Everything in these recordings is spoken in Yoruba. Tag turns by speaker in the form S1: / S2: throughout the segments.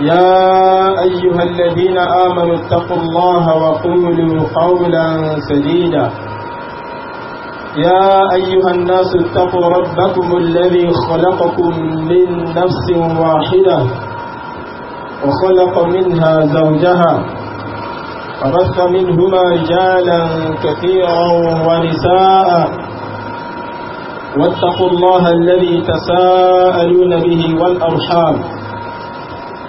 S1: يا أيها الذين آمنوا اتقوا الله وقولوا قولا سديدا يا أيها الناس اتقوا ربكم الذي خلقكم من نفس واحدة وخلق منها زوجها
S2: فرث منهما رجالا كثيرا ونساء واتقوا الله الذي تساءلون به والأرحام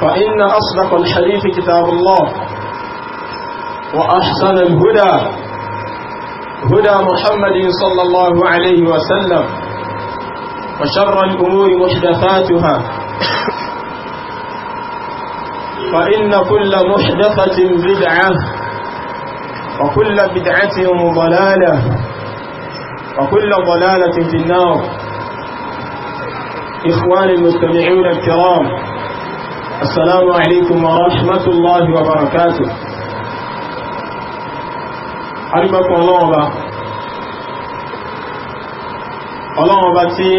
S1: فإن أصدق الحديث كتاب الله وأحسن الهدى هدى محمد صلى الله عليه وسلم وشر الأمور محدثاتها فإن كل محدثة بدعة وكل بدعة ضلالة وكل ضلالة في النار إخواني المستمعون الكرام السلام عليكم ورحمة الله وبركاته أرمكم الله أبا الله أبا تي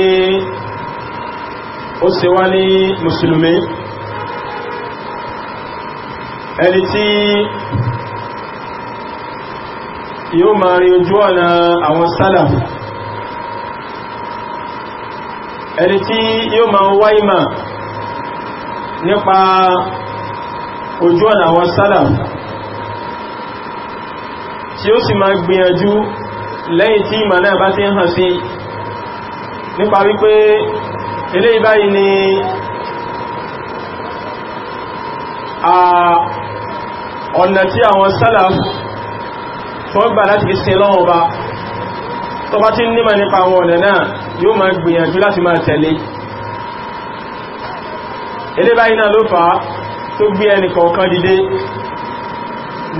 S1: أسواني مسلمي ẹni tí yóò máa rí ojú ọ̀nà àwọn sálàfù ẹni tí yóò máa wáyìí máa nípa ojú ọ̀nà àwọn sálàm tí ó sì máa gbìyànjú lẹ́yìn tí ìmọ̀ náà bá ti ń hàn sí nípa wípé eléyìí báyìí ni a ọ̀nà tí àwọn sálàm tó gbà láti fi lọ́wọ́ bá tó bá ti nímọ̀ nípa àwọn ọ̀nà náà yóò máa gbìyànjú láti máa tẹ̀lé ilé báyìí náà ló fàá tó gbé ẹnì kọ̀ọ̀kan dìde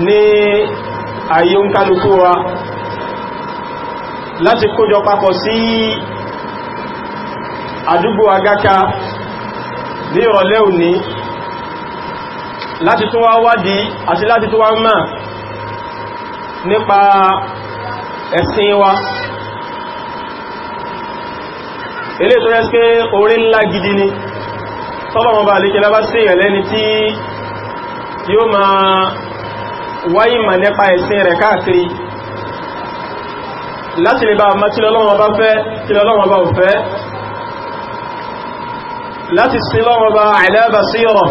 S1: ní ayé ń kálukú wa láti kójọ papọ̀ sí àdúgbò agáka ní ìrọ̀lẹ́ òní láti tún wá wádìí àti láti tún wá mọ̀ nípa ẹ̀sìn wa ilé tó rẹ́ pé orí ńlá gidi ni tọ́lọ̀wọ́n bá lékẹ́ lábá sí ẹ̀lẹ́ ni tí yóò ma wáyé ma nípa ẹ̀sìn rẹ̀ káàkiri láti lè bá ma kí lọ́lọ́wọ́n bá fẹ́ kí lọ́lọ́wọ́n bá fẹ́ láti sí lọ́wọ́n bá àìlẹ́bà sí ọ̀rọ̀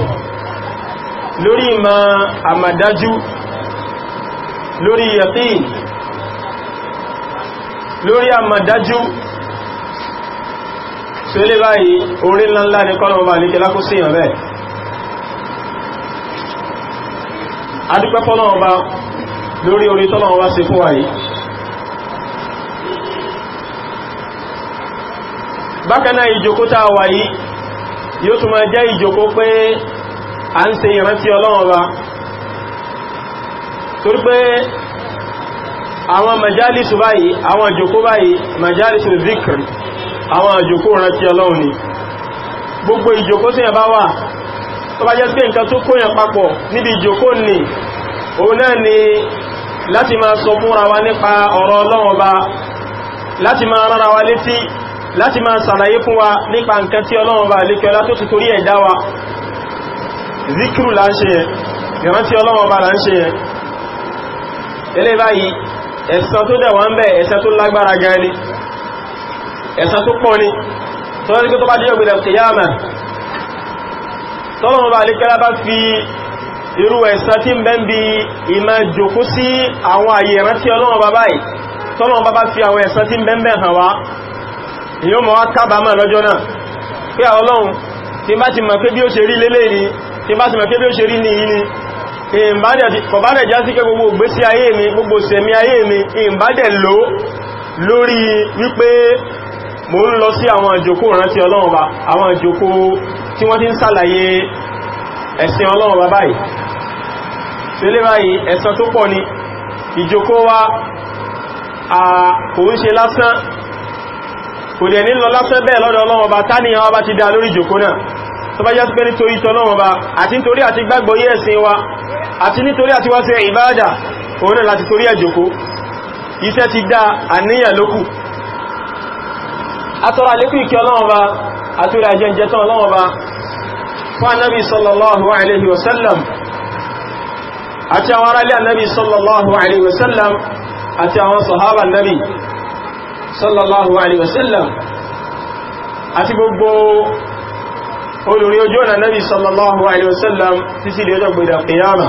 S1: lórí ma àmàdájú lórí yaqin lórí àmàdájú so ilé báyìí orí ńláńlá ní kọ́lọ̀mọba ní kẹlákó sí ìyàn bẹ́ẹ̀ adúpẹ́ fọ́lọ́mọba lórí orí tọ́lọ̀mọba ṣe fún wa yìí bákan náà ìjókòó tá a wà yìí yóò tún máa jẹ́ ìjókòó pé a ń ṣe ìrántí ọlọ́mọba torí pé àwọn majalisu báyìí àwọn ìjókòó báyìí majalisu zikr àwọn àjòkó rántí ọlọ́run ni gbogbo ìjòkó tí yẹn bá wà tó bá jẹ́ pé nǹkan tó kó yẹn papọ̀ níbi ìjòkó ni òun náà ni láti máa sọ fúnra wa nípa ọ̀rọ̀ ọlọ́run ọba láti máa rárá wa létí láti máa sàlàyé fún wa nípa nǹkan tí ọlọ́run ọba lékẹ́ ọlá tó ti torí ẹ̀dá wa zikiru là ń ṣe yẹn ìrántí ọlọ́run ọba là ń ṣe yẹn eléyìí báyìí ẹ̀san tó dẹ̀ wá ń bẹ ẹ̀san tó lágbára gan ni ẹ̀san tó pọ̀ ni tó rí tó bá díẹ̀ gbìdẹ̀ kìyàmà tọ́lọ́wọ́ bá lè kẹ́lá bá fi irú ẹ̀san tí ń bẹ́ ń bi ìmá jòkó sí àwọn àyè rántí ọlọ́wọ́ bá báyìí tọ́lọ́wọ́ bá fi àwọn ẹ̀san tí ń bẹ́ ń ọlọ́run tí bá ni tí bá ti mọ̀ pé bí ó ṣe rí ní yìí ni ìbádẹ̀ já sí lò lórí wípé mo ń lọ sí àwọn ìjòkó rántí ọlọ́run ba àwọn ìjòkó tí wọ́n ti ń sàlàyé ẹ̀sìn ọlọ́run ba báyìí tí lè báyìí ẹ̀san tó pọ̀ ni ìjòkó wa kò ń ṣe lásán kò dẹ̀ nílọ lásán bẹ́ẹ̀ lọ́dọ̀ ọlọ́run ba táníyàn wa bá ti dá lórí wa àti nítorí àti wá sí ìbáadà òun náà láti torí ẹ̀jòkó atọ́rọ alékún ìkẹ́ ọlọ́wọ́ bá àtúrà jẹ́ tán ọlọ́wọ́ bá fún anábi sallallahu alaihi wasallam àti àwọn aráalé anábi sallallahu alaihi wasallam àti àwọn sahaba anábi sallallahu alaihi wasallam àti gbogbo olùrí ojú ọ̀nà anábi sallallahu alaihi wasallam títí lè ọjọ́ gbẹ̀dà qiyama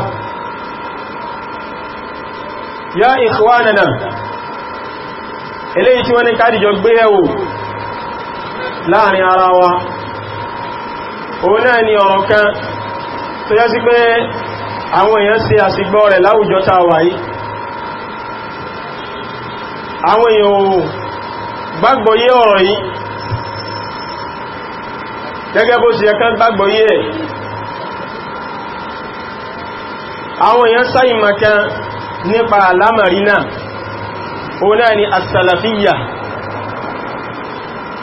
S1: ya ikhwanana eléyìí gbé ẹ̀wò láàrin ara wa òun náà ni ọ̀rọ̀ kan tó yẹ́ sí pé àwọn èèyàn ṣe àṣìgbọ́ rẹ̀ láwùjọ tá wà yìí àwọn èèyàn ò gbàgbọ́yé ọ̀rọ̀ yìí gẹ́gẹ́ bó ṣe yẹ kán gbàgbọ́yé rẹ̀ àwọn èèyàn sáyìmọ̀ kan nípa àlámàrí náà òun náà ni as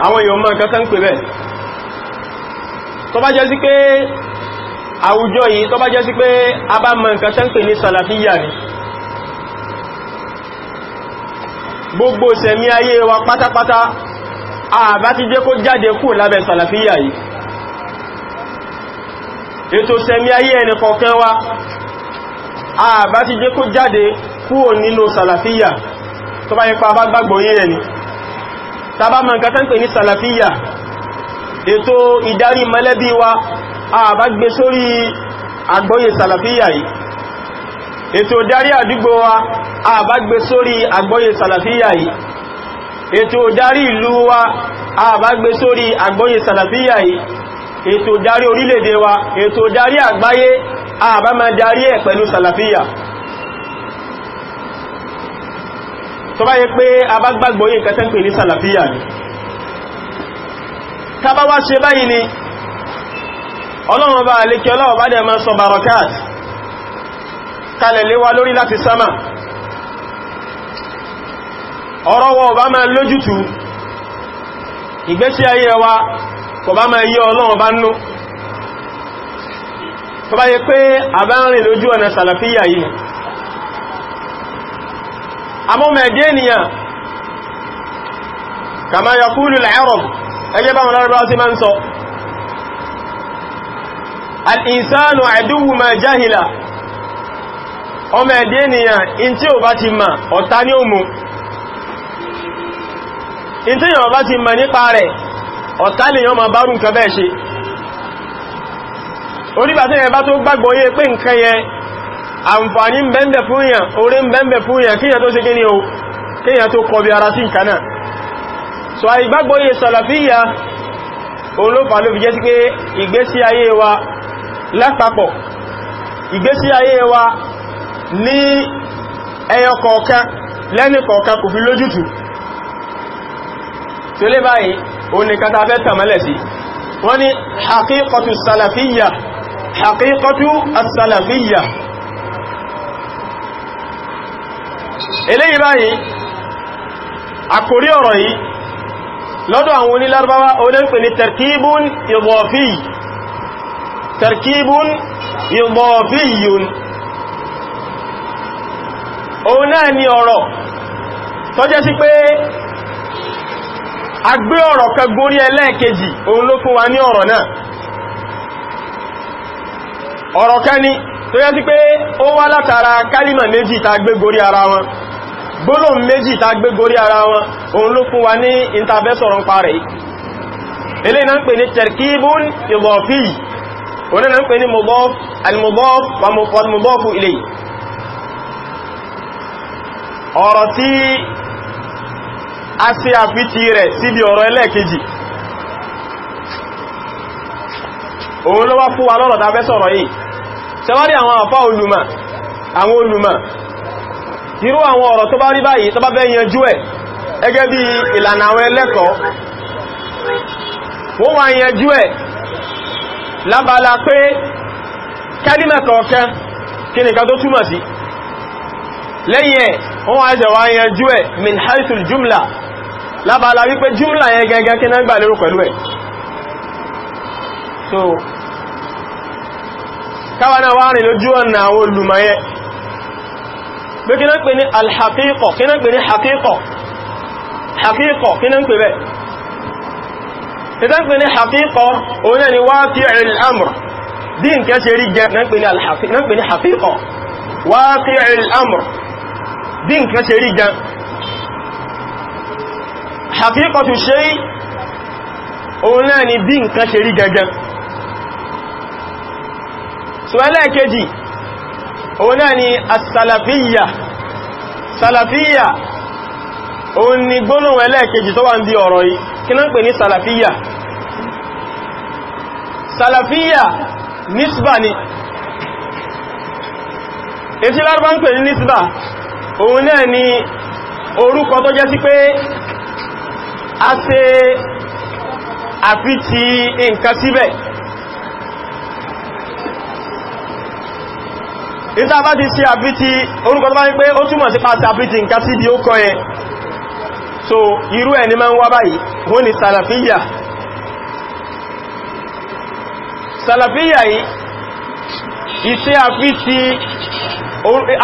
S1: àwọn èèyàn máa kankan pè bẹ́ẹ̀ tó bá jẹ́ sí pé àwùjọ yìí tó bá jẹ́ sí pé a bá mọ̀ nǹkan tán pè ní sàlàfíyà ni gbogbo sẹ̀mí ayé wa pátápátá àbá ti jẹ́ kó jáde kú lábẹ́ sàlàfíyà yìí ètò sẹ̀mí ayé ẹni kọ̀ọ̀kan wa àbá ti jẹ́ kó jáde kú nínú sàlàfíyà tó bá yẹ pa bá gbàgbọ́ yìí ẹni tàbá ma nǹkan tán pè ní sàlàfíyà ètò ìdarí mẹ́lẹ́bí wa àbá gbé sórí àgbọ́yé sàlàfíyà yìí ètò ìdarí àdúgbò wa àbá gbé sórí àgbọ́yé sàlàfíyà yìí ètò ìdarí ìlú wa àbá gbé sórí àgbọ́yé sàlàfíyà yìí ètò ìdarí orílẹ̀-èdè wa ètò ìdarí àgbáyé àbá ma darí ẹ̀ pẹ̀lú sàlàfíyà tó bá yẹ pé abágbàgbọ́ yìí nǹkan tẹ́ǹpẹ̀ ní sàlàfíyà ni tàbá wá ṣe báyìí ni ọlọ́run bá alékẹ́ ọlọ́run bá dẹ̀ máa sọ barokat kalẹ̀ léwa lórí láti sámà ọ̀rọ̀ wa bá máa lójútù ìgbésí ayé wa kò bá máa yí ọlọ́run bá nú tó bá yẹ pé àbárin lójú ọ̀nà sàlàfíyà yìí àmọ́mọ̀ ẹ̀dẹ́ ènìyàn kàmá yaqulu al-arab ẹgbẹ́ bá wọn lọ́rọ̀ sí máa ń sọ al-insanu aduwwu ma jahila ọmọ ẹ̀dẹ́ ènìyàn in tí ó bá ti ma ọ̀tá ní òmù in tí yàn bá ti ma nípa rẹ̀ ọ̀tá lè yàn ma bárùn kan ṣe onígbàtí ẹ̀ bá tó gbàgbọ́ yé pé nǹkan yẹn àǹfààní bẹ́ẹ̀bẹ̀ fún yàn orí bẹ́ẹ̀bẹ̀ fún yàn kíyàn tó ṣe kí ni o kíyàn tó kọbi ara sí nǹkan náà so a ìgbàgbọ́ yẹ sàlàfíyà olófà ló fi jẹ́ sí pé ìgbésí ayé wa lápapọ̀ ìgbésí ayé wa ní ẹyọ kọ̀ọ̀kan lẹ́ni kọ̀ọ̀kan kò fi lójútù tí ó lé báyìí o ní kata fẹ́ tàmẹ́lẹ̀ sí wọ́n ni haqiqatu as-salafiyya eléyìí báyìí àkórí ọ̀rọ̀ yìí lọ́dọ̀ àwọn onílárúbáwá olóńpè ní tarkibun ìbọ̀fí tarkibun ìbọ̀fí yìí òun náà ni ọ̀rọ̀ tó jẹ́ sí pé a gbé ọ̀rọ̀ kan ẹlẹ́ẹ̀kejì òun ló fún wa ní ọ̀rọ̀ náà ọ̀rọ̀ kan ni tó yẹ́ sí pé ó wá látara kálímà méjì ta gbé gorí ara wọn gbólóhùn méjì ta gbé gorí ara wọn òun ló fún wa ní intervention pa rẹ̀ ilé náà ń pè ní terkibun idhafi òun náà ń pè ní mudhaf al-mudhaf wa al-mudhaf ilayhi ọ̀rọ̀ tí a ṣe àfitì rẹ̀ síbi ọ̀rọ̀ ẹlẹ́ẹ̀kejì òun ló wá fún wa lọ́rọ̀ ta sọ̀rọ̀ yìí ṣẹwárí àwọn àfá olùmọ̀ àwọn olùmọ̀ irú àwọn ọ̀rọ̀ tó bá rí báyìí tó bá fẹ́ yanjú ẹ̀ gẹ́gẹ́ bí ìlànà àwọn ẹlẹ́kọ̀ọ́ wọ́n wá yanjú ẹ̀ lábala pé kálímà kọ̀ọ̀kan kí nìkan tó túmọ̀ sí lẹ́yìn ẹ̀ wọ́n wá jẹ́ wá yanjú ẹ̀ min haisul jumla lábala wípé jumla yẹn gẹ́gẹ́ kí náà gbà lérò pẹ̀lú ẹ̀ so káwa náà wá rìn lójú ọ̀nà àwọn olùmọ̀yẹ pé kí náà pè ní alhakíkọ̀ kí náà pè ní hakíkọ̀ hakíkọ̀ kí náà pè bẹ́ ìtàn pè ní hakíkọ̀ òun náà ni waqi'ul amr bí nǹkan ṣe rí jẹ́ náà pè ní hakíkọ̀ waqi'ul amr bí nǹkan ṣe rí jẹ́ ṣe rí so ẹlẹ́ẹ̀kejì òun náà ni asàlàfíyà sàlàfíyà òun ni gbónáwọ̀ ẹlẹ́ẹ̀kejì tó wà ń bí ọ̀rọ̀ yìí kí náà ń pè ní sàlàfíyà sàlàfíyà nísbà ni ètí lárúbá ń pè ní nísbà òun náà ni orúkọ tó jẹ́ sí pé a ṣe àfi ti nǹkan síbẹ̀ ìta bá ti sí àbítí orúkọ tó bá ní pé ó túnmọ̀ sí pàtí àbítí nǹkan sí bí ó kọ́ ẹ so irú ẹni máa ń wá báyìí wọ́n ni sàlàfíyà sàlàfíyà yìí ìṣẹ́ àbítí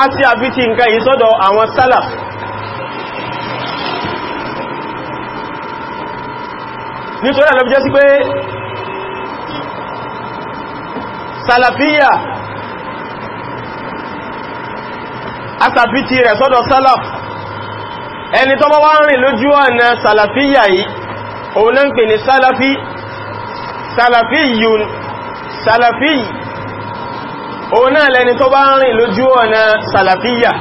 S1: àti àbítí nǹkan yìí sọ́dọ̀ àwọn sálàf nítorí àlọ́bí jẹ́ sí pé sàlàfíyà asàbítí rẹ̀ sọ́dọ̀ salaf ẹni tó bá wá rìn lójú ọ̀nà salafiyya yìí òun náà ń pè ní salafi salafiyun salafi òun náà lẹni tó bá rìn lójú ọ̀nà salafiyya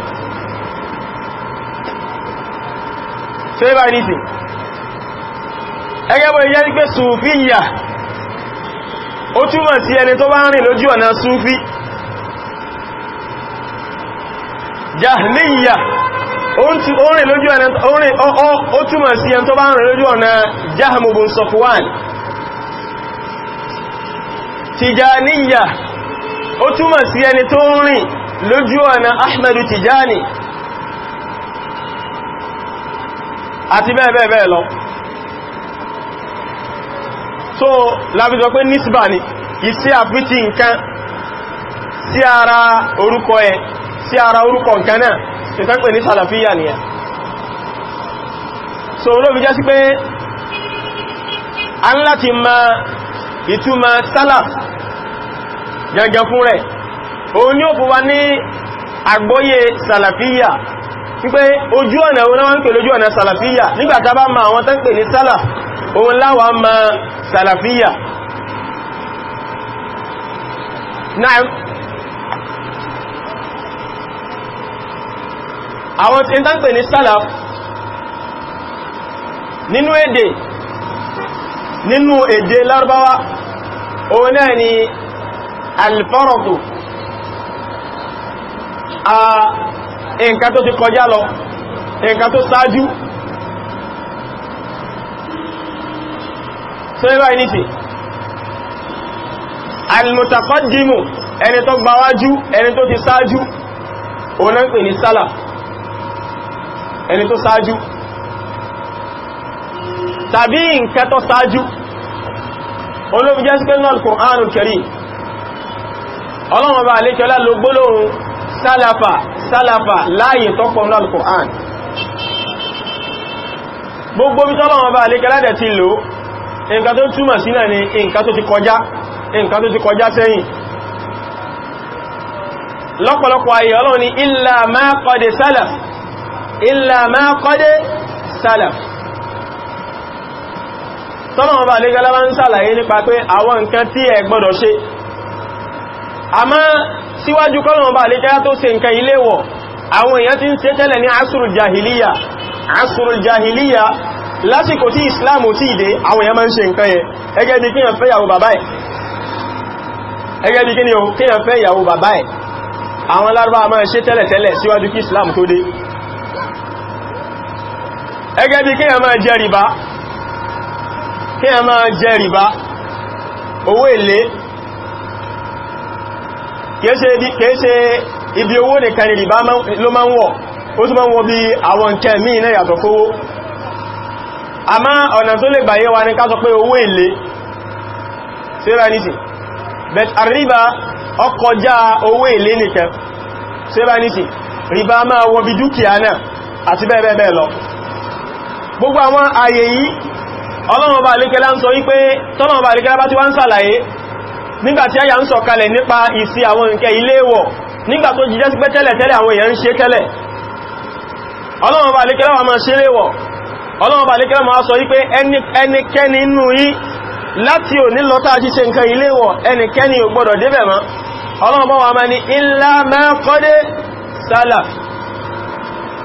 S1: ṣe bá ní sí ẹgẹ́ bó yẹ́ pé sùfíyà ó túmọ̀ sí ẹni tó bá rìn lójú ọ̀nà sùfí jahiliya orin lójú ọ̀nà orin ó túnmọ̀ sí ẹn tó bá ń rìn lójú ọ̀nà jahmubun sofwan tijaniya ó túnmọ̀ sí ẹni tó ń rìn lójú ọ̀nà ahmadu tijani àti bẹ́ẹ̀bẹ́ẹ̀ lọ so lábíjọ pé nisba ni ìsí àfíti nǹkan sí ara orúkọ ẹ̀ sí ara orúkọ nǹkan náà ìtànpẹ̀ ní sàlàfíyà nìyà so ló fi jẹ́ sí pé
S3: a ń láti ma
S1: ìtumọ̀ sálàf gangan fún rẹ̀ òun ni ó fún wa ní àgbọ́yé sàlàfíyà wípé ojú ọ̀nà òun náà wọ́n ń pè lójú ọ̀nà sàlàfíyà nígbàtà bá ma àwọn tán pè ní sálàf òun láwàá ma Naam àwọn tí ń pè ní salaf nínú èdè nínú èdè lárúbáwá òun náà ni alfaradu a nǹkan tó ti kọjá lọ nǹkan tó sáájú tó ẹbá ìníṣì almutaqaddimu ẹni tó gbáwájú ẹni tó ti sáájú òun náà pè ní salaf ẹni tó sáájú tàbí nǹkan tó sáájú olóòfin jẹ́ sí pé náà Qur'anul Karim ọlọ́wọ́n bá alékẹ́lá ló gbólóhùn sálàfà sálàfà láàyè tọ́pọ̀ náà Qur'an gbogbo bí tọ́lọ́wọ́n bá alékẹ́lá dẹ̀ ti lò nǹkan tó túmọ̀ sí náà ni nǹkan tó ti kọjá nǹkan tó ti kọjá sẹ́yìn lọ́pọ̀lọpọ̀ ayé ọlọ́run ni illa ma qad salaf illa ma qad salaf tọ́nà ọba lẹ́gbẹ̀lá bá ń sàlàyé nípa pé àwọn nǹkan tí ẹ gbọ́dọ̀ ṣe àmọ́ síwájú kọ́nà ọba lẹ́gbẹ̀lá tó ṣe nǹkan ilé wọ̀ àwọn èèyàn ti ń ṣe tẹ́lẹ̀ ní asùrù jahiliya asùrù jahiliya lásìkò tí islamu ti ìdé àwọn èèyàn máa ń ṣe nǹkan yẹ ẹgẹ́ bí kíyàn fẹ́ ìyàwó bàbá ẹ̀ ẹgẹ́ bí kíyàn fẹ́ ìyàwó bàbá ẹ̀ àwọn lárúbá máa ṣe tẹ́lẹ̀ tẹ́lẹ̀ síwájú kí islam tó dé ẹgẹ́ bí kí a máa jẹ rìbá kí a máa jẹ rìbá owó èlé kìí ṣe ibi owó nìkan ni rìbá ló máa ń wọ̀ ó tún máa ń wọ bí àwọn nǹkẹ́ míì náà yàtọ̀ fówó àmá ọ̀nà tó lè gbàyé wa ní ká pé owó èlé síra nìsì bet àríbá ọkọjá owó èlé nìkan síra nìsì rìbá máa wọ bí dúkìá náà àti bẹ́ẹ̀ bẹ́ẹ̀ lọ gbogbo àwọn ààyè yìí ọlọ́run bá alékẹ́lá ń sọ wípé tọ́lọ́run bá alékẹ́lá bá ti wá ń sàlàyé nígbàtí àyà ń sọ kalẹ̀ nípa ìsí àwọn nǹkẹ́ iléèwọ̀ nígbà tó jíjẹ́ sí pé tẹ́lẹ̀ tẹ́lẹ̀ àwọn èèyàn ń ṣe tẹ́lẹ̀ ọlọ́run bá alékẹ́lá wà máa ṣe léèwọ̀ ọlọ́run bá alékẹ́lá máa sọ wípé ẹnikẹ́ni nínú yín láti òní lọ́tà jíṣe nǹkan iléèwọ̀ ẹnikẹ́ni ò gbọ́dọ̀ débẹ̀ mọ́ ọlọ́run bá wà máa ní illa ma qad salaf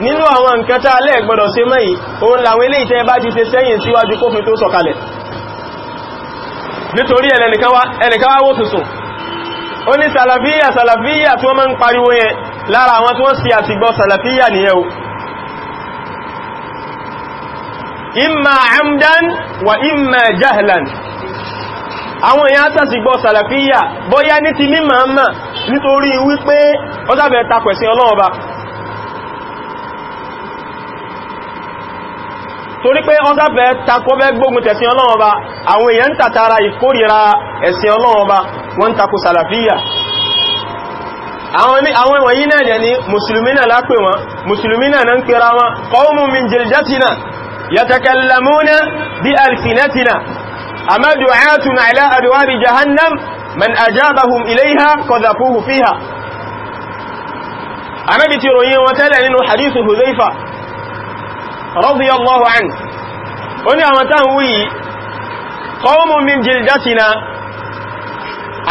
S1: nínú àwọn nǹkan tá alẹ́ gbọ́dọ̀ ṣe mẹ́yìn òun làwọn ilé ìtẹ́ bá ti ṣe sẹ́yìn síwájú kófin tó sọ̀kalẹ̀ nítorí ẹnìkan wá wó tuntun ó ní sàlàfíyà sàlàfíyà tí wọ́n máa ń pariwo yẹn lára àwọn tí wọ́n sì àtìgbọ́ sàlàfíyà imma amdan wa imma jahlan àwọn èèyàn sàtìgbọ́ sàlàfíyà bóyá ní ti mímọ̀ nítorí wípé ó sábẹ̀ takwẹ̀sìn ọlọ́ọ̀ba torí pé ọ́n dábẹ̀ takọ́ bẹ́ gbógun tẹ̀sìn Ọlọ́run Ọba àwọn èèyàn ń tàtàrà ìkórìíra ẹ̀sìn Ọlọ́run Ọba wọ́n ń takò sàlàfíyà àwọn wọ̀nyí náà jẹ́ ní mùsùlùmí náà lápè wọn mùsùlùmí náà náà ń pèrà wọn qawmun min jildatina yatakallamuna bi alsinatina amma du'atun ala radiyallahu anhu ó ní àwọn táwọn wúyí qawmun min jildatina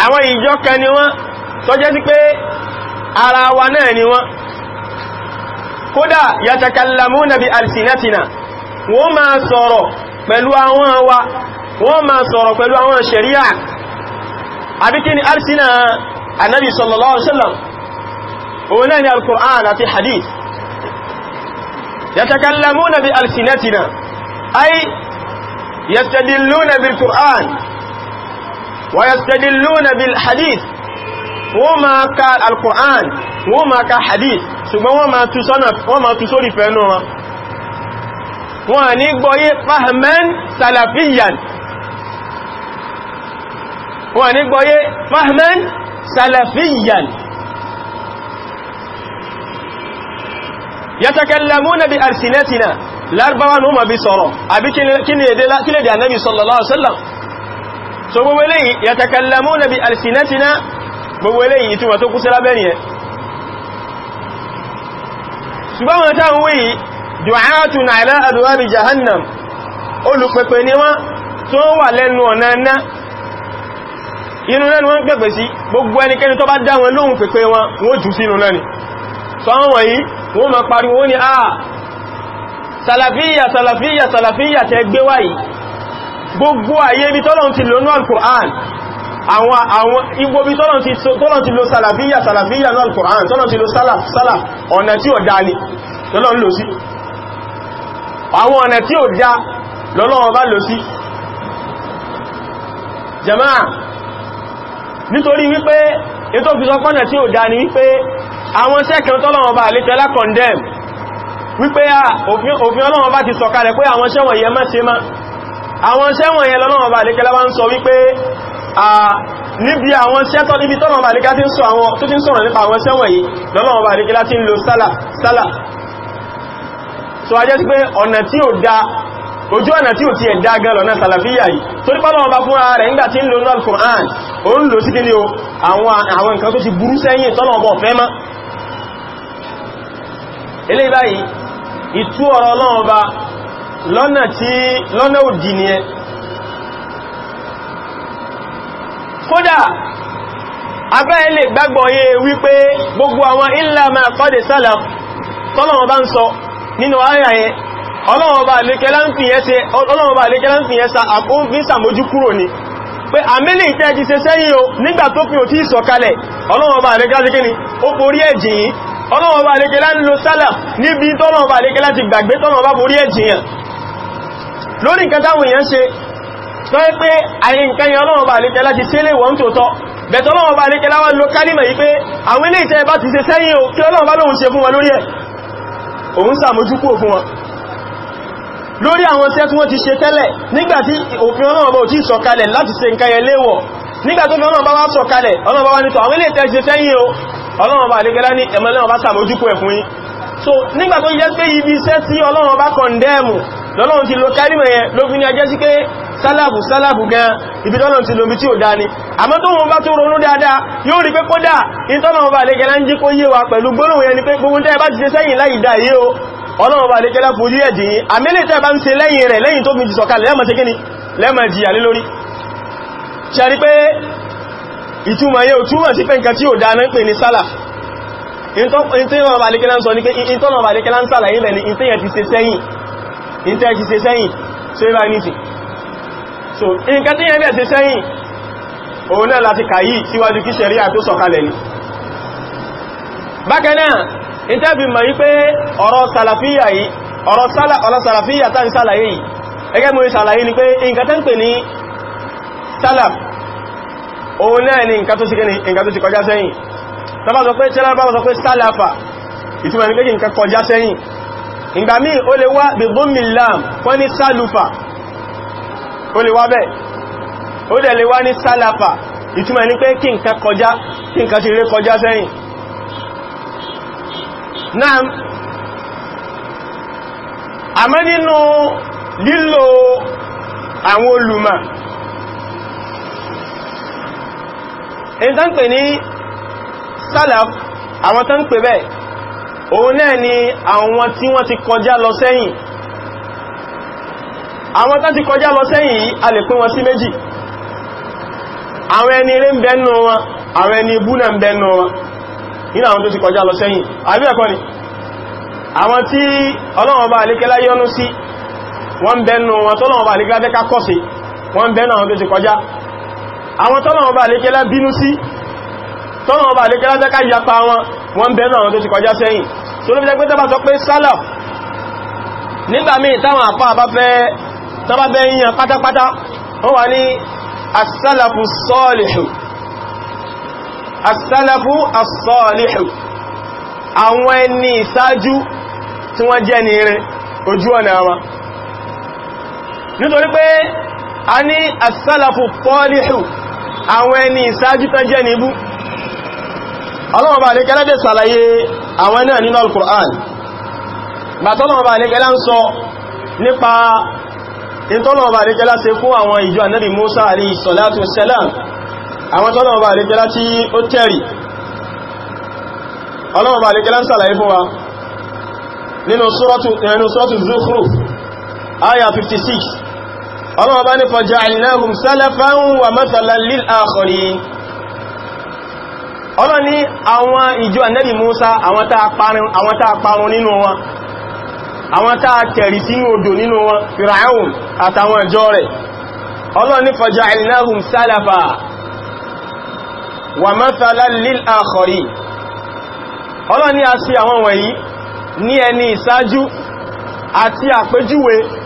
S1: àwọn ìjọ kan ni wọ́n tó jẹ́ sí pé ara wa náà ni wọ́n kódà yatakallamuna bi alsinatina wọ́n máa sọ̀rọ̀ pẹ̀lú àwọn wa wọ́n máa sọ̀rọ̀ pẹ̀lú àwọn ṣẹ̀ríà àbíkí ni alsina sallallahu alaihi wasallam òun náà ni alkur'an àti hadith يتكلمون بألسنتنا أي يستدلون بالقرآن ويستدلون بالحديث وما كان القرآن وما كان حديث سبحان وما تصنف وما تصنع فانوها وان يقبعي فهما سلفيا وان يقبعي فهما سلفيا yatakallamuna bi alsinatina lárúbáwá ní ó ma fi sọ̀rọ̀ àbí kí ni èdè ànábì sallallahu alaihi wasallam so gbogbo eléyìí yatakallamuna bi alsinatina gbogbo eléyìí ìtumọ̀ tó kú sí lábẹ́ nìyẹn ṣùgbọ́n wọn táwọn wí du'atun ala adwabi jahannam olùpẹ̀pẹ̀ ni wọ́n tó wà lẹ́nu ọ̀nà ná inú lẹ́nu wọ́n pẹ̀pẹ̀ sí gbogbo ẹnikẹ́ni tó bá dá wọn lóhun pẹ̀pẹ̀ wọn wọ́n jù sínú náà ni sọ wọ́n wọ́n ma pariwo ní àà ah, sàlàfíyà sàlàfíyà sàlàfíyà tẹ gbé wáyìí gbogbo ayé bí tọ́lọ̀n ti lónú al-Qur'an àwọn àwọn igbó bí tọ́lọ̀n ti lo sàlàfíyà sàlàfíyà ní al-Qur'an tọ́lọ̀n ti lo sálàf sálàf ọ̀nà tí ó dá ní lọ́lọ́n lò sí àwọn ọ̀nà tí ó dá lọ́lọ́n bá lò sí jama'a nítorí wípé ètò fi sọ pọ́nà tí ó dá ní wípé àwọn sẹ́kẹ̀ tọ́lọ́wọ́ bá lè tẹ́lá condemn wípé òfin ọlọ́wọ́ bá ti sọ̀kalẹ̀ pé àwọn sẹ́wọ̀n yẹ má ṣe má àwọn sẹ́wọ̀n yẹ lọ́wọ́ bá lè kẹlá bá ń sọ wípé níbi àwọn sẹ́tọ́ níbi tọ́lọ́wọ́ bá lè kẹlá ti ń sọ̀rọ̀ nípa àwọn sẹ́wọ̀n yìí lọ́wọ́ bá lè kẹlá ti ń lo sálà sálà so a jẹ́ sí pé ọ̀nà tí ó dá ojú ọ̀nà tí ó ti ẹ̀dá gan lọ́nà sàlàfíyà yìí tó ní pọ́lọ́wọ́ bá fún ara rẹ̀ nígbà tí ń lo north koran o ń lo sí kí ní o àwọn nǹkan tó ti burú sẹ́yìn tọ́lọ̀ọ̀bọ̀ fẹ́ máa ilé báyìí ìtú ọ̀rọ̀ ọlọ́run ọba lọ́nà tí lọ́nà òdì ni ẹ kódà abẹ́ lè gbàgbọ́ wípé gbogbo àwọn illa ma qad salaf tọ́lọ́run ọba ń sọ nínú ayà yẹn ọlọ́run ọba àlékẹ́lá ń sa ni o fi ọlọ́run ọba ti ni ọlọ́wọ́ bá lékelá ń lo sálà níbi tọ́lọ́wọ́ bá lékelá ti gbàgbé tọ́lọ́wọ́ bá borí ẹ̀jì yẹn lórí nǹkan táwọn èèyàn ṣe tọ́ pé àyè nǹkan yẹn ọlọ́wọ́ bá lékelá ti sílé wọ́n tó tọ́ bẹ̀tọ́ ọlọ́wọ́ bá lékelá wá lo kálímà yí pé àwọn ilé ìṣẹ́ bá ti ṣe sẹ́yìn o kí ọlọ́wọ́ bá lóhun ṣe fún wọn lórí ẹ̀ òun sàmójúkú fún wọn wọ́n ti ṣe bá ò tí sọ̀kalẹ̀ láti nígbàtí òfin ọlọ́wọ́ bá wá sọ̀kalẹ̀ ọlọ́wọ́ bá wá nítọ̀ àwọn ilé ìtẹ́ ṣe sẹ́yìn o ọlọ́run bá àdékẹ́lá ní ẹ̀mọ́lẹ́wọ̀n bá sàmójúkú ẹ̀ fún yín so nígbà tó jẹ́ pé ibi iṣẹ́ tí ọlọ́run bá kọ̀ndẹ́ẹ̀mù lọ́lọ́run ti lo kẹ́rìmẹ̀ yẹn ló fi ní ajẹ́ sí pé sálàbù sálàbù gan ibi tọ́lọ̀ ti lòmí tí ò dáa ni àmọ́ tó wọn bá tó ronú dáadáa yóò rí pé kódà ìtọ́lọ̀ bá lẹ́gẹ̀lá ń jí kó yé wa pẹ̀lú gbóòrùn yẹn ni pé gbogbo tẹ́ bá ti ṣe sẹ́yìn láì dá yé o ọlọ́run bá lẹ́gẹ̀lá fojú ẹ̀ dìyí àmẹ́lẹ̀ tẹ́ bá ń ṣe lẹ́yìn rẹ̀ lẹ́yìn tó fi jì sọ̀kalẹ̀ lẹ́mọ̀ ṣe kíni lẹ́mọ̀ jìyà lé lórí ṣe rí pé ìtumọ̀ yẹ́ òtúmọ̀ sí pé nǹkan tí ó dáná pè ní sálà ìtọ́nà àbàlẹ́kẹ́lá ń sọ ní pé ìtọ́nà àbàlẹ́kẹ́lá ń sálà ilẹ̀ ni ìtẹ́yẹ̀ ti ṣe sẹ́yìn ìtẹ́yẹ̀ ti ṣe sẹ́yìn tí ó bá ní sí so nǹkan tí yẹ́ bẹ̀ ṣe sẹ́yìn òun náà láti kàyí síwájú kí ṣẹ̀ríà tó sọ̀kalẹ̀ ni bákan náà ìtẹ́bì mọ̀ yí pé ọ̀rọ̀ sàlàfíyà yìí ọ̀rọ̀ sàlàfíyà tá ń sàlàyé yìí ẹgẹ́ mú ìsàlàyé ni pé nǹkan tẹ́ ń pè ní sálàf òun náà ni nǹkan tó ṣe kẹ́ni nǹkan tó ti kọjá sẹ́yìn tọ́bá sọ pé tẹ́lá bá sọ pé sálàfà ìtumọ̀ ní kéjì nǹkan kọjá sẹ́yìn ìgbà míì ó lè wá bìbómìlàm wọ́n ní sálùfà ó in tán pè ní salaf àwọn tán pè bẹ́ẹ̀ òun náà ni àwọn tí wọ́n ti kọjá lọ sẹ́yìn àwọn tán ti kọjá lọ sẹ́yìn yìí a lè pín wọn sí méjì àwọn ẹni eré ń bẹ́nu wọn àwọn ẹni ibú náà ń bẹ́nu wọn nínú àwọn tó ti kọjá lọ sẹ́yìn àbí ẹ̀kọ́ ni àwọn tí ọlọ́wọ́n bá alékẹ́lá yọ́nú sí wọ́n bẹ́nu wọn tọ́lọ́wọ́n bá alékẹ́lá fẹ́ kọ́ sí wọ́n bẹ́nu àwọn tó ti kọjá àwọn tọ́lọ̀wọ́n bá lékẹ́lá bínú sí tọ́lọ̀wọ́n bá lékẹ́lá tẹ́ká yapa wọn wọ́n bẹ̀rẹ̀ àwọn tó ti kọjá sẹ́yìn tó ló fi jẹ́ pé tọ́bá sọ pé sálà nígbà míì táwọn àpá àbáfẹ́ tọ́bábẹ́ yíyan pátápátá wọ́n wà ní asálàfù sọ́ọ̀lìhù asálàfù asọ́ọ̀lìhù àwọn ẹni ìsáájú tí wọ́n jẹ́ nítorí pé a ní asálàfù tọ́ọ̀lìhù àwọn ẹni ìsáájú tán jẹ́ níbú ọlọ́wọ́n bá lékẹ́lẹ́ dẹ̀ sàlàyé àwọn náà nínú al-Qur'an bàtọ́lọ́wọ́n bá lékẹ́lẹ́ ń sọ nípa ìtọ́lọ́wọ́n bá lékẹ́lẹ́ ṣe fún àwọn ìjọ Ànábì Musa alayhi salatu wassalam àwọn tọ́lọ́wọ́n bá lékẹ́lẹ́ tí ó tẹ́rì ọlọ́wọ́n bá lékẹ́lẹ́ sàlàyé fún wa nínú suratu Zukhruf aya 56 ọlọ́wọ́ bá ní faja'alnahum salafan wa mathalan lil akhirin ọlọ́ ní àwọn ìjọ ànábì Musa àwọn tàà parun nínú wọn àwọn tàà tẹ̀rì sínú odò nínú wọn Fir'aun àtàwọn ìjọ rẹ̀ ọlọ́ ní faja'alnahum salafa wa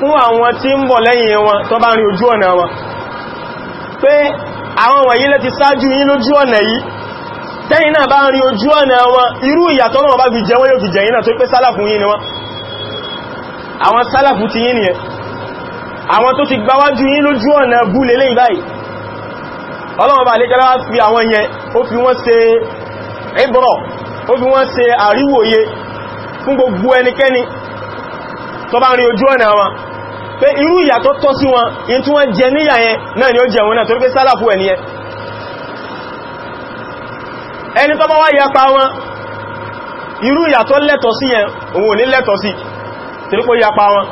S1: fún àwọn tí ń bọ̀ lẹ́yìn wọn tó bá rí ojú ọ̀nà wọn pé àwọn wọ̀nyí lẹ́ ti sáájú yín lójú ọ̀nà yìí tẹ́yìn náà bá ń rí ojú ọ̀nà wọn irú ìyàtọ̀ náà bá fi jẹ wọ́n yóò fi jẹ yín tó pé sálàfù ni wọ́n àwọn sálàfù ti yín nìyẹn àwọn tó ti gbáwájú yín lójú ọ̀nà búlé lẹ́yìn báyìí bá pé irú ìyà tó tọ́ sí wọn in tí wọ́n jẹ níyà yẹn náà ni ó jẹ wọn náà torí pé sálàfù ẹ̀ nìyẹn ẹni tó bá wá yapa wọn irú ìyà tó lẹ́tọ̀ sí yẹn òun ò ní lẹ́tọ̀ sí torí pé yapa wọn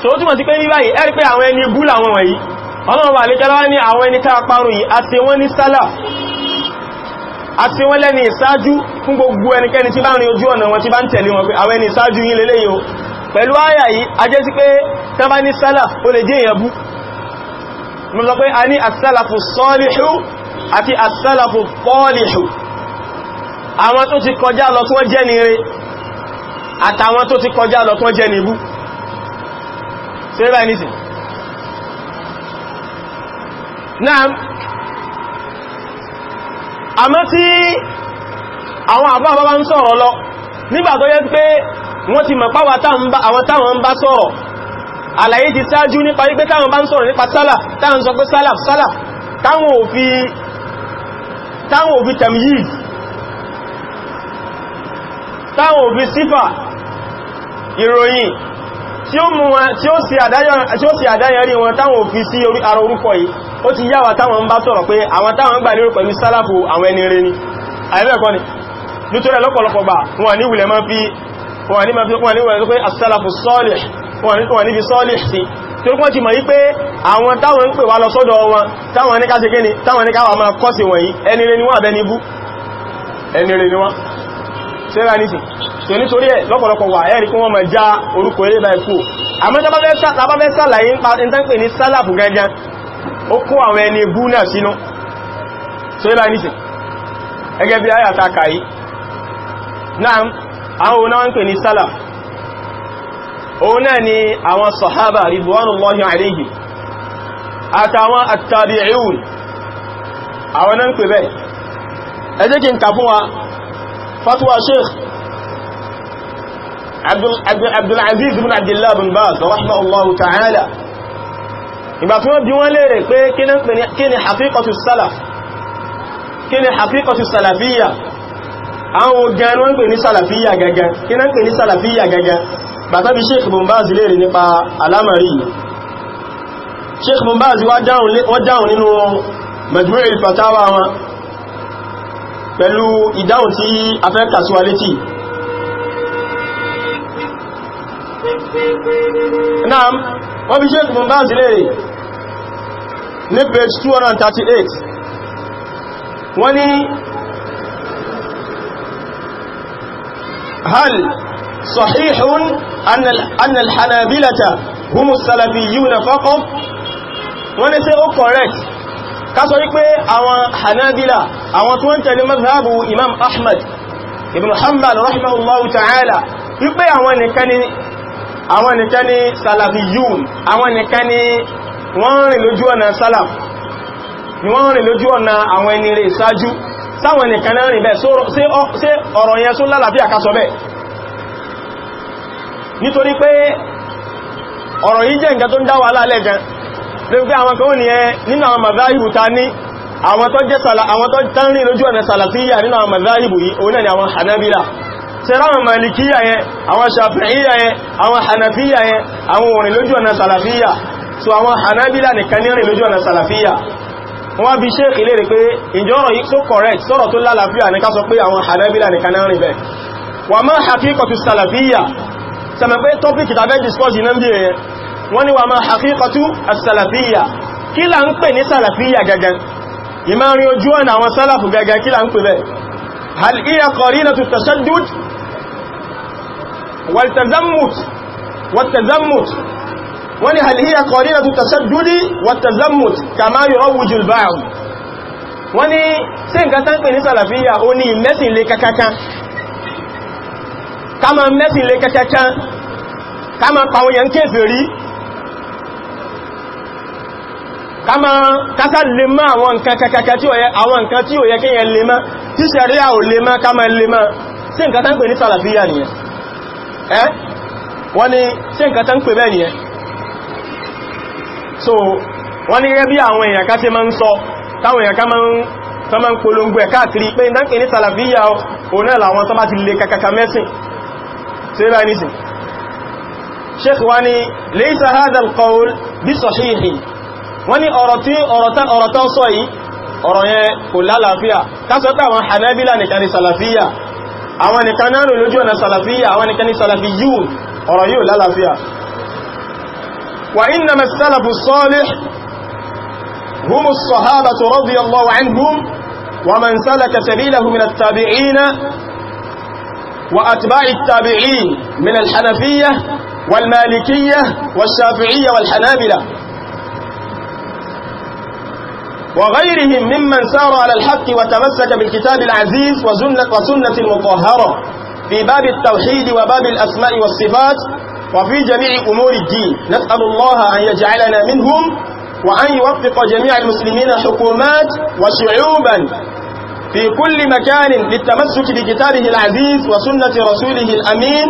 S1: so ó túnmọ̀ sí pé ní báyìí ẹ́rí pé àwọn ẹni gúlà wọn àti wọ́n lẹ́ni ìsáájú fún gbogbo ẹnikẹ́ni tí bá rin ojú ọ̀nà wọn tí bá ń tẹ̀lé wọn pé àwọn ẹni ìsáájú yìí lélẹ́yìn pẹ̀lú àyà yìí a jẹ́ sí pé tẹ́bá ní sálà ó lè jẹ́ ìyàbú mo sọ pé a ní asálàfù sọ́lìhù àti asálàfù pọ́lìhù àwọn tó ti kọjá lọ tó jẹ́ ní rere àtàwọn tó ti kọjá lọ tó jẹ́ ní ibú àmọ́ tí àwọn nígbà tó yẹ pé wọ́n ti mọ̀ páwà àwọn táwọn ń bá sọ̀rọ̀ àlàyé ti sáájú nípa wípé táwọn bá ń sọ̀rọ̀ nípa sálà táwọn sọ pé sálà sálà táwọn òfin tamyiz táwọn òfin sífà ìròyìn tí ó mú wọn tí ó sì àdáyẹrí wọn táwọn òfin sí orí ara orúkọ yìí ó ti yáwà táwọn ń bá sọ̀rọ̀ pé àwọn táwọn gbà lérò pẹ̀lú sálàfù àwọn ẹni rere ni àìbẹ́ẹ̀kọ́ ni nítorí ọlọ́pọ̀lọpọ̀ gbà wọn ní wùlẹ̀ mọ́ fi wọ́n ní ma fi wọ́n ní wọ́n ní pé asálàfù sọ́ọ̀lẹ̀ wọ́n ní fi sọ́ọ̀lẹ̀ sí tí ó kọ́ ti mọ̀ yí pé àwọn táwọn ń pè wá lọ sọ́dọ̀ wọn táwọn ní káṣe gíní táwọn ní káwà máa kọ́sì wọ̀nyí ẹni rẹ̀ ni wọ́n àbẹ́ni bú ẹni rẹ̀ ni wọ́n sẹ́rà nìsì tó nítorí ẹ̀ lọ́pọ̀lọpọ̀ wà ẹ̀rí kí wọ́n máa já orúkọ eré báyìí kú àmọ́ tábábẹ́ sàlàyé ń pa ń tán pè ní sálàfù gangan ó kó àwọn ẹni bú náà sínú sẹ́rà nìsì ẹgẹ́ bí ayàtàkà yìí náà àwọn náà ń pè ní salaf òun náà ni àwọn sọ̀hábà ridwanullahi alayhi àtàwọn at-tabi'un àwọn náà ń pè bẹ́ẹ̀ ẹ jẹ́ kí n kà fún wa fatwa sheikh abdulaziz bin abdullahi bin baz rahimahullahu ta'ala ìgbà tí wọ́n bí wọ́n léèrè pé kí ni haqiqatu salafiyya àwọn gan wọ́n pè ní sàlàfíyà gangan kí náà pè ní sàlàfíyà gangan bàtà bí Sheikh Bin Baz lè rí nípa alámàrí Sheikh Bin Baz wọ́n dáhùn nínú Majmu' al-Fatawa wọn pẹ̀lú ìdáhùn tí a fẹ́ kàsíwá létí náà wọ́n bí Sheikh Bin Baz lè rí ní page هل صحيح أن أن الحنابلة هم السلفيون فقط wọ́n ṣe ó correct ká sọ wípé àwọn hanabila àwọn tó ń tẹ̀lé mazhabu imam ahmad ibn hanbal rahimahullahu ta'ala wípé àwọn nìkan ni àwọn nìkan ni salafiyun àwọn nìkan wọ́n rìn lójú ọ̀nà salaf ni wọ́n rìn lójú ọ̀nà àwọn ẹni rẹ̀ ṣáájú táwọn nìkan náà rìn bẹ́ sí ọ̀rọ̀ yẹn só lálàáfíà ká sọ bẹ́ nítorí pé ọ̀rọ̀ yìí jẹ́ nǹkan tó ń dá wàhálà lẹ́ gan lórí pé àwọn kan ó nìyẹn nínú àwọn màzáhìbù ta ní àwọn tó jẹ́ sàlà àwọn tó tán rìn lójú ọ̀nà sàlàfíyà nínú àwọn màzáhìbù yìí òun náà ni àwọn hanabila sẹ́rọ àwọn malikiya yẹn àwọn shafi'iya yẹn àwọn hanafiya yẹn àwọn òrìn lójú ọ̀nà sàlàfíyà so àwọn hanabila nìkan ní rìn lójú ọ̀nà sàlàfíyà wọ́n bí ṣe ilé rẹ̀ pé ìjọ́rọ̀ yìí tó correct sọ́rọ̀ tó lálàáfíà ní ká sọ pé àwọn hanabila ní kanáàrin bẹ̀ wà máa hakíkọtù salafiyya sẹmẹ̀ pé tọ́pìkì tàbẹ́ discourse iná bí rẹ̀ wọ́n ni wà máa hakíkọtù salafiyya kí là ń pè ní salafiyya gẹ́gẹ́ ìmárin ojú ọ̀nà tazammut wọ́n ni halihiyya qarinatu tasaddudi wa tazammut kama yurawwiju al-ba'd wọ́n ni sí nǹkan tán pè ní sàlàfíyà ó ní mẹ́sìnlé kankan kama mẹ́sìnlé kankan kama pàwọ̀yàn kèfèrí kama kásá lè má àwọn nǹkan kankan tí ó yẹ àwọn nǹkan tí ó yẹ kéèyàn lè má tí sẹ̀ríà ò lè má kama lè má sí nǹkan tán pè ní sàlàfíyà nìyẹn wọ́n ni sí nǹkan tán pè bẹ́ẹ̀ nìyẹn so wọ́n ní rẹ́ bí àwọn èèyàn ká ṣe máa ń sọ táwọn èèyàn ká máa ń polongo ẹ̀ káàkiri pé ìdánkè ní sàlàfíyà òun náà làwọn tó bá ti lè kàkàkà mẹ́sìn tí bá ní sí sheikh wá ní laysa hadha al-qawl bí sahihi wọ́n ní ọ̀rọ̀ tí ọ̀rọ̀ tán sọ yìí ọ̀rọ̀ yẹn kò lálàáfíà kásọ́tà àwọn hanabila nìkan ni sàlàfíyà àwọn nìkan náà lójú ọ̀nà وإنما السلف الصالح هم الصحابة رضي الله عنهم ومن سلك سبيله من التابعين وأتباع التابعين من الحنفية والمالكية والشافعية والحنابلة وغيرهم ممن سار على الحق وتمسك بالكتاب العزيز وسنة, المطهرة في باب التوحيد وباب الأسماء والصفات وفي جميع أمور الدين نسأل الله أن يجعلنا منهم وأن يوفق جميع المسلمين حكومات وشعوبا في كل مكان للتمسك بكتابه العزيز وسنة رسوله الأمين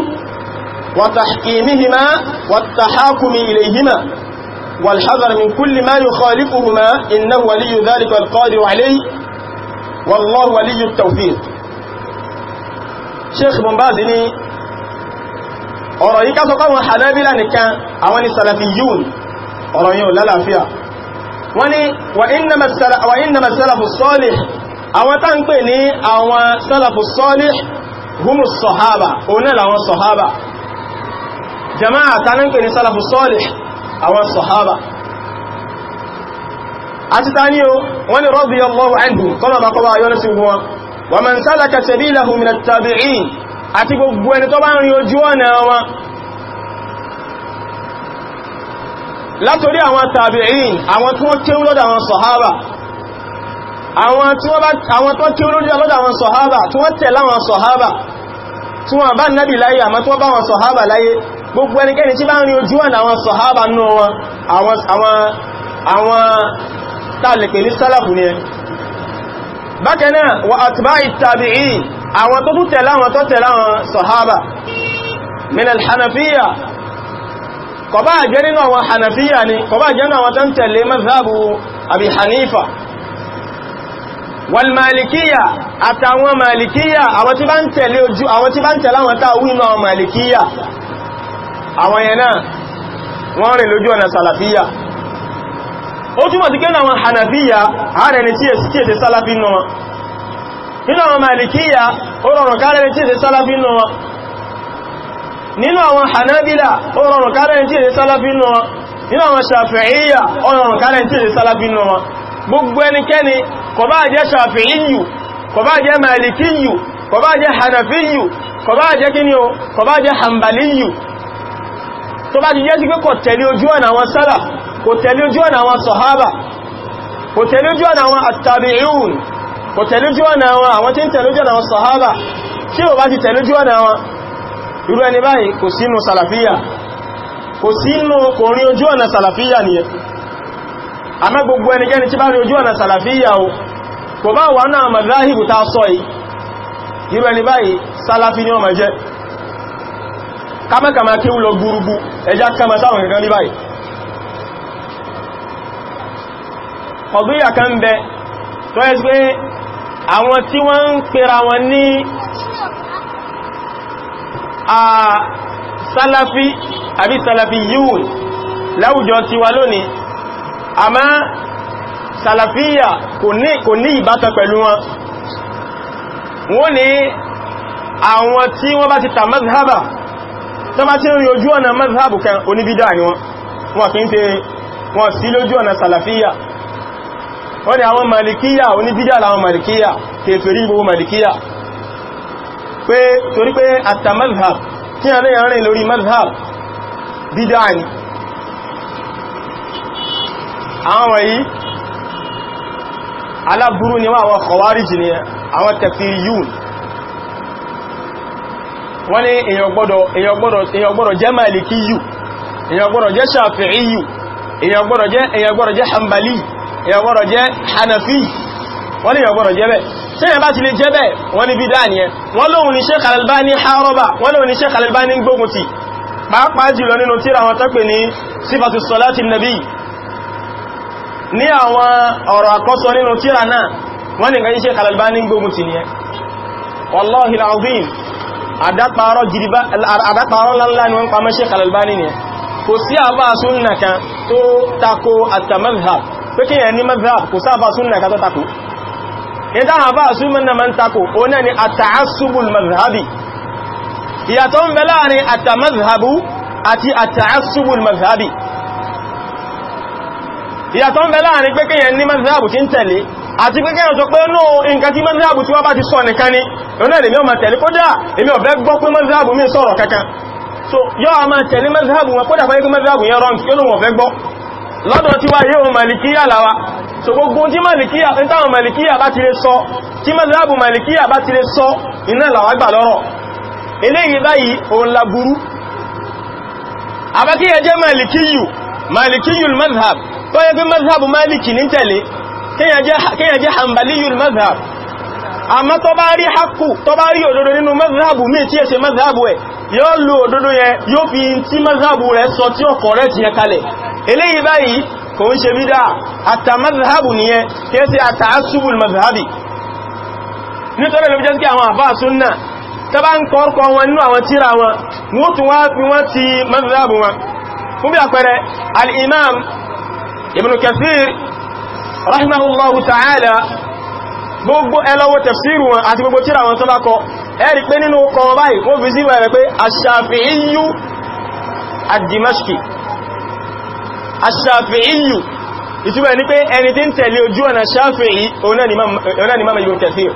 S1: وتحكيمهما والتحاكم إليهما والحذر من كل ما يخالفهما إنه ولي ذلك القادر عليه والله ولي التوفيق شيخ بن بازني ọ̀rọ̀ yí ká sọ pàwọn hanabila nìkan àwọn ni salafiyun ọ̀rọ̀ yíò lálàáfíà wọ́n ni wa innama salafu salih àwọn tá ń pè ní àwọn salafu salih humu sọ̀hábà onílà àwọn sọ̀hábà jama'a ta ní pè ní salafu salih àwọn sọ̀hábà àti ta ní o wọ́n ni radiyallahu anhu kọ́nà bá yọ́nà sí wọn wa man àti gbogbo ẹni tó bá ń rin ojú ọ̀nà wọn látorí àwọn tàbíìn àwọn tí wọ́n kéwú lọ́dọ̀ àwọn sọ̀hábà àwọn tí wọ́n kéwú lọ́dọ̀ àwọn sọ̀hábà tí wọ́n tẹ̀lé àwọn sọ̀hábà tí wọ́n bá nábì láyé àmọ́ tí wọ́n bá wọn sọ̀hábà láyé gbogbo ẹnikẹ́ni tí bá ń rin ojú ọ̀nà àwọn sọ̀hábà nù wọn àwọn tàlẹ̀pẹ̀ ní sálàfù ni ẹ bákanáà wà àtìbá ìtàbíìn àwọn tó tún tẹ̀lá wọn tó tẹ̀lá wọn sọ̀hábà minal hanafiya kò bá jẹ́ nínú àwọn hanafiya ni kò bá jẹ́ nínú àwọn tó ń tẹ̀lé mazhabu abi hanifa wal malikiya àtàwọn malikiya àwọn tí bá ń tẹ̀lé ojú àwọn tí bá ń tẹ̀lá wọn táa wínú àwọn malikiya àwọn yẹn náà wọ́n rìn lójú ọ̀nà salafiya ó túnmọ̀ sí kí àwọn hanafiya ààrẹ ni tí èsì tí èsì salafi náà nínú àwọn malikiya ó rọrùn kárẹni tí èdè sálàfí nù wọn nínú àwọn hanabila ó rọrùn kárẹni tí èdè sálàfí nù wọn nínú àwọn shafi'iyya ó rọrùn tí èdè nù wọn gbogbo ẹnikẹ́ni kò bá jẹ́ yu, kọ bá jẹ́ malikiyyu bá jẹ́ o kò tẹ̀lójú ọ̀nà wọn àwọn tí ń tẹ̀lójú ọ̀nà wọn sàhábà tí ó bá ti tẹ̀lójú ọ̀nà wọn irú ẹni báyìí kò sínú sàlàfíyà kò sínú kò rí ojú ọ̀nà sàlàfíyà nìyẹn àmọ́ gbogbo ẹnikẹ́ni tí bá rí ojú ọ̀nà sàlàfíyà ni wọ́n máa jẹ́ kámẹ́kàmá kí kama sáwọn kankan ní báyìí ọdún yà kan bẹ tó yẹ pé àwọn tí wọ́n ń pera wọn ní a salafi àbí salafi yíò láwùjọ tiwa lónìí àmá salafiyya kò ní ìbátan pẹ̀lú wọn wọ́n ní àwọn tí wọ́n bá ti ta mazhaba tó bá tí ń rí ojú ọ̀nà mazhabu kan oníbídà ni wọ́n wọ́n kí ń tẹ wọ́n sí lójú ọ̀nà salafiyya wọ́n ni àwọn malikiya oníbídà láwọn malikiya kèfèrí gbogbo malikiya pé torí pé àtàmàlhab kí a lẹ́yìn rìn lórí madhab bídá ni àwọn wọ̀nyí aláburú ni wọ́n àwọn kọwàríjì ni àwọn tẹ̀fìrí yún wọ́n ni èyàn gbọ́dọ̀ jẹ́ maliki yù èyàn gbọ́dọ̀ jẹ́ shafi'i yù èyàn gbọ́dọ̀ jẹ́ hanbali yù ìyàwọ́rọ̀ jẹ́ hanafi wọ́n ní ìyàwọ́rọ̀ jẹ́ bẹ́ẹ̀ tí ìyàn bá ti lè jẹ́ bẹ́ẹ̀ wọ́n ní bídá nìyẹn wọ́n lóhun ní Sheikh Al-Albani haroba wọ́n lóhun ní Sheikh Al-Albani gbógun ti pàápàá jùlọ nínú tíra wọn tó pè ní sífàtù sọláti nàbí ní àwọn ọ̀rọ̀ àkọ́sọ nínú tíra náà wọ́n ní nǹkan Sheikh Al-Albani gbógun ti nìyẹn wallahi al-azim àdápàárọ̀ kò sí àbá súnnà kan tó tako àtàmẹ́lhàb pé kí ẹni mazhab kò sáàbà súnnà ká tó takò ìdá àbá súnnà ma ń takò ó náà ni àtàásùbùl mazhabi ìyàtọ̀ ń bẹ láàrin àtàmazhabu àti àtàásùbùl mazhabi ìyàtọ̀ ń bẹ láàrin so yọ́ a máa tẹ̀lé mazhab wọn kódà fẹ́ pé mazhab yẹn rọ́n kí ó fẹ́ gbọ́ lọ́dọ̀ tí wá yíò màlìkíyà láwá so gbogbo tí màlìkíyà ń táwọn màlìkíyà bá ti lè sọ tí mọ́lábù màlìkíyà bá ti lè sọ iná làwá gbà lọ́rọ̀ eléyìí báyìí mazhab tó yẹ mazhab màlìkì ní tẹ̀lé kíyà jẹ́ hanbaliyul mazhab àmọ́ tó bá rí hakù tó bá rí òdodo nínú mazhabu míì tí è ṣe mazhabu ẹ̀ yóò lo òdodo yẹn yóò fi tí mazhabu rẹ̀ sọ tí ó correct yẹn kalẹ̀ eléyìí báyìí kò ń ṣe bídá àtà mazhabu nìyẹn kìí ṣe àtà asubul mazhabi nítorí ló jẹ́ sí ti mazhabu wọn fún gbogbo ẹlọ́wọ́ tẹ̀síìrù wọn àti gbogbo tíra wọn tó bá kọ ẹ̀rí pé nínú kọ wọn báyìí wọ́n fi sí wẹ̀rẹ̀ pé aṣàfihíyú àdìmáṣkì aṣàfihíyú ìtúbẹ̀ ní pé ẹni tí ń tẹ̀lé ojú ọ̀nà ṣàfihí ni máa yóò tẹ̀síìrù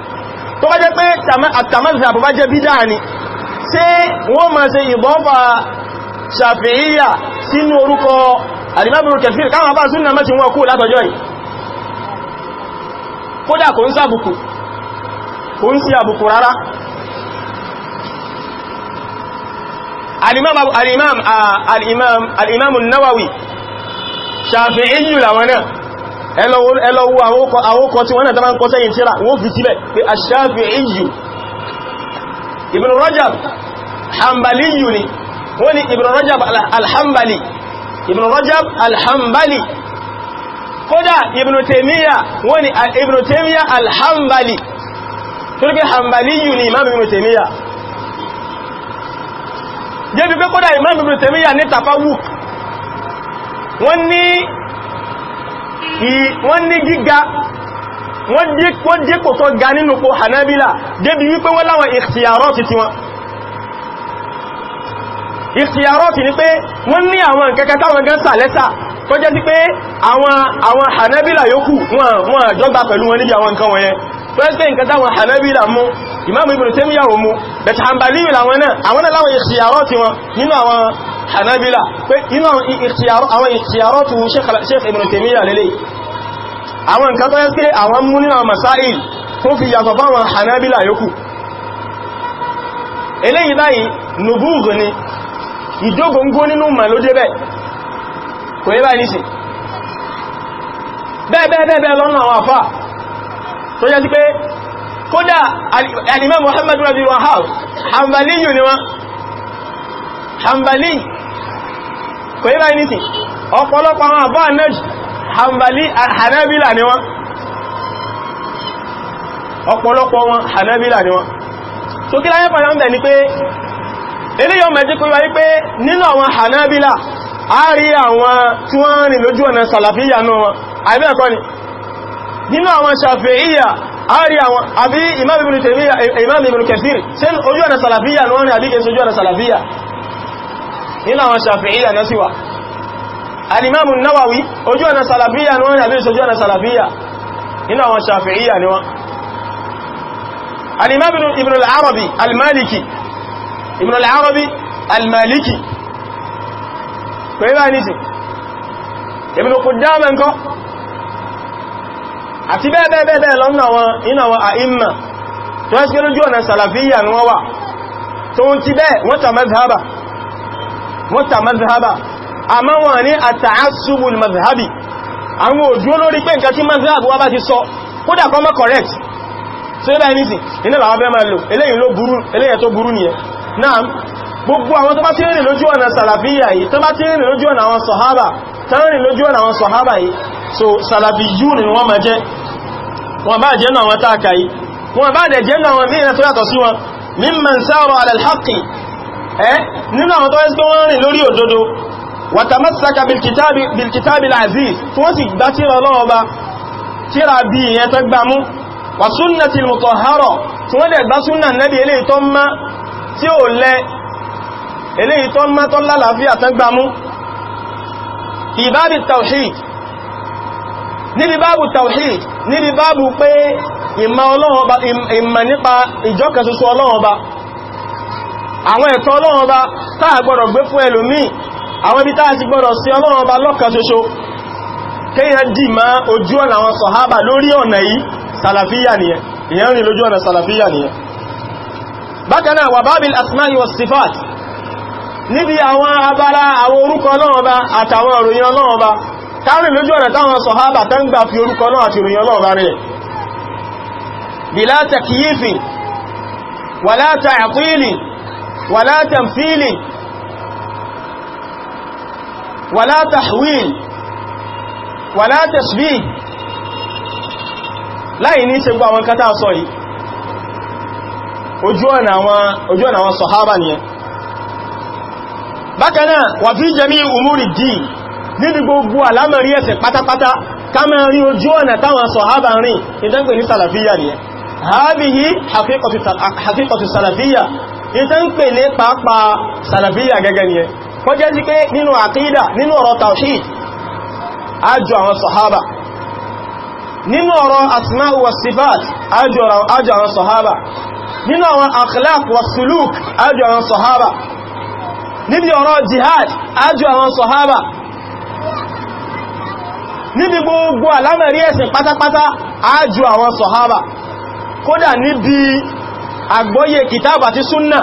S1: tó bá jẹ́ pé àtàmàzà bá jẹ́ bídá ni ṣé wọ́n máa ṣe ìbọ́fà ṣàfihíyà sínú orúkọ àdìmáṣkì káwọn bá súnnà mẹ́sìn wọn kódà kò ń sàbùkù kò ń sí àbùkù rárá al-imam al-imam ah, al-imam al-imam an-nawawi shafi'iyyu làwọn náà ẹlọ́wọ́ àwókọ tí wọ́n náà tàbí kọ́ sẹ́yìn tíra wó fi sílẹ̀ pé ash-shafi'iyyu ibn rajab hanbaliyyu ni wọ́n ni ibn rajab al ibn rajab al kódà ibn taymiya wọ́n ni ibn taymiya al-hanbali tó rí hanbali yìí ni imam ibn taymiya jẹ́bi pé kódà imam ibn taymiya ní tafawuk wọ́n ní wọ́n ní gíga wọ́n dé kò tó ga nínú kò hanabila jẹ́bi wípé wọ́n láwọn ikhtiyarati tiwọn ìkìyàrọ́tì ní pé wọ́n ní àwọn kẹ́kẹ́ táwọn gan sàlẹ́sà tó jẹ́ sí pé àwọn àwọn hanabila yòókù wọn àjọgbà pẹ̀lú wọn níbi àwọn nǹkan wọ̀nyẹn pẹ́sẹ̀ nǹkan táwọn hanabila mú imam ibn taymiyyah mú bẹ̀tẹ̀ hanbaliyu làwọn náà àwọn náà láwọn ìkìyàrọ́tì wọn nínú àwọn hanabila pé inú àwọn ìkìyàrọ́tì sheikh ibn taymiyyah lélẹ̀ àwọn nǹkan tó yẹ́ sí àwọn mú nínú àwọn masáìl eléyìí báyìí nùbúùgù ni ìjógóngó nínú mọ̀ ló débẹ̀ kò yẹ báyìí nìsìn bẹ́ẹ̀bẹ́ẹ̀bẹ́ẹ̀ lọ́nà àwọn àfá tó yẹ sí pé kódà alìmọ́ Muhammadu rabiru wahab hanbali yìí ni wọ́n hanbali kò yẹ báyìí nìsìn ọ̀pọ̀lọpọ̀ àwọn àfá nẹ́jì hanbali hanabila ni wọ́n ọ̀pọ̀lọpọ̀ wọn hanabila ni wọ́n so kí láyé pàdánù bẹ̀ ni pé eléyàn mẹ́jẹ́ kó wáyé pé nínú àwọn hanabila a rí àwọn tí wọ́n rìn lójú ọ̀nà sàlàfíyà náà wọn àìbẹ́ ẹ̀kọ́ ni nínú àwọn sàfẹ́íyà a rí àwọn àbí imam ibn taymiya imam ibn kathir ṣe ojú ọ̀nà sàlàfíyà náà rìn àbí kẹsí ojú ọ̀nà sàlàfíyà nínú àwọn sàfẹ́íyà náà síwá alimamu nawawi ojú ọ̀nà sàlàfíyà náà rìn àbí kẹsí ojú ọ̀nà sàlàfíyà nínú àwọn sàfẹ́íyà Ibn al-Arabi al-Maliki kò yíba ní sí Ibn Qudama ńkọ́ àti bẹ́ẹ̀bẹ́ẹ̀bẹ́ẹ̀ lọ́nà wọn iná wọn àìmà tó ẹ́sì pé lójú ọ̀nà sàlàfíyà ni wọ́n wà tó ń ti bẹ́ẹ̀ wọ́n ta mazhaba wọ́n ta mazhaba àmọ́ wọn ní àtàásùbùl mazhabi àwọn òdúró lórí pé nǹkan tí mazhabu wá bá ti ní sí iná làwọn fẹ́ máa lò eléyìn tó burú nìyẹn náà gbogbo àwọn tó bá ti rìn lójú ọ̀nà sàlàfíyà yìí tó bá ti rìn lójú ọ̀nà àwọn sọ̀hábà tó lójú ọ̀nà àwọn sọ̀hábà yìí so sàlàfíyù ni wọ́n máa jẹ́ wọ́n bá jẹ́ náà wọ́n táàkà yìí wọ́n bá dẹ̀ jẹ́ náà wọ́n mìíràn tó yàtọ̀ sí wọn mimman sáàrọ alàlhaqi ẹ́ nínú àwọn tó ẹ́sùgbọ́n tí wọ́n dẹ̀ gbá súnnà nẹ́bí ilé tó máa tí ó lẹ eléyìí tó má tó lálàáfíà tán gbámú ìbábi tawhid níbi báàbù tawhid níbi báàbù pé ìmọ̀ nípa ìjọ́kan ṣoṣo Ọlọ́run Ọba àwọn ẹ̀tọ́ Ọlọ́run Ọba táà gbọ́dọ̀ gbé fún ẹlòmíì àwọn ibi táà ti gbọ́dọ̀ sí Ọlọ́run Ọba lọ́kan ṣoṣo kéyàn dì má ojú ọ̀nà àwọn sọ̀hábà lórí ọ̀nà yìí sàlàfíyà nìyẹn ìyẹn rìn lójú ọ̀nà sàlàfíyà nìyẹn bákan náà wà bábil asma'i was sifat níbi àwọn abala àwọn orúkọ Ọlọ́run Ọba àtàwọn ìròyìn Ọlọ́run Ọba káàrin lójú ọ̀nà táwọn sọ̀hábà tán gbà fi orúkọ Ọlọ́run àti ìròyìn Ọlọ́run Ọba rẹ̀ bila takyifi wala ta'tili láì ní ṣe gbọ́ àwọn kátà sọ yìí ojú ọ̀nà àwọn sọ̀hábà nìyẹn bákanáà wà fi jẹ́mí umúrì dì di. gbogbo alámọ̀rí ẹ̀sẹ̀ pátápátá ká pata. ojú ọ̀nà táwọn sọ̀hábà rìn ìtẹ́gbẹ̀ ní sàlàfíyà nìyẹn hàbíhí haqiqatu sàlàfíyà nínú àkídà nínú ọ̀rọ̀ tawhid ájọ àwọn sọ̀hábà nínú ọ̀rọ̀ asma wa sifat àwọn sọ̀hábà nínú àwọn akhlaq wa suluk ájò àwọn sọ̀hábà níbi ọ̀rọ̀ jihad ájò àwọn sọ̀hábà níbi gbogbo alámẹ̀rí ẹ̀sìn pátápátá ájò àwọn sọ̀hábà kódà níbi àgbọ́yé kìtàbà ti súnnà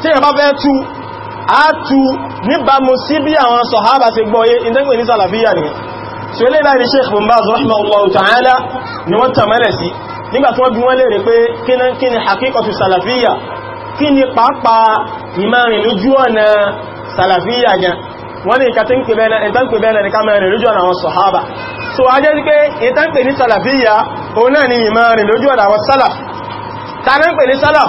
S1: tí ẹ bá fẹ́ tú á tú níbàmú sí bí àwọn sọ̀hábà ti gbọ́yé ìdẹ́gbẹ̀ ní sàlàfíyà nìyẹn ni wọ́n tàmẹ́lẹ̀ sí nígbà tí wọ́n bi wọ́n léèrè pé kí ni hakikatu salafiya kí ni pàápàá ìmárin lójú ọ̀nà salafiya gan wọ́n ní ìkàtí ń pè bẹ́ẹ̀ ní kámẹ́rin lójú ọ̀nà àwọn sọ̀hábà so a jẹ́ pé ìtànpè ní salafiya òun náà ni ìmárin lójú ọ̀nà àwọn salaf tàbí ní salaf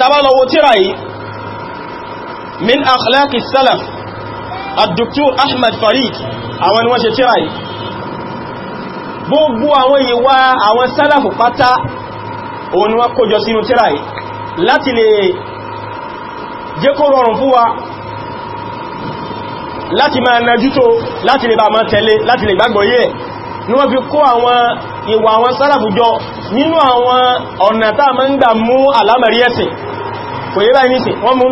S1: tabalọ́wọ́ tíra yìí min akhlaqi salaf ad-Dr. Ahmad Farid àwọn ni wọ́n ṣe tíra yìí gbogbo àwọn ìwà àwọn sálàfù pátá òun ni wọ́n kójọ sínú tíra yìí láti lè jẹ́ kó rọrùn fún wa láti máa najú láti lè bá máa tẹ̀lé láti lè gbàgbọ́ yìí ni wọ́n fi kó àwọn ìwà àwọn sálàfùjọ nínú àwọn ọ̀nà táà máa ń gbà mú àlámẹ̀rí ẹ̀sìn kò yẹ báyìí nìsìn wọ́n mú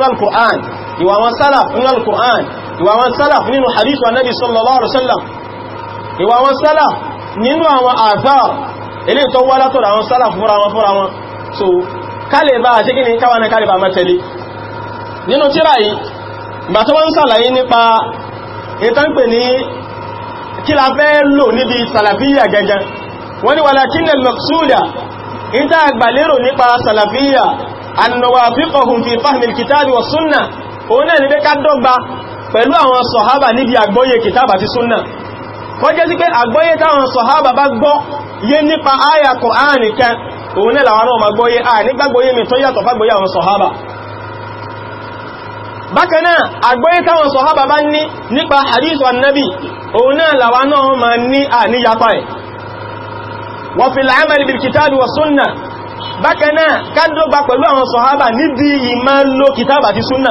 S1: al hadith wa nabi sallallahu alaihi wasallam ìwà àwọn sálàf nínú àwọn àfáà ilé tó wá látọ̀rọ̀ àwọn sálàf so kálẹ̀ bá àti ni káwọn kálẹ̀ bá mẹ́tẹ̀lé nínú tíra yìí bàtọ́ wọ́n ń sàlàyé nípa kí la fẹ́ lò níbi sàlàfíyà gẹ́gẹ́ wọ́n ni walakinna al-maqsuda in ta gbàlérò nípa sàlàfíyà annawafiqahum fi fahmi al-kitabi wa sunna òun náà ni pé ká dọ́gba pẹ̀lú àwọn sọ̀hábà níbi àgbọ́yé kìtàbà ti súnnà kọ́ jẹ́ sí pé àgbọ́yé táwọn sọ̀hábà bá gbọ́ yé nípa áyà Kùránì kan òun náà làwọn ọmọ gbọ́yé à nígbàgbọ́yé mi tó yàtọ̀ fàgbọ́yé àwọn sọ̀hábà bákanáà àgbọ́yé táwọn sọ̀hábà bá ní nípa hadith annabi òun náà làwa náà ma ní àníyapa ẹ̀ wa fil amali bil kitabi wa súnnà bákanáà kádọ́gba pẹ̀lú àwọn sọ̀hábà níbi ìmá ló kìtàbù àti súnnà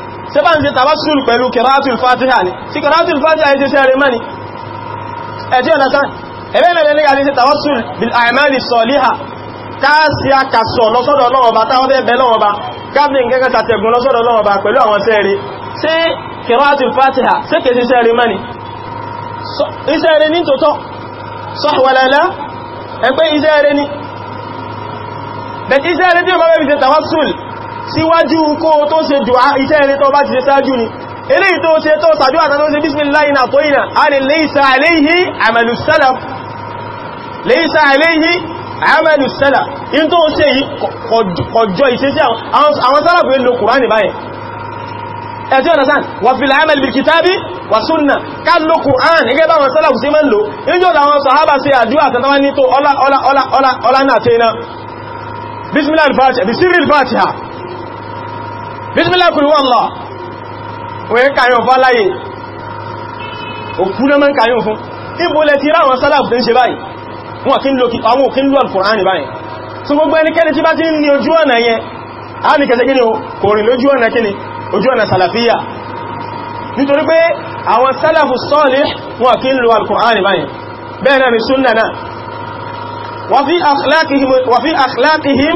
S1: ṣe bá ń ṣe tàbásùl pẹ̀lú kìrátùl fatiha ni sí kìrátùl fatiha yìí ṣe rẹ̀ mẹ́ni ẹ̀tí ọ̀nà tán ẹ̀bẹ́ mẹ́rin ní àti ṣe tàbásùl bil a'mali saliha káàsì àkàsọ̀ lọ́sọ́dọ̀ lọ́wọ́ba táwọn bẹ́ẹ̀ lọ́wọ́ba gábìn gẹ́gẹ́ tàtẹ̀gùn lọ́sọ́dọ̀ lọ́wọ́ba pẹ̀lú àwọn sẹ́ẹ̀rí sí kìrátùl fatiha sí kèsì sẹ́ẹ̀rí mẹ́ni ìsẹ́ẹ̀rí ní tòótọ́ sọ́wọ́lẹ́lẹ́ ẹgbẹ́ ìsẹ́ẹ̀rí ní tí ó bá bẹ́ẹ̀ fi síwájú kó tó ṣe dùá iṣẹ́ rẹ̀ tó bá ti ṣe sáájú ni eléyìí tó ṣe tó sàájú àtàtó ṣe bísmìláì náà tóyìnà a lè léìsà aléhì àmàlù sálàm léìsà aléhì àmàlù sálàm in tó ṣe yìí kọjọ ìṣẹ́sí àwọn sálàm pé lo kùránì báyìí ẹ̀tí ọ̀dásán wà fi láàmà ìbìl kìtàbí wà súnnà ká ló kùrán ní gẹ́gbà wọn sálàfù sí mẹ́lò níjọ́ àwọn sàhábà sí àdúrà tàtàwà bismillah al-fatiha bismillah al-fatiha bismillah kul wallah o ye kayo fa laye o kuna man kayo fún ibo le ti ra wọn salaf den ṣe báyìí wọn kin lo ki àwọn kin lo alquran báyìí so gbogbo ẹnikẹ́ni tí bá tin ní ojú ọ̀nà yẹn a ní kese kini o ko rin lójú ọ̀nà kini ojú ọ̀nà أخلاقهم, وفي أخلاقهم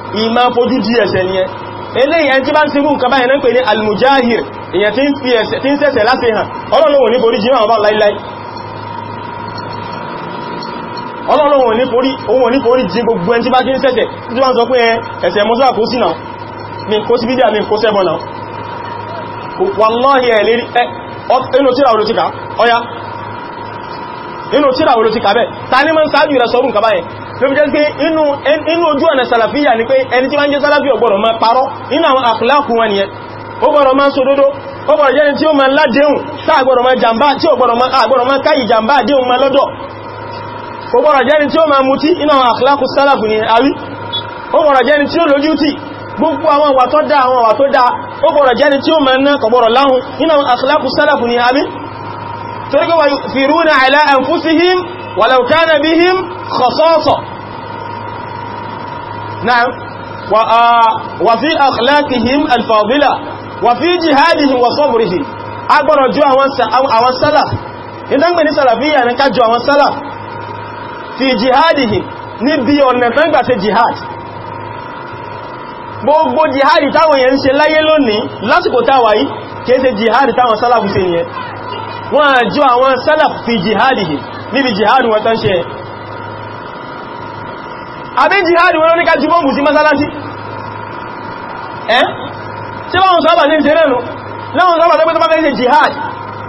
S1: ìmá fojú di ẹ̀ṣẹ̀ ni ẹ eléyìn tí bá ń sinú nǹkan báyìí náà pè ní almujahir èyàn tí ń ṣẹ̀ṣẹ̀ láti hàn ọlọ́lọ́wọ̀ ní forí jíma ọba láíláí ọlọ́lọ́wọ̀ ní forí jí gbogbo ẹn tí bá kí ń ṣẹ̀ṣẹ̀ ló fi jẹ́ pé inú ojú ọ̀nà sàlàfíyà ni pé ẹni tí wá ń jẹ́ sàlàfí ó gbọ́dọ̀ máa parọ́ inú àwọn àkùlákù wọn nìyẹn ó gbọ́dọ̀ máa sódódó ó gbọ́dọ̀ jẹ́ tí ó máa ládéhùn táà gbọ́dọ̀ máa jàmbá tí ó gbọ́dọ̀ máa káyì jàmbá àdéhùn máa lọ́dọ̀ ó gbọ́dọ̀ jẹ́ tí ó máa mutí inú àwọn àkùlákù sàlàfù ni àrí gbogbo àwọn ìwà tó dá àwọn ìwà tó dá ó gbọ́dọ̀ jẹ́ نعم وفي أخلاقهم الفاضلة وفي جهادهم وصبرهم agbọ́nà jọ àwọn sálà ìdángbẹ̀ ní sàlàfíyà ní ká jọ àwọn sálà fi jihadihi ní bí ọ̀nà tán gbà ṣe jihad gbogbo jihadi táwọn èèyàn ṣe láyé lónìí lásìkò táwà yìí kìí ṣe jihadi táwọn sálà fi ṣe yẹn àbí jihad wọn ní ká jí bọ́m̀bù sí mọ́sálásí ẹ́ tí wọ́n sọ́bà ní ìṣẹ́rẹ́ lọ láwọn sọ́bà tó pẹ́ tó bá fẹ́ ṣe jihad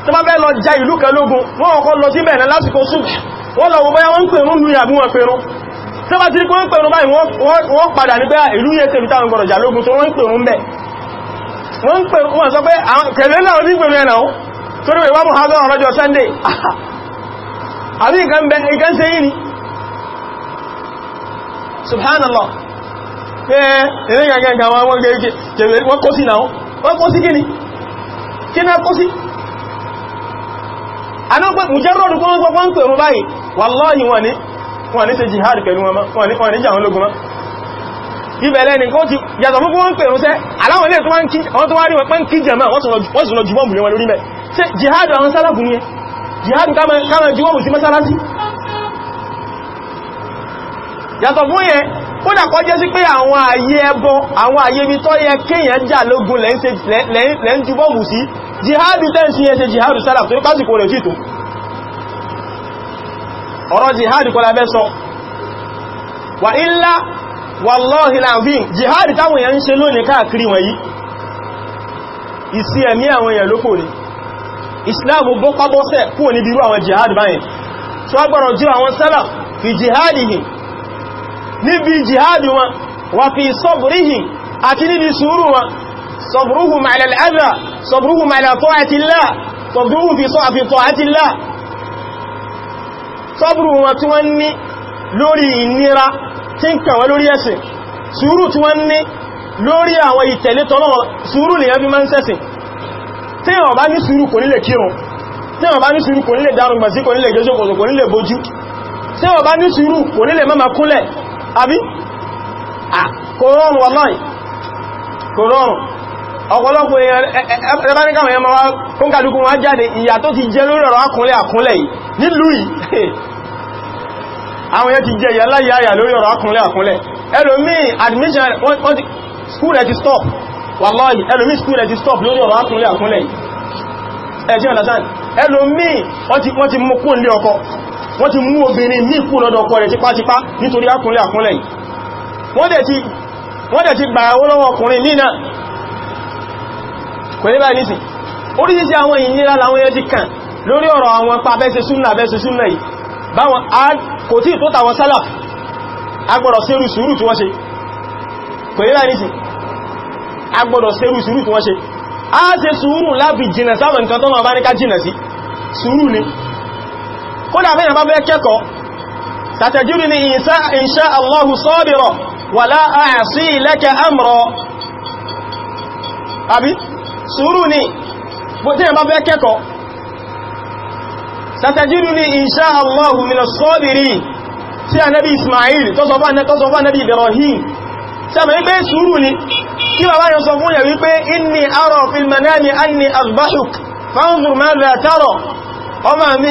S1: tó bá fẹ́ lọ ja ìlú kan lógun wọ́n kọ́ lọ sí bẹ̀rẹ̀ lásìkò súbù wọ́n lọ wọ́n wọ́n pèrún ní àbí wọn pèrún tó bá ti kó ń pèrún báyìí wọ́n padà ní pé ah, ìlú yẹ tèmi táwọn gbọ́dọ̀ jà lógun tó wọ́n pèrún bẹ̀ wọ́n sọ pé ah, kẹ̀lẹ́ láwọn sí pèrún ẹ̀nà torí wọ́n mú hazard ọ̀rọ̀jọ́ sunday àbí nǹkan ṣe yìí ni subhanallah pé eré gàgàgà wọn wọ́n gẹ́gẹ́ jẹ̀rẹ̀ wọ́n kó sí náà wọ́n kó sí kí ni kí náà kó sí anápẹ́ mùjẹ́rọ̀dù kọ́ wọ́n pẹ̀rún báyìí wallahi wọ́n ní wọ́n ní ṣe jihad pẹ̀lú wọn ní jà wọn lógun mọ́ ibẹ̀lẹ̀ nìkan ti yàtọ̀ fún wọ́n pẹ̀rún sẹ́ aláwọn ilé tó wá rí wọn pẹ́ ń kí jẹ̀mọ́ wọ́n sọ̀rọ̀ jùbọ́mù lé wọn lórí mẹ́ jihad àwọn sálàbù ní ẹ jihad káàmà jùbọ́mù sí mọ́sálásí yàtọ̀ fún yẹn kódà kọ́ jẹ́ sí pé àwọn ààyè ẹbọ àwọn ààyè ibi tó yẹ kéèyàn jà lógun lẹ́ ń ju bọ́ọ̀mù sí jihadu tẹ́ǹsí ẹsẹ jihadu sálà tó kásìkò rẹ̀ títò ọ̀rọ̀ jihadu kọ́lá bẹ́ sọ wà illa wallahi láàfin jihadu táwọn èèyàn ń ṣe lónìí káàkiri wọ̀nyí ìsí ẹ̀mí àwọn èèyàn lókò ní islam bọ́kọ́bọ́sẹ̀ kúrò níbi irú àwọn jihadu báyìí tó agbọ́rọ̀ jú àwọn sálà fi jihadihim níbi jihad wọn wà fi sọ́bùríhì àti níbi sùúrù wọn sọ́bùrúhù màìlẹ̀lẹ́dà sọ́bùrúhù màìlẹ̀tọ́àtìlá sọ́bùrúhù fi sọ́àfitọ́àtìlá sọ́bùrù wọn tí wọ́n ní lórí ìnira tí ń kàn wọ́n lórí ẹ̀sìn sùúrù tí wọ́n ní lórí àwọn ìtẹ̀lé tọ́lọ́wọ́ sùúrù lèyàn fi máa ń ṣẹ̀sìn tí wọ́n bá ní sùúrù kò nílè kírun tí wọ́n bá ní sùúrù kò nílè dárùn-ún gbàsí kò nílè gẹ́jọ́ kò nílè bójú tí wọ́n bá ní sùúrù kò nílè àbí kò rọrùn wàláì kò rọrùn ọ̀pọ̀lọpọ̀ ẹbáníkàwọn ẹmọ wá kún kàlùkù wọ́n jáde ìyà tó ti jẹ lórí ọ̀rọ̀ akúnlẹ̀ akúnlẹ̀ yìí nílùú yìí àwọn yẹn ti jẹ ìyà láyé àyà lórí ọ̀rọ̀ akúnlẹ̀ akúnlẹ̀ ẹlòmí admission school rẹ̀ ti stop wàláì ẹlòmí school rẹ̀ ti stop lórí ọ̀rọ̀ akúnlẹ̀ akúnlẹ̀ yìí ẹ̀sìn ọ̀dásán ẹlòmí wọ́n ti mú kún lé ọkọ wọ́n ti mú obìnrin ní ìkú lọ́dọ̀ ọkọ rẹ̀ tipátipá nítorí akúnlẹ̀ akúnlẹ̀ yìí wọ́n dẹ̀ ti gbà ẹwọ́ lọ́wọ́ ọkùnrin mí náà pẹ̀lú báyìí nìsìn oríṣiríṣi àwọn ìnira làwọn yẹn ti kàn lórí ọ̀rọ̀ àwọn pa bẹ́ẹ̀ ṣe súnnà bẹ́ẹ̀ ṣe súnnà yìí báwọn kò tí tó tàwọn sálà agbọ́dọ̀ sẹ́rù sùúrù tí wọ́n ṣe pẹ̀lú báyìí nìsìn agbọ́dọ̀ sẹ́rù sùúrù tí sùúrù ni kódà bẹ́yàn bá bẹ́ kẹ́kọ̀ọ́ sàtẹ̀júrì ni insha Allahu sabira wala a'si laka amra àbí sùúrù ni bẹ́yàn bá bẹ́ kẹ́kọ̀ọ́ sàtẹ̀júrì ni insha Allahu mina sabiri tí a nẹ́bí Ismail tọ́sọ̀fà nẹ́bí Ibrahim tí a mẹ́ wípé sùúrù ni kí bàbá yọ sọ fún yẹ̀ ọmọ mi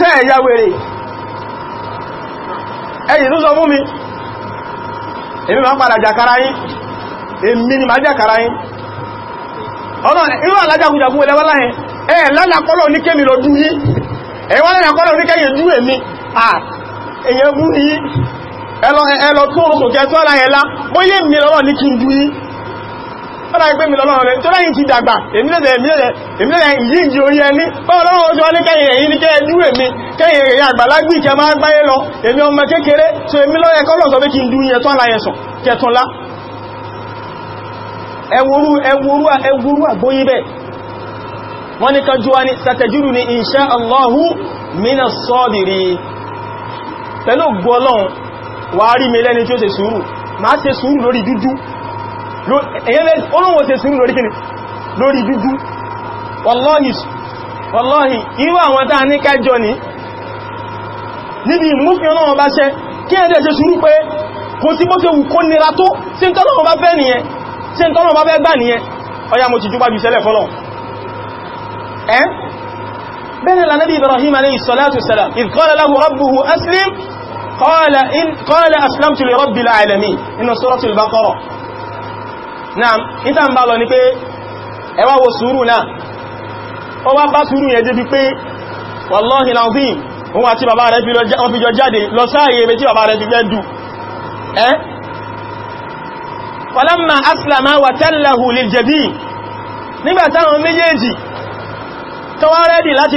S1: ṣe ẹ̀yà wèrè ẹ̀yìn ló sọ fún mi èmi máa padà jàkàrà yín èmi ni máa jàkàrà yín ọ̀nà irú alájàkújà fún ẹlẹ́wọ́ láyẹn ẹ̀ lálàkọ́lọ̀ ní kémi lọ dún yín ẹ̀wọ́ emi a kéyẹ ní fọ́nà ìgbé mi lọ́lọ́run rẹ̀ tó lẹ́yìn ti dàgbà èmìlẹ̀ ìyíjì orí ẹni pọ́ọ̀lọ́wọ́ ojú ọlé kẹyìn èyí ní kẹ́ẹ̀ dúwẹ̀ mi kẹyìn èyí àgbàlagbì kẹ máa gbáyé lọ èmi ọmọ kékeré tó èmi lọ́yẹ kọ́lọ̀ sọ pé kí n dú yẹ tọ́lá yẹ sàn kẹtọ́lá ẹwúrú àgbóyí bẹ́ wọ́n ní kan jùwa ní sàtẹ̀júrù ní insha Allahu mina sọ́bìrì pẹ̀lú gbọ́lọ́n wà rí mi lẹ́ni tí ó ṣe sùúrù máa ṣe sùúrù lórí dúdú olóhun ṣe sùúrù lórí kíni lórí dúdú wallahi wallahi irú àwọn tàà ní kájọ ní níbi ìmúfin ọlọ́wọ́n bá ṣẹ kí ẹ̀dẹ̀ ṣe sùúrù pé kò sí bó ṣe wù kó nira tó ṣe tọ́lọ́wọ́n bá fẹ́ nìyẹn ṣe tọ́lọ́wọ́n bá fẹ́ gbà nìyẹn ọya mo ti jú pàjú sẹ́lẹ̀ fọ́lọ̀ ẹ́ bẹ́ẹ̀ la nabi ibrahim alayhi salatu salam idh qala na níta n bá lọ ní pé wo suru náà o wa bá suru yẹn débi pe wallahi alazim òun àti bàbá rẹ̀ fi jọ jáde lọ sáàyè ebe tí bàbá rẹ̀ ti fẹ́ dù ẹ́ falamma wa tallahu eji nígbà táwọn méjèèjì tó wá rẹ́dì láti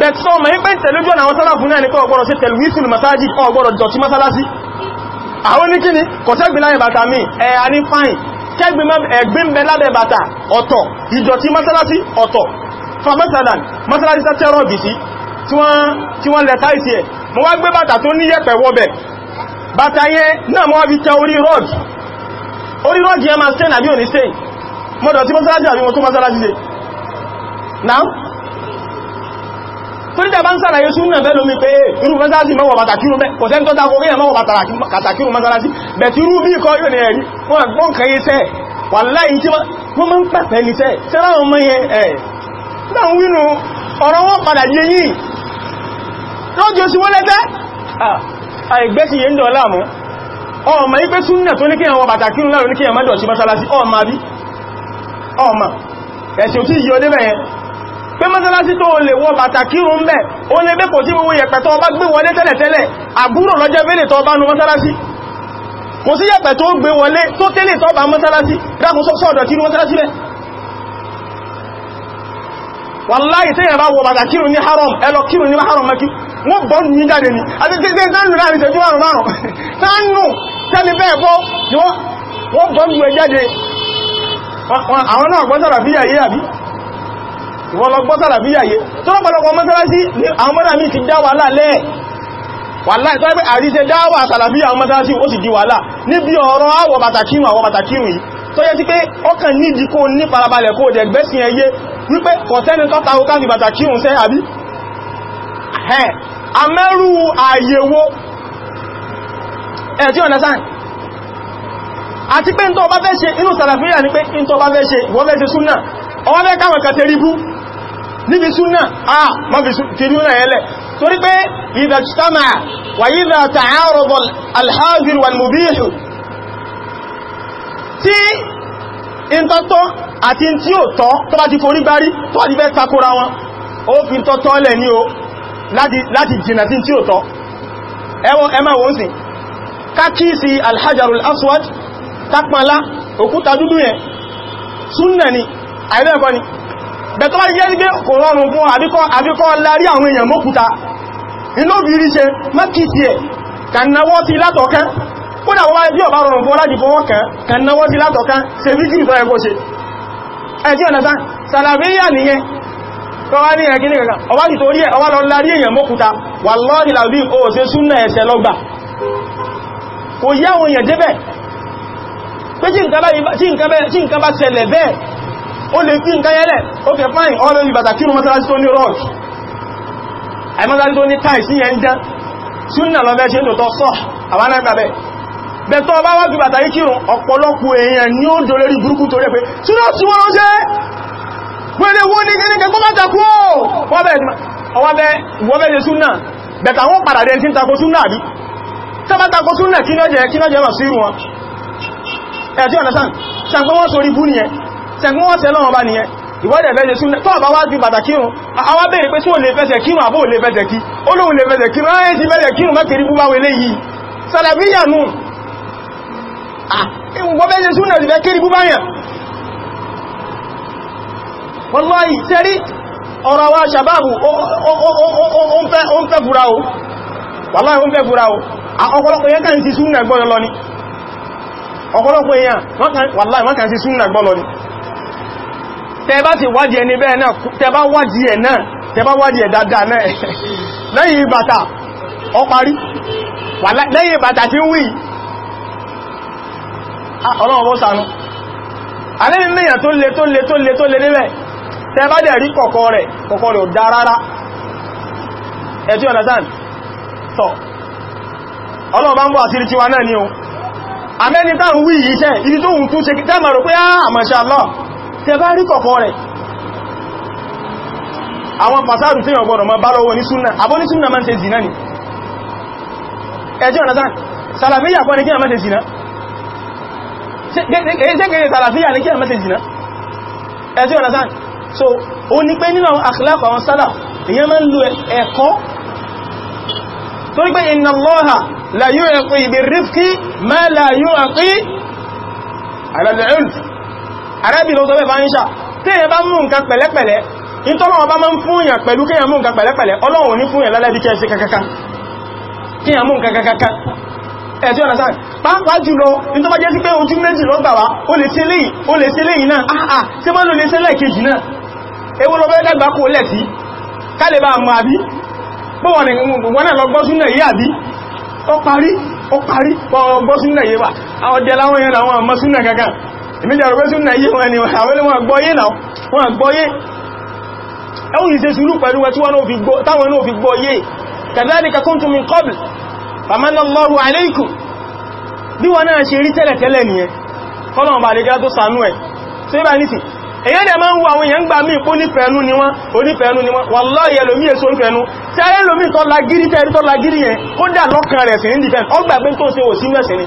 S1: bẹ̀t sọ ma ń pẹ́ tẹ̀lójú ọ̀nà àwọn sálàfún náà ní kọ́ ọgbọ́rọ̀ sí tẹ̀lúwísùn masájì ọgbọ́rọ̀ dọ̀tí masálásí àwọn ní kíni kò sẹ́gbìn láyẹ̀ bàtà mi ẹ̀ a ní fáìn kẹ́gbìn ẹ̀gbìn bẹ lábẹ́ bàtà ọ̀tọ̀ ìdọ̀tí masálásí ọ̀tọ̀ fàmẹ́sàdàn masálásí sátẹ́rọ̀ bìsí tí wọ́n lẹ̀ táìsì ẹ̀ mo wá gbé bàtà tó ní yẹ̀pẹ̀ wọ́bẹ̀ bàtà yẹn náà mo wá fi tẹ orí rọ́ọ̀dì orí rọ́ọ̀dì yẹn máa sẹ́nà bí ò ní sẹ́yìn mọ́dọ̀ tí masálásí àbí wọn tó masálásí se now torí tẹ́ bá ń sàlàyé súnnà bẹ́ lómi pé irú mẹ́sàlásí mẹ́wọ̀ bàtàkírù mẹ́ kò sẹ́ni tó dákò rí ẹ̀mọ́wọ̀ bàtàkírù mẹ́sàlásí bẹ̀tí irú tí wọn ọmọ ipé súnnà tó ní kí àwọn bàtàkírù láàrùn ní kí àwọn sí mẹ́sàlásí ọmọ àbí ọmọ ẹ̀sìn ò yíò débẹ̀ pé mọ́sálásí tó lè wọ bàtà kírun bẹ́ o lè bẹ́ kò sí gbogbo yẹ̀pẹ̀ tó bá gbé wọlé tẹ́lẹ̀tẹ́lẹ̀ àbúrò lọ́jẹ́ bẹ́lẹ̀ tó bá nu mọ́sálásí kò sí yẹ̀pẹ̀ tó gbé wọlé tó tẹ́lẹ̀ tó bá mọ́sálásí dákùn sọ́ọ̀dọ̀ kírun mọ́sálásí bẹ́ wàláyì tí yẹ̀bá wọ bàtà kírun ní haram ẹlọ kírun ní haram mẹ́kí wọ́n bọ́ ní jáde ní àtẹ́tẹ́ tánù láàrin ìṣẹ́jú márùn márùn tánù tẹ́lì bẹ́ẹ̀ bọ́ wọ́n bọ́ ní jáde
S3: àwọn náà gbọ́sára fíyà yé
S1: wọ́n lọ gbọ́ sàlàfíyà yé tó lọ́pọ̀lọpọ̀ mọ́sálásí ní àwọn mọ́dá mi ti dá wàhálà lẹ́ẹ̀ wàhálà ìtọ́ ẹgbẹ́ àríṣẹ́ dáwà sàlàfíyà àwọn mọ́sálásí ó sì di wàhálà níbi ọ̀rọ̀ àwọ̀ bàtàkírùn àwọ̀ bàtàkírùn yìí tó pé ní farabalẹ̀ bá fẹ́ ṣe inú sàlàfíyà ní pé ń tọ́ bá fẹ́ ṣe wọ́n ṣe súnà ọwọ́ káwọn kàtẹ́ríbú níbi súnà àà ma fi tìrí náà ẹlẹ̀ torí pé ìdàjítàmà wà ìdà tààrọ̀bọ̀ alhazir wal mubihu tí ìntọ́tọ́ àti tí ó tọ́ tó bá ti forí gbárí tó wà níbẹ̀ takora wọn ó fi tọ́tọ́ lẹ̀ ní o láti jìnà sí tí ó tọ́ ẹwọ ẹmà wọ́n sì kákíìsì alhajarul aswad tápàlá òkúta dúdú yẹn súnà ni àìbẹ́ẹ̀kọ́ ni bẹ̀tọ́ bá jẹ́ pé kò rọrùn fún àbíkọ́ lárí àwọn èèyàn mọ́kúta inú bìírí ṣe mọ́kìtì ẹ̀ kànáwọ́ ti látọ̀kẹ́ kódà wọ́n bí ọ̀bá rọrùn fún láti fọwọ́ kan kànáwọ́ ti látọ̀kẹ́ ṣe fíjì ìtọ́ ẹgbó ṣe ẹ̀tí ọ̀nà tán sàlàfíyà nìyẹn tó wá ní ẹ̀kí nìkan ọwá ti torí ẹ̀ ọwá lọ lárí èèyàn mọ́kúta wà lọ́ọ̀dì làbí o ṣe súnà ẹ̀ṣẹ̀ lọ́gbà kò yá àwọn èèyàn débẹ̀ pé tí nǹkan bá ṣẹlẹ̀ bẹ́ẹ̀ ó lè kí nǹkan yẹ́lẹ̀ okay fine all of you bàtà kírù mọ́sálásí tó ní rọ́ọ̀t àìmọ́sálásí tó ní táì sí yẹn jẹ́ súnà lọ bẹ́ ṣe ń tòótọ́ sọ àwọn náà gbàbẹ́ bẹ̀tọ́ bá wá fi bàtà yí kírù ọ̀pọ̀lọpọ̀ èèyàn ní ó dò lórí burúkú torí pé súnà tí wọ́n jẹ́ pẹ̀lẹ̀ wọ́n ní kẹ́kẹ́ kọ́ mọ́ta kú wọ́n bẹ̀ súnà bẹ̀tà wọ́n padà dẹ̀ tí ń takò súnà àbí tọ́bá takò súnà kí lọ́jẹ́ kí lọ́jẹ́ mọ̀ sí irú wọn ẹ̀tí ọ̀nà sáà sàgbọ́n wọ́n sórí bú nìyẹn sẹ̀gbọ́n wọ́n sẹ́lọ́wọ́ bá nìyẹn ìwọ́dẹ̀ fẹ́sẹ̀ súnà tó àbá wá sí pàtàkì àwọn bèèrè pé tí lè fẹ́sẹ̀ kírùn àbó lè fẹ́sẹ̀ kí olóhun lè fẹ́sẹ̀ kírùn ráyẹ̀ kírùn mẹ́kẹ̀rí yìí tẹba ti ẹni bẹ́ẹ̀ náà tẹba wádìí ẹ̀ náà tẹba wádìí ẹ̀ dáadáa náà lẹ́yìn ọ parí lẹ́yìn bàtà tí ń wí ọlọ́wọ́ sánú lẹ́yìn tó le tó le tó le tó le nílẹ̀ tẹba dẹ̀ rí kọ̀kọ́ rẹ̀ kọ̀kọ́ rẹ̀ dá rárá ẹ̀tí tiwa ni o ibi tẹbá rí kọ̀kọ́ rẹ̀ àwọn pàtàkì tí yàn gbọ́dọ̀ ma bá lọ́wọ́ ní súnnà àbọ́ ní súnnà máa ń ṣe zina ni ẹjọ́ sàlàfíyà kọ́ ní kí a máa ṣe zina so o ní pé nínú àkìlákọ̀ àwọn sálà èyàn máa ń lo ẹ̀kọ́ tó ní pé inna Allaha la yu'ti bir-rifqi ma la yu'ti 'ala al-'ulf àrẹ́bì ló sọ bẹ́ẹ̀ bá ń ṣà tí èyàn bá mú nǹkan pẹ̀lẹ́pẹ̀lẹ́ ìtọ́lọ́wọ́ bá máa ń fún èyàn pẹ̀lú kíyàn mú nǹkan pẹ̀lẹ́pẹ̀lẹ́ ọlọ́wọ́ ní fún èyàn lálẹ́bí kẹ́ sí kakaka kíyàn mú nǹkan kakaka ẹ̀tí ọ̀nà sáà pàápàá jùlọ ní tó bá jẹ́ sí pé ojú méjì ló gbà wá o lè sílé yìí o lè sílé ah, ah, yìí náà àà tí wọ́n lò lè sílé kejì náà ewu lọ bẹ́ẹ̀ dàgbà kó lẹ̀ ó parí ó parí wọ́n gbọ́sún náà yí àwọn jẹ́ yẹn àwọn àmọ́sún náà kankan èmi jẹ́ ọ̀rọ̀gbé súnnà yí wọn ni àwọn wọn gbọ́yé náà wọn gbọ́yé ẹwùn yìí ṣe sùúrù pẹ̀lú wọn táwọn náà fi gbọ́yé kadhalika kuntum min qabl famanna Allahu alaykum bí wọn náà ṣe rí tẹ́lẹ̀tẹ́lẹ̀ nìyẹn kọ́nà ọba àdígá tó sànú ẹ̀ tó yíba ní ti èyàn dẹ̀ máa ń wo àwọn èèyàn gbà míì pó nífẹ̀ẹ́nú ni wọ́n onífẹ̀ẹ́nú ni wọ́n wallahi ẹlòmí èso ń fẹ̀ẹ́nú tí a rẹ̀ lòmí tọ́lagírí tẹ́rí tọ́lagírí yẹn kó dà lọ́kàn rẹ̀ sí ní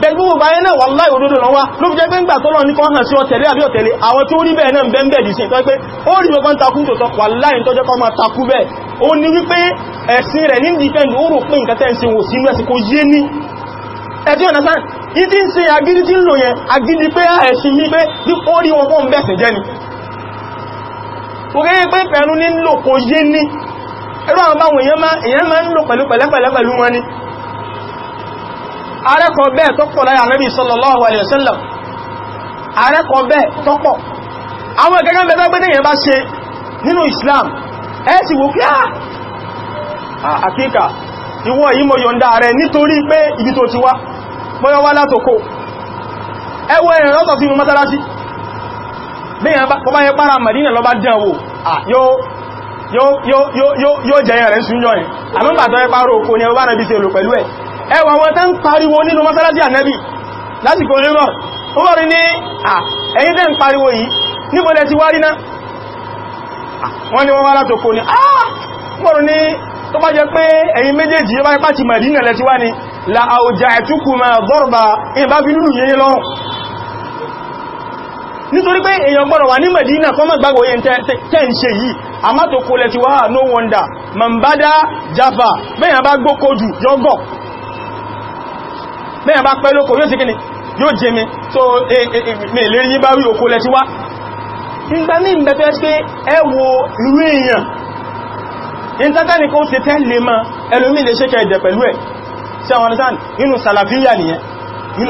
S1: then gbogbo báyé náà wàláì na lọ wá ló fi jẹ́ pé ń gbà tọ́lọ ní kan hàn sí ọ̀tẹ̀lé àbí ọ̀tẹ̀lé àwọn tí ó rí bẹ́ẹ̀ náà ń bẹ́ẹ̀ dì sí tọ́ pé ó rí gbogbo ń takú tòótọ́ wàláì tọ́jọ́ kan máa takú bẹ́ẹ̀ ó ní wípé ẹ̀sìn rẹ̀ ní ó rò nǹkan tẹ́ ń wò ìdí ń agídí tí ń lò yẹn agídí pé bí ó rí ni pé pẹ̀lú ní lò arẹ́kọ̀ bẹ́ẹ̀ tó pọ̀ láyé Ànábì sallallahu alaihi wasallam arẹ́kọ̀ bẹ́ẹ̀ tó pọ̀ àwọn ìgẹ́gẹ́ bẹ́ẹ̀ pé tẹ́yẹn bá ṣe nínú Islam ẹ sì wò kí ah, ah, àkíkà ìwọ yìí mọ̀ yọ̀ǹda rẹ̀ nítorí pé ibi tó ti wá mọ́yọ́ wá látòkó ẹwọ ẹ̀rẹ̀ lọ́tọ̀ sínú mọ́sálásí bíyàn bá yẹ pára Màdínà lọ bá dẹ̀wò ah, yóò jẹ́ ẹ̀rẹ̀ ń súnjọ́ ẹ̀ àmọ́bàtọ́ ẹ párò kò ní ẹwọ́ bá rẹ̀ bí ẹ̀ ẹwà wọn tán pariwo nínú mọ́sálásí ànẹ́bì lásìkò olómọ̀ ó bá rí ní ẹ̀yìn tẹ́ ń pariwo yìí níbọ̀lẹ̀ ti wárí ná wọ́n ni wọ́n wá látò kò ní ààbọ̀rún ní tó bá jẹ́ pé ẹ̀yin méjèèjì yóò bá ipá ti Mẹ̀dínà la àwòjà ẹ̀tùkùnmà dọ́rọ̀bà ìbá fi lúrù yẹyẹ lọ́rùn nítorí pé èèyàn gbọ́rọ̀ wà ní Mẹ̀dínà kọ́mọ̀ gbàgbọ́ yẹn tẹ́ no wonder mambada jafa bẹ́yàn bá gbókojù yọ́gọ̀ mẹ́yàn bá pẹ́ lóko yóò sí kíni yóò jẹ mi tó ìlérí yí bá rí òkú lẹ wá nígbà ní ìgbẹ̀fẹ́ pé ẹwọ irú èèyàn ìntátẹ́ni kó ti ẹlòmí lè ẹ̀dẹ̀ pẹ̀lú ẹ̀ sí àwọn ọ̀nà sàlàfíyà nìyẹn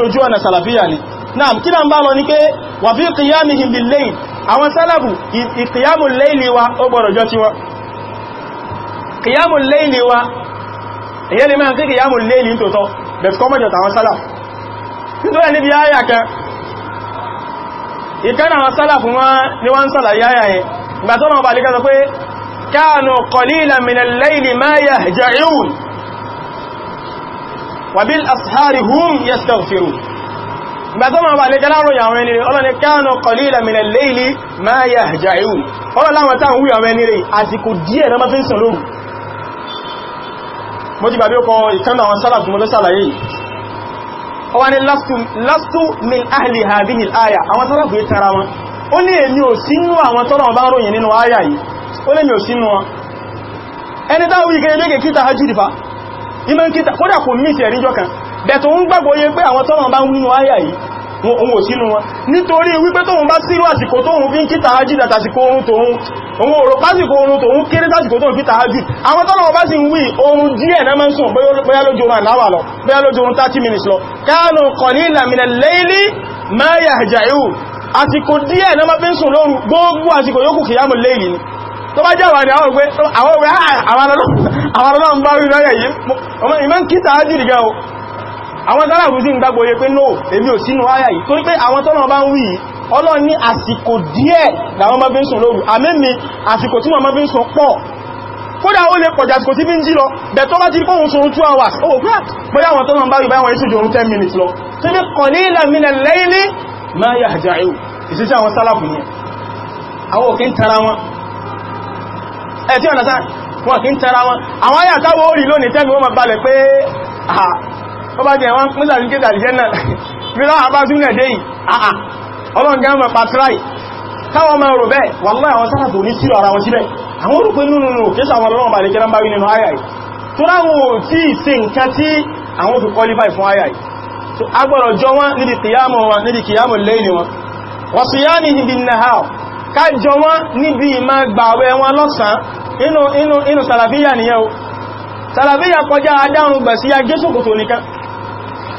S1: ojú ọ̀nà sàlàfíyà ni náà kí náà ń bá lọ ní pé wà bí qiyamihim bil layl àwọn sálàfù qiyamul wa ó gbọ́dọ̀ jọ ti wọn wa bẹ̀t kọ́mọ̀jọ̀ tàwọn sálàf nítorí níbi ayà kan ìkẹ́nà àwọn sálàf wọn ni wọ́n sàlàyé ayà yẹn ìgbà tó náà bá lè kẹta pé káànù kọlílà minallayli ma yahja'un wàbíl ashari hum yastaghfirun bá lè kẹta ròyìn àwọn ọlọ́ni káànù kọlílà minallayli ma yahja'un ọlọ́láwọn táwọn wúyàwó ẹni rẹ̀ àsìkò díẹ̀ náà mo ti gbàgbé ọkọ̀ ìkánà àwọn sálà tó mọ́ sálàyé ó wá ní lastu min ahli aya àwọn sálà tara wọn ó ní èmi ò sínú àwọn tọ́rọ ọba ń ròyìn nínú àyà yìí ó lè mi ò sínú wọn ẹni táwọn ìkẹrẹ lẹ́gẹ̀ kíta fa ime nkita kan beto òun ò sínú wọn nítorí wípé tóun bá sírú àsìkò tóun fi ń kíta ájì àtàsìkò oorun tóun òun òrò pásìkò oorun tóun kéré tàsìkò tóun kíta ájì àwọn tọ́lọ̀wọ́ bá sì ń wí oorun díẹ̀ náà mẹ́sùn bóyá lójú oorun àláwà lọ bóyá lójú oorun 30 minutes lọ káàlù qalilan min al-layli ma yahja'u àsìkò díẹ̀ náà máa fi ń sùn lóru gbogbo àsìkò yókù kìyàmù lẹ́yìn ni tó bá jẹ́wà ní àwọn ògbé àwọn ògbé àwọn ọlọ́run bá rí lọ́yẹ̀ yìí ìmọ́ kí tàájì rí gẹ́ o àwọn sálàfù sí ń gbàgbọ́ yẹ pé no èmi ò sínú àyà yìí torí pé àwọn tọ́nà bá ń wí ọlọ́run ní àsìkò díẹ̀ làwọn máa fi ń sùn lóru àmẹ́mi àsìkò tí wọ́n máa fi ń sùn pọ̀ kódà ó lè pọ̀jà àsìkò tí fi ń jí lọ bẹ̀tọ́ bá ti kóhun sùn 2 hours ó wò pẹ́lá ah, àwọn tọ́nà bá rí báwọn ìsìn jòrún 10 minutes lọ tí ní qalilan mina al-layli ma yahja'un ìsìsí àwọn sálàfù yẹn àwọn òkè ń tara wọn ẹ̀ tí ọ̀nà sáà wọ́n kí ń tara wọn àwọn ayàtàwọ̀ orí lónìí tẹ́mi wọ́n balẹ̀ pé ah, ó bá jẹ́ wọ́n pínlẹ̀ ní kéta àdìjẹ́ náà bí lọ́wọ́ àbá súnlẹ̀ dé yìí àà ọlọ́ngá mọ̀ pàtíráì káwọn ọmọ rò bẹ́ẹ̀ wà lọ́wọ́ àwọn sára tó ní sí ara wọn síbẹ̀ àwọn orúkọ nínú nù kéṣà àwọn ọlọ́wọ́ bà lè kẹ́rán bá wí nínú ayà yìí tó ráwọn ò tí ì ṣe nǹkan tí àwọn fi qualify fún ayà yìí so nìkan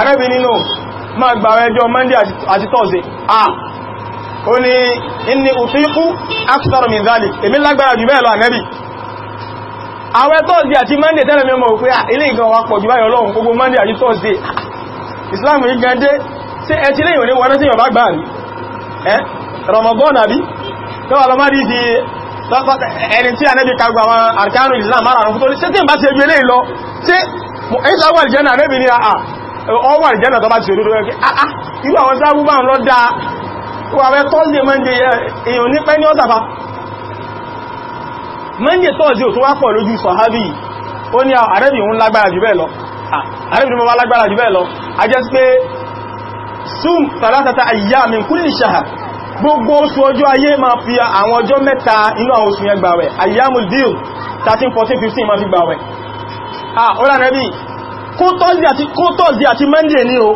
S1: arẹ́bì nínú ma gba ẹjọ́ monday àti thursday ah ó ní inni utiqu akthar min dhalik èmi lágbára jù bẹ́ẹ̀ lọ ànẹ́bì àwẹ́ thursday àti monday tẹ́lẹ̀ mẹ́mọ̀ pé ah, ilé ìgan wa pọ̀ jù báyọ̀ lọ́hun gbogbo monday àti thursday islam yìí gan dé sí ẹ ti léyìn ní wọ́n tí yọ̀ bá gbà rí ẹ́ ramadan àbí tó wà lọ́mọ́dí ti ẹni tí ànẹ́bì arkanu islam mara àrùn fútórí sí tí ẹ̀sà wà ìjẹ́nà rẹ́bì ní àà ọwà ìjẹ́nà tó bá ti òdúdó ẹgbẹ́ àà irú àwọn sáàbù bá ń lọ dáa wà wẹ́ tọ́lì mẹ́ndì èèyàn ní pẹ́ ní ọ́sàfà mẹ́ndì tọ́lì tó wá pọ̀ lójú sọ̀hábì ó ní ah, àrẹ́bì ń lágbára jù bẹ́ẹ̀ lọ ah, àrẹ́bì mọ́ lágbára jù bẹ́ẹ̀ lọ a jẹ́ sum tàlátàtà àyà mi kulli shahr gbogbo oṣù ma fi àwọn ọjọ́ mẹ́ta inú àwọn oṣù yẹn gbàwẹ̀ ayyamul bíl 13 14 15 ma fi gbàwẹ̀ Ah, ọ̀rọ̀ ụlọ kó tọ́sí àti monday ní o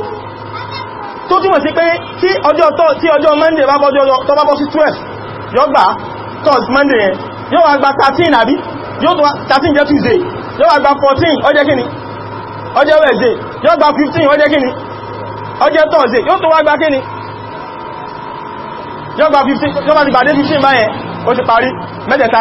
S1: tó túnmọ̀ sí pé tí ọjọ́ monday bá bọ́ sí 12 yóò gbà tọ́sí monday yẹn yóò wá gba 13 àbí yóò tó 13 jẹ́ tuesday yóò gba 14 ọjẹ́ kíni ọjẹ́ wednesday yóò gba 15 ọjẹ́ kíni ọjẹ́ thursday yóò tó wá gba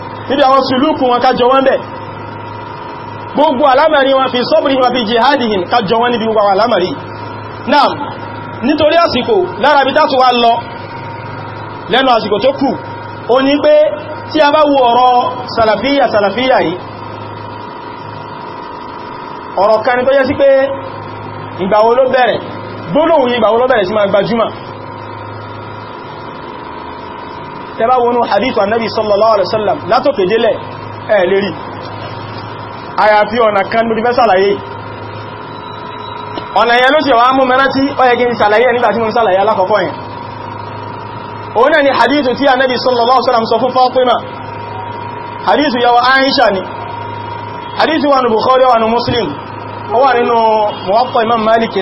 S1: níbi àwọn sùlúkù wọn kájọ wọn bẹ̀ gbogbo alámàrí wọn fi sọ́bìrì wọn fi jihadihim kájọ wọn níbi gbogbo alámàrí náà nítorí àsìkò lára bí tátù wa lọ lẹ́nu àsìkò tó kù o ní pé tí a bá wo ọ̀rọ̀ sàlàfíyà sàlàfíyà yìí ọ̀rọ̀ kan ni tó yẹ sí pé ìgbàwo ló bẹ̀rẹ̀ gbólóhùn ìgbàwo ló bẹ̀rẹ̀ sí máa gbajúmọ̀ tẹ́bá wọnú hadith annabi sallallahu alaihi wasallam látòkè délẹ̀ ẹ̀ lérí àyàfi ọ̀nà kan lórí fẹ́ sàlàyé ọ̀nà yẹn ló ṣe wá mú mẹ́rán tí ó yẹ kí n sàlàyé nígbà tí mo ń sàlàyé alákọ̀ọ́kọ́ yẹn òun náà ni hadithu tí annabi sallallahu alaihi wasallam sọ fún Fatima hadithu yawa Aisha ni hadithu wa nu Bukhari wa nu Muslim ó wà nínú Muwatta Imam Malik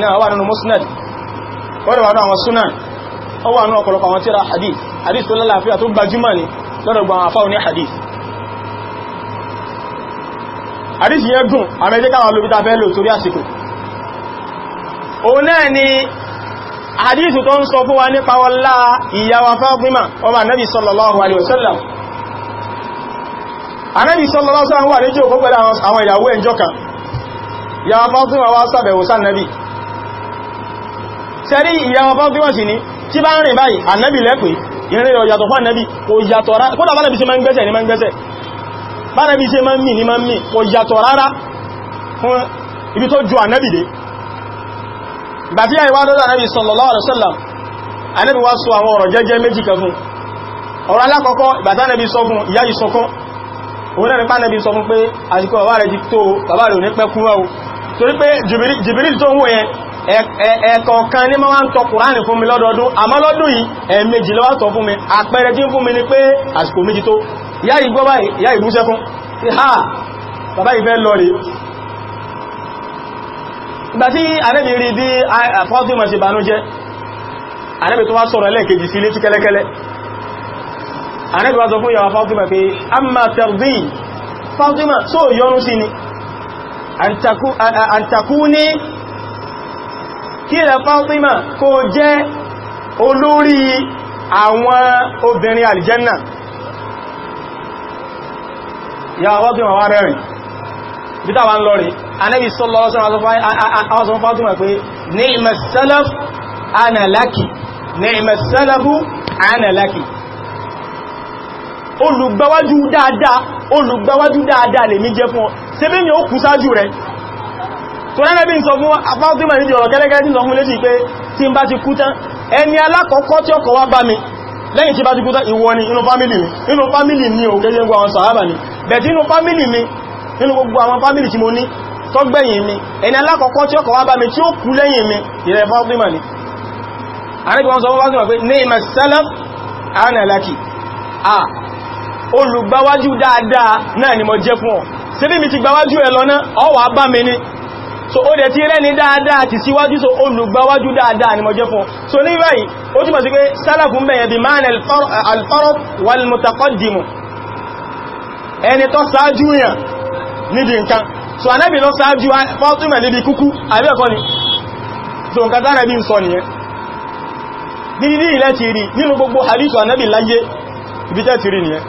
S1: àwọn ọ̀pọ̀lọpọ̀ àwọn tírà hadith hadith tó lálàáfíà tó gbajúmọ̀ ní lọ́dọ̀gbà àfá òní hadith hadith yẹn gùn àmẹ́jẹ́ káwà lóbi tàbẹ́ lò torí àsìkò òun náà ni hadith tó ń sọ fún wa nípa wọlá ìyàwó Fátímà ọmọ nabi sallallahu alaihi wasallam anábi sallallahu alaihi wasallam wà ní jẹ́ òkú pẹ̀lú àwọn ìyàwó ẹ̀njọ́ kan ìyàwó Fátímà wá sàbẹ̀wò sáà nabi sẹ́rí ìyàwó Fátímà sí ni tí bá ń rìn báyìí ànábì lẹ́pẹ̀ẹ́ ìrìn rẹ̀ yàtọ̀ fún ànẹ́bí kò yàtọ̀ rárá kódà bá nẹ́bí ṣe máa ń gbẹ́sẹ̀ ní máa ń gbẹ́sẹ̀ bá nẹ́bí ṣe máa ń mì ní máa ń mì kò yàtọ̀ rárá fún ibi tó ju ànẹ́bí dé ìgbà tí ànẹ́bí sallallahu alaihi wasallam ànẹ́bí wá sọ àwọn ọ̀rọ̀ jẹ́jẹ́ méjì kan fún ọ̀rọ̀ alákọ̀ọ́kọ́ ìgbà tí ànẹ́bí sọ fún ìyá yìí sọkún òun náà nípa ànẹ́bí sọ fún pé àsìkò bàbá rẹ̀ ti tó bàbá rẹ̀ ò ẹ̀kọ̀ọ̀kan ní máa ń tọ kùránì fún mi lọ́dọọdún àmọ́ lọ́dún yìí ẹ̀ẹ̀mejì ló wá tọ fún mi àpẹẹrẹ tí ń fún mi ni pé àsìkò méjì tó yá ìgbọ́ báyìí yá ìrúṣẹ́ fún ha bàbá ìfẹ́ lọ rí ìgbà tí arẹ́bì rí bí Fátímà ṣe bànújẹ́ arẹ́bì tó wá sọ̀rọ̀ ẹlẹ́ẹ̀kejì sí létí kẹ́lẹ́kẹ́lẹ́ arẹ́bì wá sọ fún ìyàwó Fátímà pé amma tẹ̀rùdí Fátímà só yọrún sí ni an takuni kí ilẹ̀ Fatima kó jẹ́ olórí àwọn obìnrin aljanna ya Fatima wá rẹ̀rìn bíta wá ń lọ rí Ànábì sallallahu alaihi Fatima pé ni'ma salaf ana laki ni'ma salafu ana laki olùgbàwájú dáadáa olùgbàwájú dáadáa lè mí jẹ fún ọ ṣe bí mi ó kú sáájú rẹ̀ tó rẹ́rẹ́ bí n sọ fún afáwọ́tíma ní ọ̀rọ̀ kẹ́lẹ́kẹ́ ní lọ fún létí pé tí n bá ti kú tán ẹni alákọ̀ọ́kọ́ tí ọkọ̀ wá bá mi lẹ́yìn tí bá ti kú tán ìwọ ni inú fámílì mi inú fámílì mi ò gẹ́gẹ́ gbogbo àwọn sàhábà ni bẹ̀tí inú fámílì mi inú gbogbo àwọn fámílì tí mo ní tó gbẹ̀yìn mi ẹni alákọ̀ọ́kọ́ tí ọkọ̀ wá ni so ó dẹ̀ ti rẹ́ni dáadáa ti síwájú so olùgbáwájú dáadáa ni mo jẹ́ fún so ní báyìí ó túnmọ̀ sí pé sálàfún bẹ̀yẹ̀ bí máa alfarok wal mutakọ́dìmù ẹni tó sáájú yàn níbi nǹkan so anábì lọ sáájú fọ́túnmà níbi kúkú àbẹ́ẹ̀kọ́ ni so nǹkan tára bí n sọ nìyẹn dídí ilẹ̀ ti rí nínú gbogbo hadithu anábì láyé ibi tẹ́ ti rí nìyẹn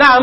S1: naam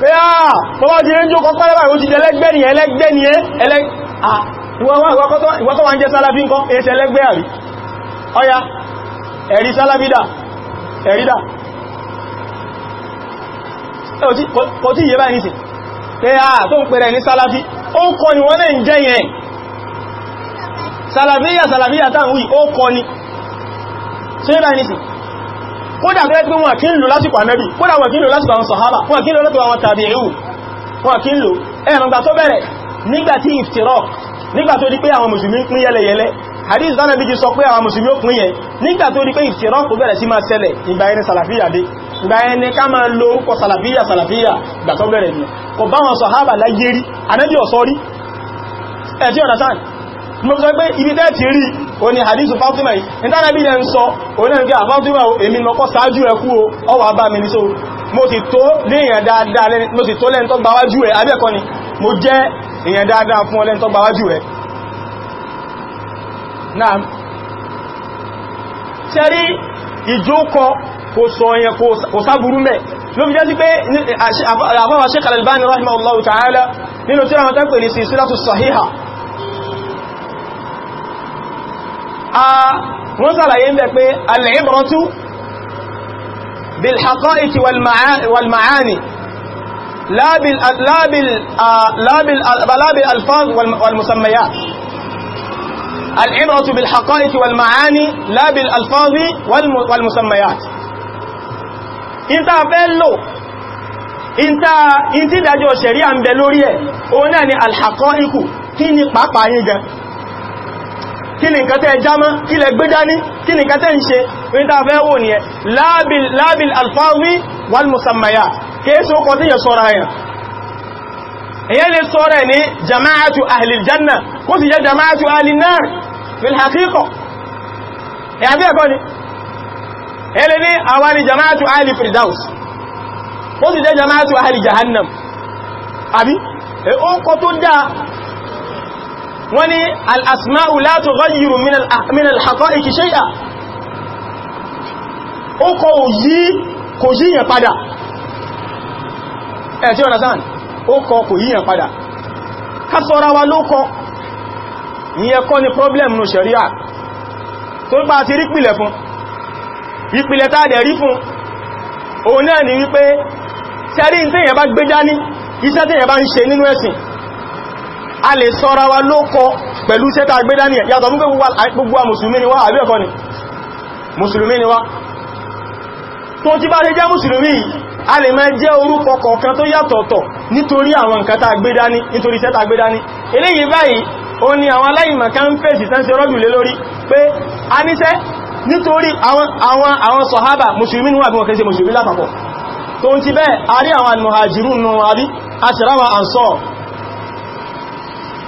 S1: pé àà ah, bọ́bá ti ń jó kọ́kọ́ lẹ́bàá ó ti jẹ ẹlẹ́gbẹ́ ni ẹlẹ́gbẹ́ ni ah, ìwọ́tọ́ wà ń jẹ sálábí nǹkan ẹsẹ̀ ẹlẹ́gbẹ́ àrí ọya ẹ̀rí sálábídà ẹ̀rídà kò tí yẹba ní sí pé àà ah, tó ń pẹ̀rẹ̀ ní sálábí ó kọ́ ni wọ́n náà ń jẹ́ yẹn sálábíyà sálábíyà táwọn wí ó kọ́ ni ṣe yẹba ní sí kódà tó ẹ́gbẹ́ wọn kí ń lò lásìkò ànábì kódà wọn kí ń lò lásìkò àwọn sàhábà wọn kí ń lò lọ́tọ̀ àwọn tàbí ẹ̀rù wọn kí ń lò ẹ̀rọ̀gbà tó bẹ̀rẹ̀ nígbàtí ìfìtìrọ̀ nígbà tó di pé àwọn mùsùlùmí pín yẹlẹyẹlẹ hadith dana bí jí sọ pé àwọn mùsùlùmí ó pín yẹ nígbà tó di pé ìfìtìrọ̀ kò bẹ̀rẹ̀ sí máa ṣẹlẹ̀ ìgbà ẹni sàlàfíyà dé ìgbà ẹni ká máa lo orúkọ sàlàfíyà sàlàfíyà ìgbà bẹ̀rẹ̀ ni kò bá wọn sàhábà láyé rí anábì ọ̀sọ́ rí ẹ̀tí ọ̀dásán mo sọ pé ibi tẹ́ ti rí o ni hadithu Fatima yìí ìtànàbí yẹn ń sọ òun náà ń gbé àfáfíwà ah, èmi mọ́kọ́ sáájú ẹkú o ọwà bá mi ní so mo sì tó léèyàn dáadáa lẹ́ni mo sì tó lẹ́ni tó gbáwájú ẹ abẹ́ẹ̀kọ́ ni mo jẹ́ èyàn dáadáa fún ọlẹ́ni tó gbáwájú ẹ náà ṣẹ́rí ìjókọ kò sọ èyàn kò sí pé àfáwà wọ́n sàlàyé ń bẹ̀ pé al'ibratu بالحقائق والمعاني لا بال لا بال لا بال لا بالالفاظ والمسميات العبرة بالحقائق والمعاني لا بالالفاظ والمسميات انت فلو انت انت داجو شريعه ń bẹ lórí ẹ̀ o náà ni alhaqaiq kíni pàápàá yín gan kí ni nǹkan tẹ́ jámọ́ kí lẹ gbé dání kí ni nǹkan tẹ́ ń ṣe ní ta fẹ́ wò ní ẹ lábìl alfáwí wal musammaya kéèsì ó kọ tí yẹ sọ́ra yẹn èyẹ́ lè sọ́ra ní jama'atu ahlil kó sì jẹ́ jama'atu ahlil wọ́n ní al'asma'u la tughayyiru min al-haqa'iqi shay'a ó kọ yí kò yíyàn padà ẹ̀ tí ọ̀nà sáàn ó kọ problem nù ṣẹ̀ríà tó bá ti rí pìlẹ̀ fún ìpìlẹ̀ tá dẹ̀ rí fún òun náà ni wípé ṣẹ́rí tí bá gbé dání iṣẹ́ tí bá ń ṣe nínú ẹ̀sìn a lè sọ́ra wa ló kọ pẹ̀lú sẹ́ta agbédání ẹ̀ yàtọ̀ fún gbogbo wa mùsùlùmí ni wá àbí ẹ̀kọ́ ni mùsùlùmí ni wá tó ti bá lè jẹ́ mùsùlùmí a lè máa jẹ́ orúkọ kọ̀ọ̀kan tó yàtọ̀ọ̀tọ̀ nítorí àwọn nǹkan tá agbédání nítorí sẹ́ta agbédání eléyìí báyìí ó ní àwọn aláìmọ̀ká ń fèsì tán sí rọ́jù lé lórí pé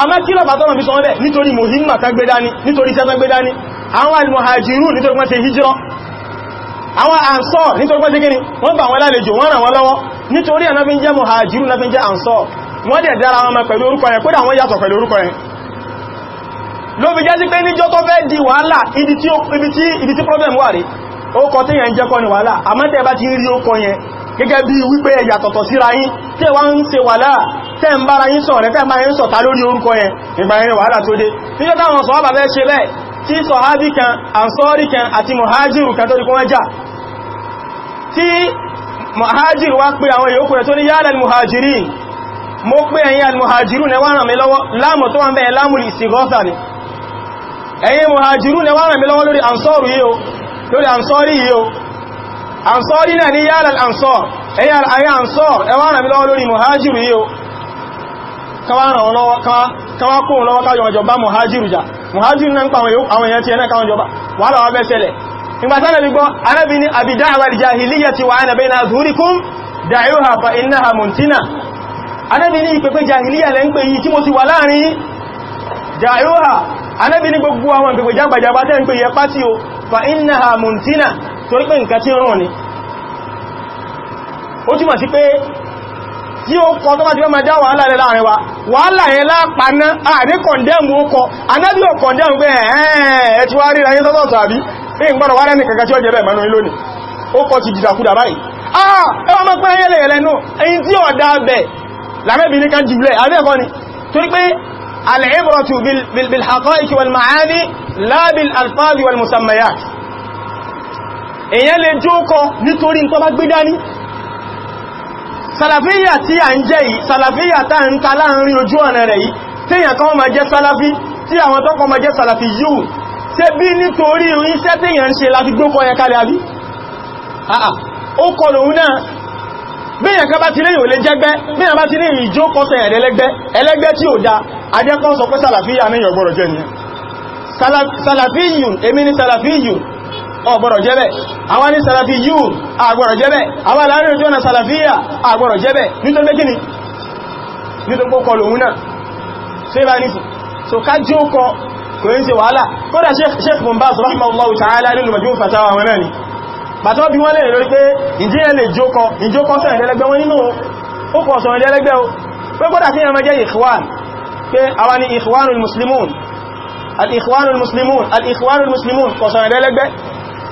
S1: àmá kí lọ bàtọ́nà fi sọ ọ́bẹ̀ nítorí mohimma tagbédání nítorí iṣẹ́ tagbédání àwọn alìmọ̀hajirú nítorí wọ́n ṣe hijira àwọn ansọ́ nítorí wọ́n ṣe gini wọ́n bá wọn lálejò wọ́n ràn wọ́n lọ́wọ́ nítorí ẹ̀nà fi ń jẹ́ mọ̀hajirú náà fi ń jẹ́ ansọ́ wọ́n dẹ̀ dára wọn pẹ̀lú orúkọ yẹn kódà wọ́n yàtọ̀ pẹ̀lú orúkọ yẹn ló fi jẹ́ sí pé níjọ́ tó fẹ́ di wàhálà ibi tí problem wà rí ó gẹ́gẹ́ bí wípé ẹ̀yà tọ̀tọ̀ síra yín tẹ́ wá ń ṣe wà láà tẹ́ ń bára yín sọ rẹ̀ tẹ́ máa yín sọ̀tá lórí orúkọ yẹn ìgbà yẹn wàhálà tó dé níjọ́ táwọn sọ̀hábà bẹ́ ṣe bẹ́ẹ̀ tí sọ̀hábì kan ànsọ́rí kan àti mọ̀hájìrù kan tó di kún ẹjà tí mọ̀hájìrù wá pé àwọn yòókù rẹ̀ tó ní yálẹ̀ mọ̀hájìrì mo pé ẹ̀yin almuhajiru lọ́wọ́ lórí ansọ́rù yíò lórí ansọ́rì yíò ansọ́rí náà ní yàrá ansọ́ ẹ̀yà ayé ansọ́ ẹwà rẹ̀ lọ́wọ́ lórí muhajiru yíò kawakó lọ́wọ́ káyọ̀ ọjọba muhajiru já muhajiru náà ń pa àwọn èèyàn ti ẹ̀nà káwọn jọba wà lọ́wọ́ bẹ́ sẹlẹ̀ ìgbàtánà bí gbọ́ arábi ni àbìdá àwàrí jahiliya ti wà ánàbẹ́ na zurikum da'uha fa innaha muntina anábi ni ìpẹ̀pẹ̀ jahiliya lẹ́ ń pè yí tí mo ti wà láàrin da'uha anábi ni gbogbo àwọn ìpẹ̀pẹ̀ jágbàjàgbà tẹ́ ń pè yẹ pátí o fa innaha muntina torí pé nǹkan tí ó rán ni ó túnmọ̀ sí pé tí ó kọ tó bá ti fẹ́ máa dá wàhálà rẹ̀ láàrin wa wàhálà yẹn lápaná àní kọ̀ndẹ̀mù ó kọ anábí ò kọ̀ndẹ̀mù pé ẹ̀ẹ́ ti wá rí ayé sọ́tọ̀ọ̀tọ̀ àbí èyí gbọ́nà wá rẹ́nì kankan tí ó jẹ́ bẹ̀ẹ̀ mẹ́nu ilónìí ó kọ ti dìdàkudà báyìí ah ẹwà mọ́ pẹ́rẹ́ yẹ́lẹ̀ yẹ̀lẹ̀ nù èyàn lè jó kọ nítorí nǹkan bá gbé dání sàlàfíyà tí a ń jẹ́ yìí sàlàfíyà tá ń ta láàrin ojú ọ̀nà rẹ̀ yìí tí èyàn kan ma jẹ́ sàlàfí tí àwọn tó kọ ma jẹ́ sàlàfí yíò ṣe bí nítorí iṣẹ́ tí èyàn ń ṣe láti gbókọ yẹn kalẹ̀ àbí ó kọ lòun náà bíyàn kan bá ti léyìn ò lè jẹ́gbẹ́ ni sàlàfíyùn ọgbọ̀rọ̀ jẹ́bẹ̀ àwọn ní sàlàfí yíò àgbọ̀rọ̀ jẹ́bẹ̀ àwọn aláàrin ojú ọ̀nà sàlàfíyà àgbọ̀rọ̀ jẹ́bẹ̀ nítorí pé kíni nítorí pé kọlù òun náà ṣe bá ní so ká jí ó kọ kò ń ṣe wàhálà kódà sheikh bombaz rahimahullahu ta'ala nínú majmu fatawa wọn náà ni bàtọ́ bí wọ́n lè lórí pé ìjíyàn lè jókọ ìjókọ sọ ìdẹ́lẹ́gbẹ́ wọn nínú ó kọ̀ sọ ìdẹ́lẹ́gbẹ́ o pé kódà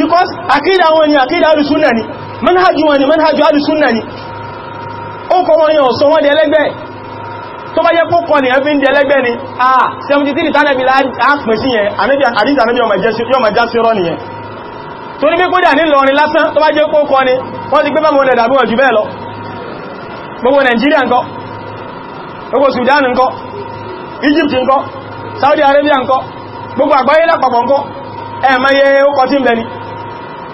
S1: because àkídà wọn ni àkídà alùsúnnà ni manhajjú wọn ni manhajjú alùsúnnà ni ó kọ wọn yàn sọ wọ́n di ẹlẹ́gbẹ́ tó bá yẹ kó kọ ní ẹbí ń di ẹlẹ́gbẹ́ ni a 73 tánàbí láàpín sí yẹn àdíjà náà yọ ma já sí rọ́ nìyẹn tó ní pípọ́dà ní lọrin lásán tó bá jẹ́ kó kọ ni wọ́n ti gbé bá mọ́lẹ̀ dàbí wọ̀n jù bẹ́ẹ̀ lọ gbogbo Nàìjíríà ńkọ́ gbogbo Sudan ńkọ́ Egypt ńkọ́ Saudi Arabia ńkọ́ gbogbo àgbáyé lápapọ̀ ńkọ́ ẹ̀mẹ́yẹ ó kọ tí ń bẹ ni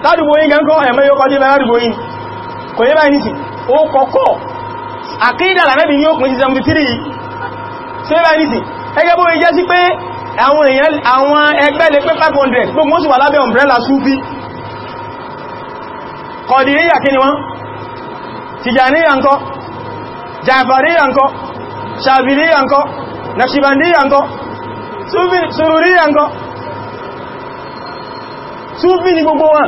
S1: ládùgbò yí gankọ́ ẹ̀mọ́ yóò kọ́ sí ládùgbò yí kò yí báyìí nìsí ó kọ́kọ́ àkídà lànẹ́bì yóò pín sí 73 sí báyìí nìsí ẹgẹ́ bó yẹ sí pé àwọn ẹgbẹ́ lè pé 500 gbogbo sì wà lábẹ́ umbrella Sufi Qadiriyya kí ni wọ́n Tijaniyya ńkọ́ Ja'fariyya ni gbogbo wọn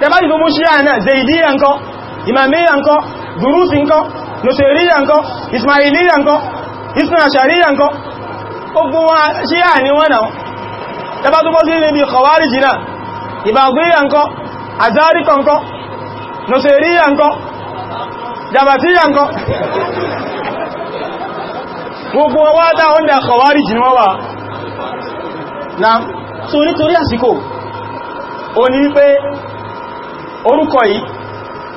S1: tẹbáyì tó mú ṣíà náà zaidiyya ńkọ́ imamiyya ńkọ́ durusi ńkọ́ nusiriyya ńkọ́ ismailiyya ńkọ́ isna shariya ogun wa ṣíà ni wọ́n náà tẹbá tó bọ́ sí níbi khawarij náà ìbàgbéyà ńkọ́ azarikọ ńkọ́ nusiriyya ńkọ́ jabatiyya ńkọ́ gbogbo ọwọ́ dáwọn dá khawarij ni wọ́n wà náà so nítorí àsìkò o ní pé orúkọ yìí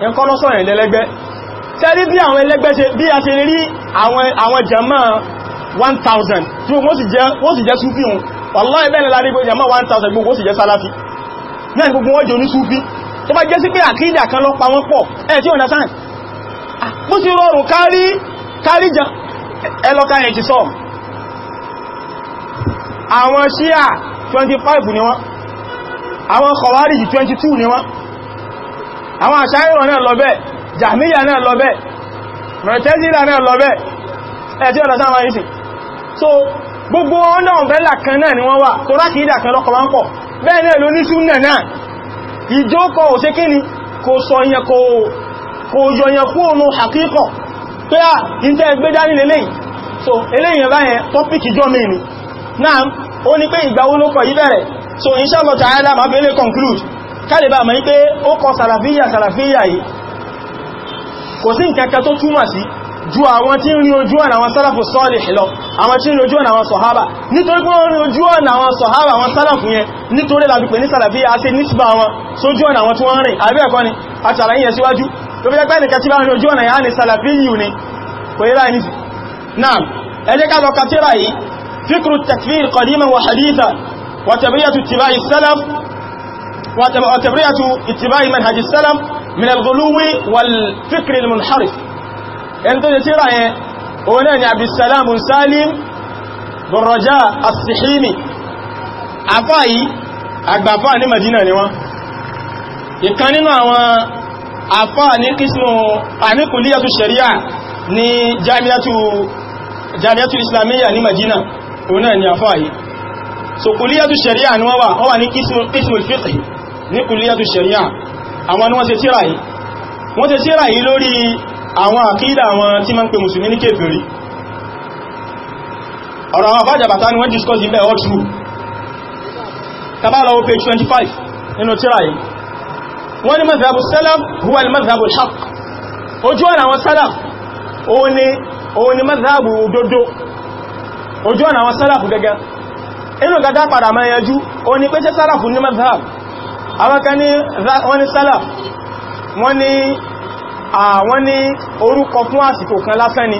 S1: nǹkan ló sọ̀rọ̀ ìlẹ́lẹ́gbẹ́ tẹ́rí bí àwọn ẹlẹ́gbẹ́ ṣe bí a ṣe rí àwọn jama 1000 tí wọ́n sì jẹ́ súfí hun wallahi bẹ́ẹ̀ lárí gbogbo jama 1000 gbogbo sì jẹ́ sálàfí náà gbogbo wọ́n jẹ́ onísúfí tó bá jẹ́ sí pé àkídà pa wọ́n pọ̀ ẹ̀ tí ọ̀nà sáàn bó sì rọrùn kárí kárí jà ẹlọ́ka ẹ̀ ti sọ àwọn ṣíà 25 ni wọ́n àwọn kọ̀wárì 22 ni wọ́n àwọn àṣáyìrọ̀ náà lọ bẹ́ẹ̀ jàmíyà náà lọ bẹ́ẹ̀ mẹ̀tẹ́sílà náà lọ bẹ́ẹ̀ ẹ̀tí ọ̀dọ̀ sáwọn ìsì so gbogbo ọ̀nà ọ̀bẹ́là ni wọ́n wà tó rákì ìdà kan lọ́kọ̀ wọ́n pọ̀ bẹ́ẹ̀ náà ló ní súnnà náà ìjókọ̀ ò ṣe kí so eléyìn báyẹn tọ́pìkì jọ mi ni náà ó ní so inshallah ta'ala conclude kálẹ̀bà mọ̀ pé ó kọ sàlàfíyà sàlàfíyà yìí kò sí nǹkankan tó túmọ̀ sí ju àwọn tí ń rí ojú ọ̀nà àwọn sálàfù sọ́ọ̀lì lọ àwọn tí ń rí ojú ọ̀nà àwọn sọ̀hábà nítorí pé wọ́n rí ojú ọ̀nà àwọn sọ̀hábà àwọn sálàfù yẹn nítorí láti pè ní sàlàfíyà àti nísbà wọn sójú ọ̀nà àwọn tí wọ́n rìn àbí ẹ̀kọ́ ni àti àlàyé síwájú tó fi jẹ́ ká lọ ka وتبرئة اتباع منهج السلام من الغلو والفكر المنحرف انت ترى هنا عبد السلام سالم بالرجاء الصحيمي àfáàyí àgbàfáà ní Madina ni wọ́n ìkan nínú àwọn àfáà ní kìsìmò àníkùlíyàtù sharia ní jami'atu islamiyya ní Madina òun náà ni àfáàyí so kùlíyàtù sharia ni wọ́n wà wọ́n wà ní kìsìmò fiqh ní kùlíyàtù ṣẹ̀ríà àwọn ni wọ́n ṣe tíra yìí wọ́n ṣe tíra yìí lórí àwọn àkídà àwọn tí ma ń pè mùsùlùmí ní kèfèrí ọ̀rọ̀ àwọn àbájàbàtà ni wọ́n discuss ibẹ̀ all true tabalawo page 25 nínú tíra yìí wọ́n ni mazhabu salaf huwa al-mazhabu al-haq ojú ọ̀nà àwọn salaf òun ni mazhabu òdodo ojú ọ̀nà àwọn salaf gẹ́gẹ́ inú gada padà mẹ́yànjú o ni pé ṣe ní mazhabu àwọn kan ní wọ́n ní sálà wọ́n ní àwọn ní orúkọ fún àsìkò kan lásán ni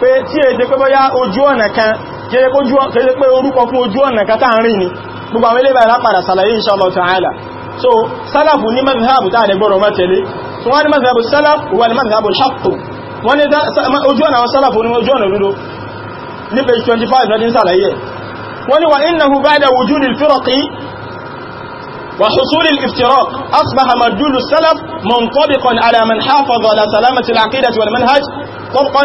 S1: pé tí èdè pé bóyá ojú ọ̀nà kan kéré pé orúkọ fún ojú ọ̀nà kan táàrin ni gbogbo àwọn ilébà lápàdà sàlàyé insha Allah ta'ala so sálàfù ní mazhabu táà ní gbọ́rọ̀ mọ́tẹ̀lé wọ́n ní mazhabu sálàfù wà ní mazhabu ṣàtò wọ́n ní ojú ọ̀nà sálàfù ní ojú ọ̀nà dúdó ní page 25 lọ́dín sàlàyé wọ́n ní wà innahu ba'da wujudil firaqi وحصول الافتراق أصبح مجدول السلف منطبقا على من حافظ على سلامة العقيدة والمنهج طبقا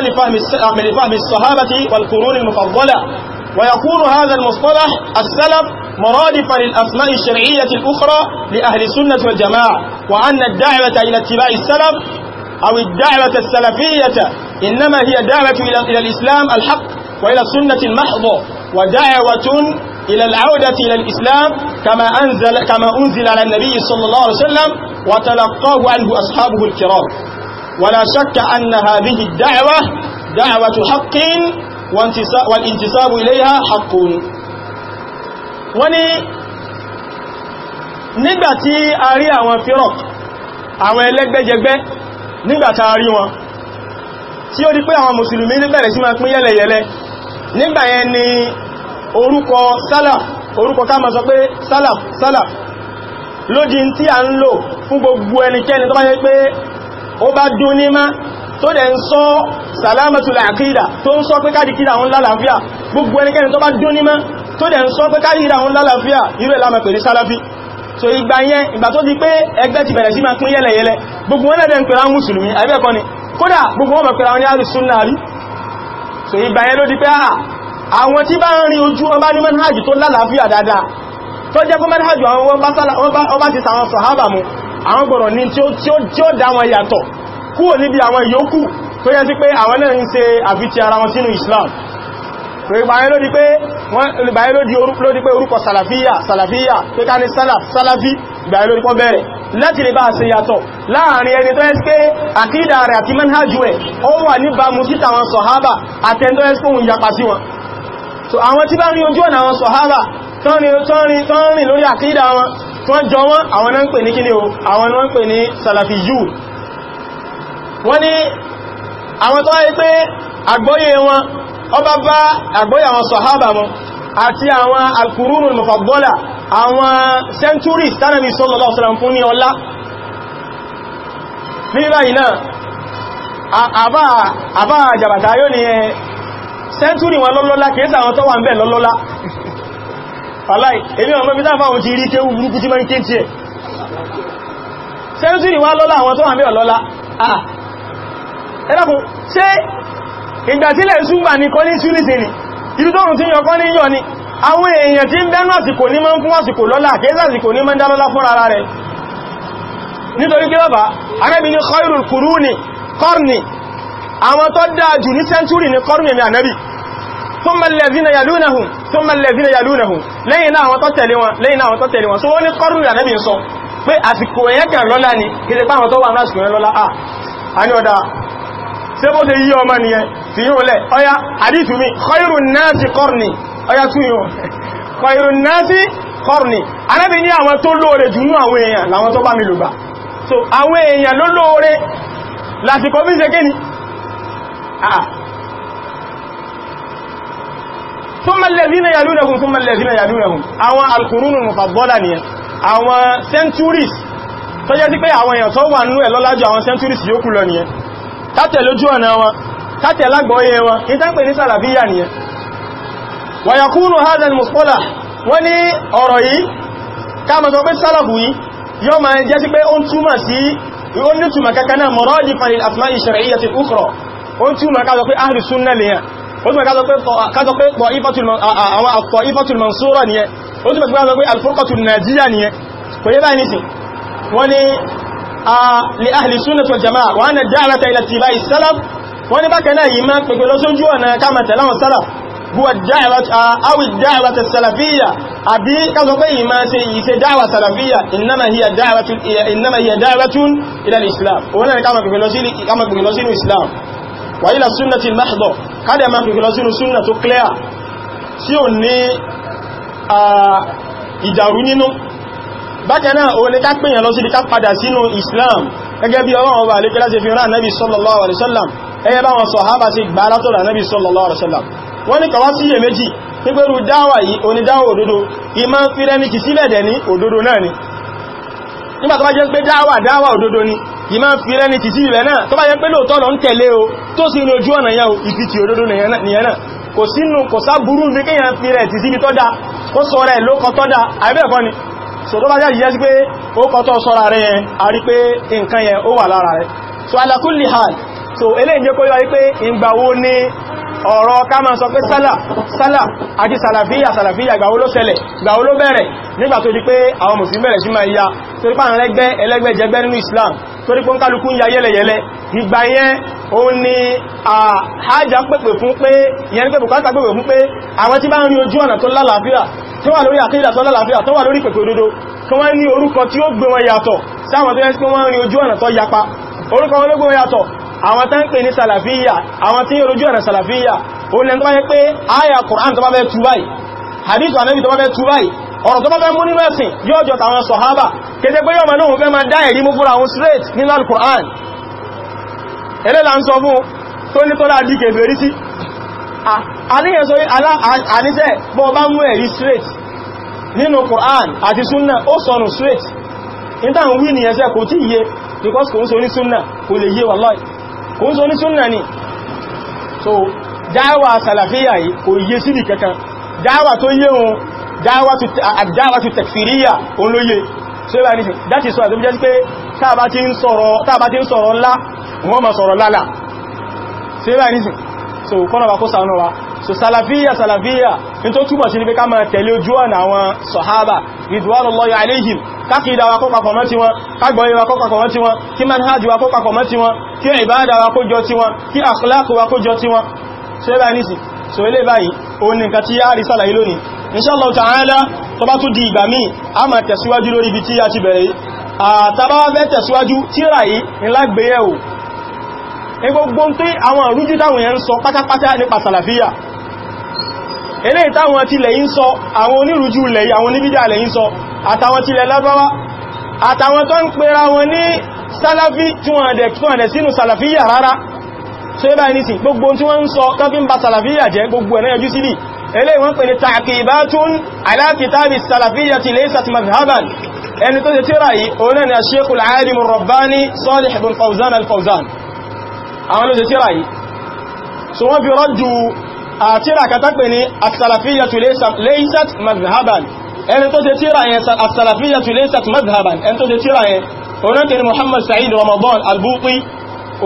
S1: لفهم الصحابة والقرون المفضلة ويكون هذا المصطلح السلف مرادفا للأسماء الشرعية الأخرى لأهل السنة والجماعة وأن الدعوة إلى اتباع السلف أو الدعوة السلفية إنما هي دعوة إلى الإسلام الحق وإلى السنة المحضة ودعوة إلى العودة إلى الإسلام كما أنزل, كما أنزل على النبي صلى الله عليه وسلم وتلقاه عنه أصحابه الكرام ولا شك أن هذه الدعوة دعوة حق والانتساب إليها حق وني nígbàtí a rí àwọn firok àwọn ẹlẹ́gbẹ́jẹgbẹ́ nígbàtí a rí wọn tí ó di pé àwọn mùsùlùmí bẹ̀rẹ̀ sí máa pín yẹ́lẹ̀yẹ́lẹ́ nígbàyẹn ni orúkọ salaf orúkọ ká máa sọ pé salaf salaf lódí tí a ń lò fún gbogbo ẹnikẹ́ni tó bá yẹ pé ó bá dún ní má tó dẹ̀ ń sọ salamatul aqida tó ń sọ pé kádìkídà òun lálàáfíà gbogbo ẹnikẹ́ni tó bá dún ní má tó dẹ̀ ń sọ pé kádìkídà òun lálàáfíà irú ẹ̀ lámà pẹ̀lú salafi so ìgbà ni kódà gbogbo wọn so ìgbà yẹn ló di àwọn tí bá ń rí ojú wọn bá ní manhajì tó lálàáfíà dáadáa tó jẹ́ fún manhajì àwọn wọ́n bá ti sàwọn sọ̀hábà mú àwọn gbọ̀rọ̀ ní tí ó dá wọn yàtọ̀ kúrò níbi àwọn yòókù tó yẹ́ sí pé àwọn náà ń ṣe àfitì ara wọn sínú Islam ìbáyé ló di pé orúkọ sàlàfíyà sàlàfíyà pé ká ní sálàf sálàfí ìbáyé ló di pọ́ bẹ̀rẹ̀ láti lè bá ṣe yàtọ̀ láàrin ẹni tó ẹ́sì pé àkídà rẹ̀ àti manhajú ẹ̀ ó wà níbàmú títàwọn sọ̀hábà àtẹ́ntọ́ ẹ́sì pé òun sí wọn so àwọn tí bá ní ojú ọ̀nà àwọn sọ̀hábà tọ́rin lórí àkídà wọn wọ́n jọ wọ́n àwọn náà ń pè ní kíni o àwọn náà ń pè ní salafiyu wọ́n ní àwọn tó wáyé pé àgbóyé wọn ọba bá àgbóyé àwọn sọ̀hábà mọ́ àti àwọn alkùrúnù mọ̀fàgbọ́là àwọn centuries tánàbí sallallahu alaihi wasallam fún ní ọlá ní báyìí náà àbá àjàbàtà yóò ní sẹ́ntúrì wọn lọ́lọ́lá kìí sàwọn tó wà ń bẹ̀ lọ́lọ́lá aláì èmi ọmọ ibi táàmà àwọn ti rí kéwú burúkú tí máa ń ké tí ẹ̀ sẹ́ntúrì wọn lọ́lá àwọn tó wà ń bẹ̀ lọ́lá ah ẹ̀dàkùn ṣe ìgbàtílẹ̀ ṣúgbà ní kọ́ ní ni àwọn èèyàn tí ń bẹ́nu àsìkò ní máa ń fún àsìkò lọ́lá kéèsà àsìkò ní máa ń dálọ́lá fún ara rẹ̀ nítorí kí lọ́bàá arẹ́bìnrin khairul quruni qarni àwọn tó dáa jù ní sẹ́ntúrì ní kọrùn èmì ànẹ́bì thumma alladhina yalunahum thumma alladhina yalunahum lẹ́yìn náà àwọn tó tẹ̀lé wọn lẹ́yìn náà àwọn tó tẹ̀lé wọn so wọ́n ní kọrùn ànẹ́bì ń sọ pé àsìkò ẹ̀yẹ́ kan lọ́lá ni kìí pa àwọn tó wà lásìkò ẹ̀ lọ́lá à ní ah, ọ̀dá ṣe bó ṣe yí ọmọ nìyẹn fi yíò lẹ̀ ọya hadithu mi khairun nasi so àwọn èèyàn ló lóore lásìkò bí thumma alladhina yalunahum thumma alladhina yalunahum àwọn alqurunul mufaddala ni àwọn centuries tó jẹ́ sí pé àwọn èèyàn tó wà nínú ẹ̀ lọ́lájú àwọn centuries yókù lọ nìyẹn tàtẹ̀ lójú ọ̀nà wọn tàtẹ̀ lágbọ́ọ́yẹ wọn ní tàpẹ̀ ní sàlàbíyà nìyẹn wa yakunu hadha al-mustalah wọ́n ní ọ̀rọ̀ yìí káàmà sọ pé sálàbù yìí yóò máa jẹ́ sí pé ó ń túmọ̀ sí ó ní túmọ̀ kankaná mọ̀rọ̀ ó tí ó ma kájọ pé ahìrì súnnà lèyàn ó tí ma kájọ pé pọ̀ ifatul mansura ni ẹ ó tí ma kájọ pé alfurqatul najiya ni ẹ kò yẹ báyìí nìsìn wọ́n ni lè ahìrì súnnà tó jama wọ́n na dáàlata ilẹ̀ ti báyìí sálàm wọ́n ni bákan náà yìí máa pẹ̀pẹ̀ lọ́sójú ọ̀nà kama tẹ̀láwọn sálàm huwa dáàwà ta salafiyya àbí kásọ pé yìí máa ṣe yìí ṣe dáàwà salafiyya innama hiya dáàwà tún ilẹ̀ islam wọ́n náà kama pẹ̀pẹ̀ lọ sínú islam wà ilẹ̀ súnnàtí mahdọ̀ kádẹ̀ ma kìkìlọ sínú súnnà tó clear tí ó ní ìdàrú nínú bákanáà o ní ká pèyàn lọ sí ká padà sínú Islam gẹ́gẹ́ bí ọwọ́ ọba alẹ́kẹ́ láti fi rán nábi sallallahu alaihi wasallam ẹyẹ bá wọn sàhábà sí gbà látọ̀rọ̀ nábi sallallahu alaihi wasallam wọ́n ní kàwá sí iye méjì nígbèrú dáwà yìí onídáwà òdodo ìmá fírẹ́ni kìsílẹ̀ dẹ̀ ní òdodo náà ni nígbà tó bá jẹ́ pé dáwà dáwà òdodo ni yìí máa ń fi rẹ́ni títí rẹ̀ náà tó bá jẹ́ pé lóòtọ́ lọ ń tẹ̀lé o tó sì ní ojú ọ̀nà yẹn ìfi ti òdodo nìyẹn náà kò sínú kò sá burú ní kéèyàn fi rẹ̀ títí ní tọ́dá so tó bá jẹ́ yẹ́ sí pé ó kọ́ tọ́ so ala hal so eléyìn jẹ́ kó yíwa wípé ọ̀rọ̀ ká máa sọ pé sálà sálà àti sàlàfíyà sàlàfíyà ìgbàwó ló ṣẹlẹ̀ ìgbàwó ló bẹ̀rẹ̀ nígbà tó di pé àwọn mùsùlùmí bẹ̀rẹ̀ sí máa ya torí pé àwọn ẹlẹ́gbẹ́ ẹlẹ́gbẹ́ jẹgbẹ́ nínú Islam torí pé ń kálukú ya yẹ́lẹ̀yẹ́lẹ́ ìgbà yẹn ó ní àhájá pẹ̀pẹ̀ fún pé ìyẹn ní pẹ̀pẹ̀ kátà pẹ̀pẹ̀ fún pé àwọn tí bá ń rí ojú ọ̀nà tó lálàáfíà tó wà lórí àkídà tó lálàáfíà tó wà lórí pẹ̀pẹ̀ òdodo kí wọ́n ní orúkọ tí ó gbé wọn yàtọ̀ sáwọn tó yẹ́ sí pé wọ́n rí ojú ọ̀nà tó yapa orúkọ wọn ló gbé wọn yàtọ̀ àwọn tán pè ní sàlàfíyà àwọn tí yóò rojú ọ̀nà sàlàfíyà ó lẹ́n tó bá yẹ pé àyà Kùránì tó bá fẹ́ tú báyìí hadith Ànábì tó bá fẹ́ tú báyìí ọ̀rọ̀ tó bá fẹ́ mú nínú ẹ̀sìn yóò jọ tàwọn sọ̀hábà kéde pé yóò mọ̀ náà fẹ́ máa dá ẹ̀rí mú fúra àwọn straight straight nínú Qur'an àti súnnà ó sọnù straight nítorí wí nìyẹn sẹ́ because kò ń so ní súnnà kò lè yé wallahi kò so ní súnnà ni so dáwà sàlàfíyà yìí kò yé síbi kankan dáwà tó yé wọn dáwà tó tẹ̀kfìríyà òun ló yé so yíba nísìn dáti sọ àtúnjẹ́ sí pé táàbá ti ń sọ̀rọ̀ ńlá wọ́n ma sọ̀rọ̀ lálà so yíba nísìn so kọ́nà wa kó sànú wa so salafiya salafiya ní tó túbọ̀ sí ní pé ká máa tẹ̀lé ojú ọ̀nà àwọn sọ̀hábà ridwanullahi alaihim kákìdá wa kó papọ̀ mọ́ ti wọn kágbọ́yé wa kó papọ̀ mọ́ ti wọn kí manhaj wa kó papọ̀ mọ́ ti wọn kí ìbáadà wa kó jọ ti wọn kí akhlaq wa kó jọ ti wọn so ẹbá ní sí so ilé báyìí o ní nǹkan tí a rí sàlàyé lónìí inshallah ta'ala tó bá tún di ìgbà míì a máa tẹ̀síwájú lórí ibi tí a ti bẹ̀rẹ̀ yìí àtàbá fẹ́ tẹ̀síwájú tíra yìí ńlá gbéyẹ̀wò gbogbo tí àwọn àrújú táwọn yẹn ń sọ pátápátá nípa sàlàfíà eléyìí táwọn tilẹ̀ yí ń sọ àwọn onírújú lẹ̀yí àwọn oníbídà lẹ̀ yí ń sọ àtàwọn tilẹ̀ lábáwá àtàwọn tó ń pera wọn ní sàlàfí tí wọ́n dẹ̀ tí wọ́n dẹ̀ sínú sàlàfíà rárá so ibá ní sí gbogbo tí wọ́n ń sọ tọ́fí ń ba sàlàfíà jẹ́ gbogbo ẹ̀nà yọjú sílì eléyìí wọ́n pè ní taqibatun ala kitabi sàlàfíyati laysat madhhaban ẹni tó ti àwọn ló ṣe tíra yìí so wọ́n fi rọ́jú àtíra katápè ní asàlàfíyàtù laysat mazhaban ẹni tó ṣe tíra yẹn asàlàfíyàtù laysat mazhaban ẹni tó ṣe tíra yẹn onákẹni Muhammad Sa'id Ramadan al-Buti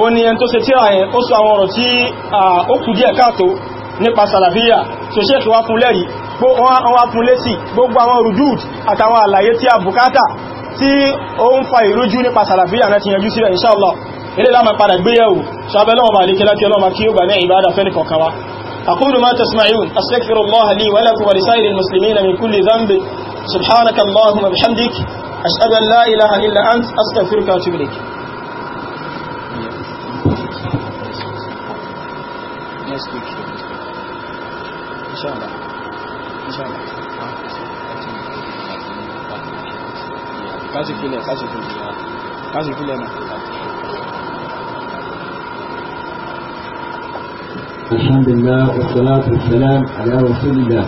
S1: ó ní ẹni tó ṣe tíra yẹn ó sọ àwọn ọ̀rọ̀ tí ó kù díẹ̀ káàtó nípa sàlàfíyà tó ṣe wá fún lẹ́rí wọ́n fún lẹ́sì gbogbo àwọn rujud àtàwọn àlàyé tí a bùkátà tí ó ń fa ìrújú nípa sàlàfíyà náà ti yanjú sílẹ̀ inshallah ilé láàmà padà gbéyàwó sábẹ́lọ́wọ́ bá lékẹ́lá kí ọlọ́mà kí ó bà ní ìbádà fẹ́ni kọ̀kawa أقول ما تسمعون أستغفر الله لي ولكم ولسائر المسلمين من كل ذنب سبحانك اللهم بحمدك أشهد أن لا إله إلا أنت أستغفرك وأتوب إليك
S2: next week. Inshallah. Inshallah. Kasi kile, kasi kile. Kasi kile na. الحمد لله والصلاة والسلام على رسول الله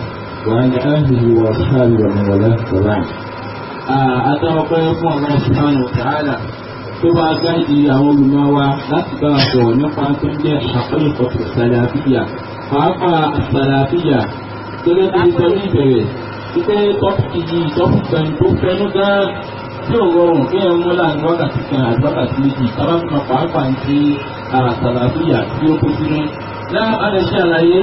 S2: وعلى آله وأصحابه ومن والاه وبعد أتوقع fún Allah subhanahu wa ta'ala tó bá gáàdì àwọn olùmọ̀wá láti bá àbọ̀ nípa tó ń jẹ́ àkọ́lùkọ̀tù sàlàfíà pàápàá sàlàfíà gẹ́gẹ́ bí sọ ní ìbẹ̀rẹ̀ títẹ́ tọ́pù yìí tọ́pù kan tó fẹnu gan tí ò rọrùn kí ẹ mú láàrin wákàtí kan àti wákàtí méjì tábàtúmọ̀ pàápàá ń ṣe àràsàlàfíà tí ó kó sínú láàbàdà ṣe àlàyé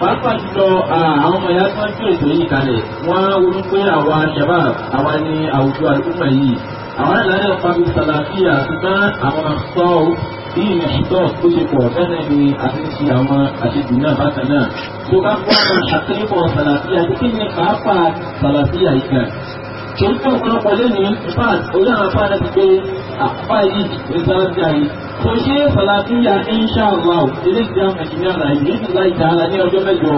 S2: pàápàá jùlọ àwọn ọmọ ìyá tó ń tún ètò yìí kalẹ̀ wọ́n ronú pé àwa ṣẹ̀bá àwa ni àwùjọ àdúgbò yìí àwọn ìlànà ìpamọ́ sàlàfíà ṣùgbọ́n àwọn sọ bí ìmọ̀ṣítọ́ tó ṣe pọ̀ bẹ́ẹ̀ ni àti ṣe àwọn àṣejù náà bákan náà tó bá kó àwọn àtẹ́lẹ́pọ̀ sàlàfíà tó kí ni pàápàá sàlàfíà ìgbà tó ń tọ́ ọ̀pọ̀lọpọ̀ lẹ́nu ìfáà orí àwọn afárá ti pé àpá yìí rẹ̀sálàtà yìí kò ṣe é sàlàfíà insha Allah ilé ìdí àwọn ẹ̀jìnìyà náà yìí ní láì tààlà ní ọjọ́ mẹ́jọ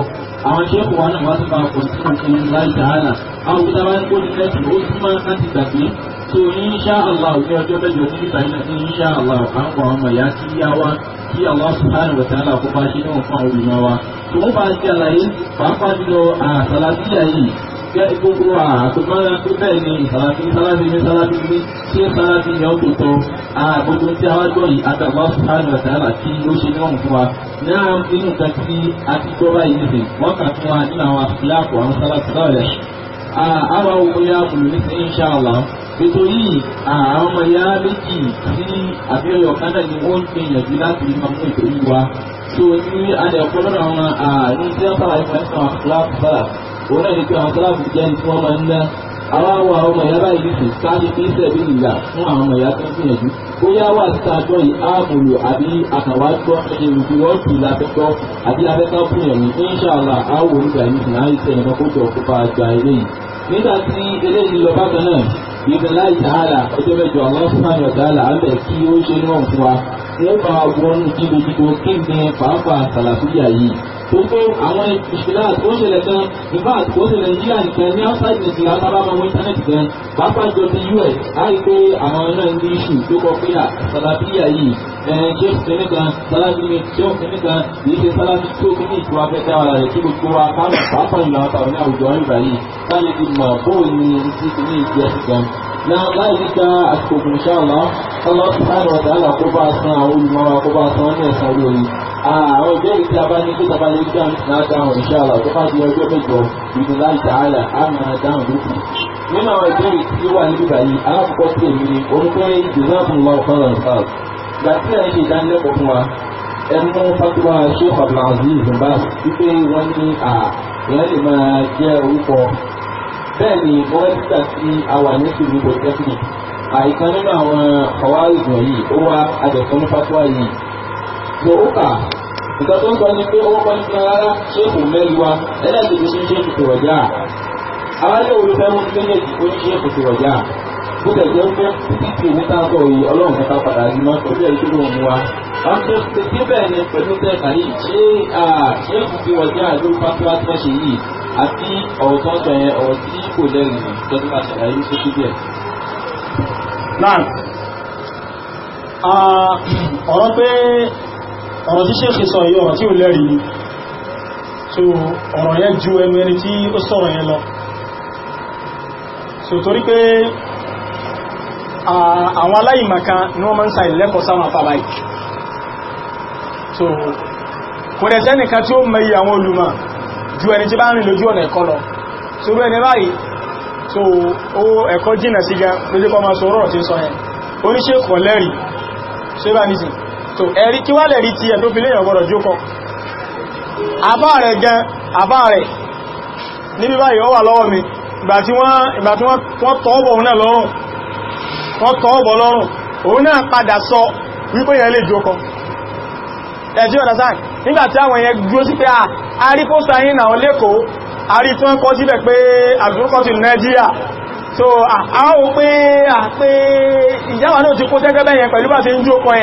S2: àwọn ṣe é kò wá náà wá sípa kò sí òkun láì tààlà àwọn òkúta bá ń kó ní lẹ́sì ó tún máa láti gbàgbé tó insha Allah ní ọjọ́ mẹ́jọ ní ìgbà yìí ní insha Allah àwọn ọmọ ìyá kí Allah subhanahu wa ta'ala kó bá ṣe náà fún àwọn olùmọ̀ wa tó bá ti àlàyé pàápàá jùlọ àsàlàfíà yìí jẹ́ gbogbo àtúmọ̀ra tó bẹ́ẹ̀ ni ìsàlàfin sálábí ní ini ní ini si yẹn ó tó tọ́ àgbogbo tí a wá gbọ́ yìí àtàwọn sùpáàlì ọ̀tàlà tí ó ṣe náà fún wa náà nínú nǹkan tí ini ti gbọ́ báyìí nìsín wọ́n kà fún wa nínú àwọn àfúláàpọ̀ àwọn sálábí sálábí àwọn òmìnira kùlù ní sí inṣàlá nítorí àwọn ọmọ ìyá méjì sí àbíọyọ kánà ni wọ́n ń gbìyànjú láti máa mú ìtòyí wa tó ní adẹ̀kọ́ lọ́dọ̀ àwọn àrùn tí wọ́n sábà ń fẹ́ òun náà ni pé àwọn sálàfù jẹ́ ní tí wọ́n máa ń ná àwọn àwọn àwọn ọmọ ìyá báyìí nìkú sáájú bí sẹ́bí ìyá fún àwọn ọmọ ìyá tó ń gbìyànjú bóyá wà sáájọ́ yìí àmúlò àbí àkàwájọ́ èròjì wọ́n tù láfẹ́tọ́ àbí afẹ́tọ́ gbìyànjú inṣàlá àwọn olùgbà yìí náà ń sẹ́yìn lọ́kọ́ tó kópa àgbà eléyìí. nígbà tí eléyìí lọ bákan náà ibi láì sáàlà ọjọ́ mẹ́jọ àwọn fúnmáyọ̀ dáàlà á bẹ̀ kí ó ṣe náà fún wa wọ́n bá wọnú jíjogíjo kí gbogbo àwọn ìṣẹ̀lẹ̀ tó ń ṣẹlẹ̀ gan nígbà tó ń ṣẹlẹ̀ níyà nìkan ní outside Nigeria tá a bá máa wọ íńtánẹ́ẹ̀tì gan pápá jọ ti US láì pé àwọn náà ní iṣu tó kọ pé à ah, sàlàbíyà yìí ṣé kìnìún kan sálábí mi ṣé kìnìún kan kìí ṣe sálábí tó kìíní ìtura fẹ́ dá ara rẹ̀ kí gbogbo wa ká mọ̀ pàápàá ìlú àwọn tàbí àwùjọ ìgbà yìí ká lè fi mọ̀ bóun ni ti kìíní ìdí ẹ̀sìn gan. náà láì ní ká àsìkò ògùn iṣẹ́ ọ̀la ọlọ́ sáré ọ̀dà àlà kó bá san àwọn olùmọ̀ra kó bá san ní ẹ̀sán olórí. àwọn ìbéèrè tí a bá ní kó tàbá lè dá dáhùn iṣẹ́ ọ̀la tó bá di ọjọ́ mẹ́jọ ìdùn láì dáhàlà á máa nínú àwọn ìbéèrè tí wà níbí báyìí alákọ̀ọ́kọ́ sí èmi ni orúkọ ìdìbò náà fún wa gbàtí ẹ̀ ṣe ìdánilẹ́kọ̀ọ́ fún wa ẹ mú fatuwa sheikh abdulaziz zimbabwe wípé wọ́n ní à ìyẹn lè máa jẹ́ orúkọ bẹ́ẹ̀ ni bọ́ẹ̀sítà tí a wà ní sùúrù polytechnic àìkan nínú àwọn ọ̀wárí wọ̀nyí ó wá àjọ̀tún ní fatuwa yìí tó ó kà nǹkan tó ń sọ ni pé owó kan ti rárá ṣéèkù mẹ́rin wa ẹlẹ́sìn ní ṣéèkù tó rọ̀jà àwọn ilé olùfẹ́ mú méjèèjì ó ní ṣéèkù tó rọ̀jà bó lè jẹ́ pé títí ìwé tá a sọ yìí ọlọ́run kẹta padà yìí máa sọ bí ẹni tó ló ń wá. wọ́n tó ṣe débẹ̀ ni pẹ̀lú tẹ́ẹ̀ka yìí ṣé ṣé ìfúnfi wọ̀ jẹ́ àlọ́ pátápátá tó ṣe yìí àti ọ̀rọ̀ tó ń sọ yẹn ọ̀rọ̀ tí kò lẹ́rìn tọ́jú máa ṣàlàyé ní sókè díẹ̀. náà
S1: ọ̀rọ̀ pé ọ̀rọ̀ tí ṣéèkì sọ yìí ọ̀rọ̀ tí ò lẹ́rìn ni so ọ̀rọ̀ yẹn ju ẹnu tí ó sọ̀rọ̀ yẹn lọ so torí pé Ah, àwọn aláìmọ̀kan ní wọ́n máa ń sa ìlẹ́kọ̀ọ́ sáwọn àfàbáyì so kò rẹ̀ sẹ́nìkan tí ó mẹ́yí àwọn olùmọ̀ ju ẹni tí bá rìn lójú ọ̀nà ẹ̀kọ́ lọ so bẹ́ẹ̀ ni báyìí so ó ẹ̀kọ́ jìnà sí gan lójú kọ́ máa sọ̀rọ̀ tí sọ yẹn oníṣẹ́ kọ̀ lẹ́rì so bá ní sí so ẹ̀rí kí wá lẹ́rí ti ẹ̀ tó fi léèyàn gbọ́dọ̀ jókọ́ àbá rẹ̀ gan àbá rẹ̀ níbi báyìí wọ́n tọ́ lọ́rùn òun náà padà sọ wípé yẹn lè jókọ ẹ̀jí nígbàtí àwọn sí pé ah, a rí pósítà na náà lẹ́kọ̀ọ́ a rí tí wọ́n kọ́ pé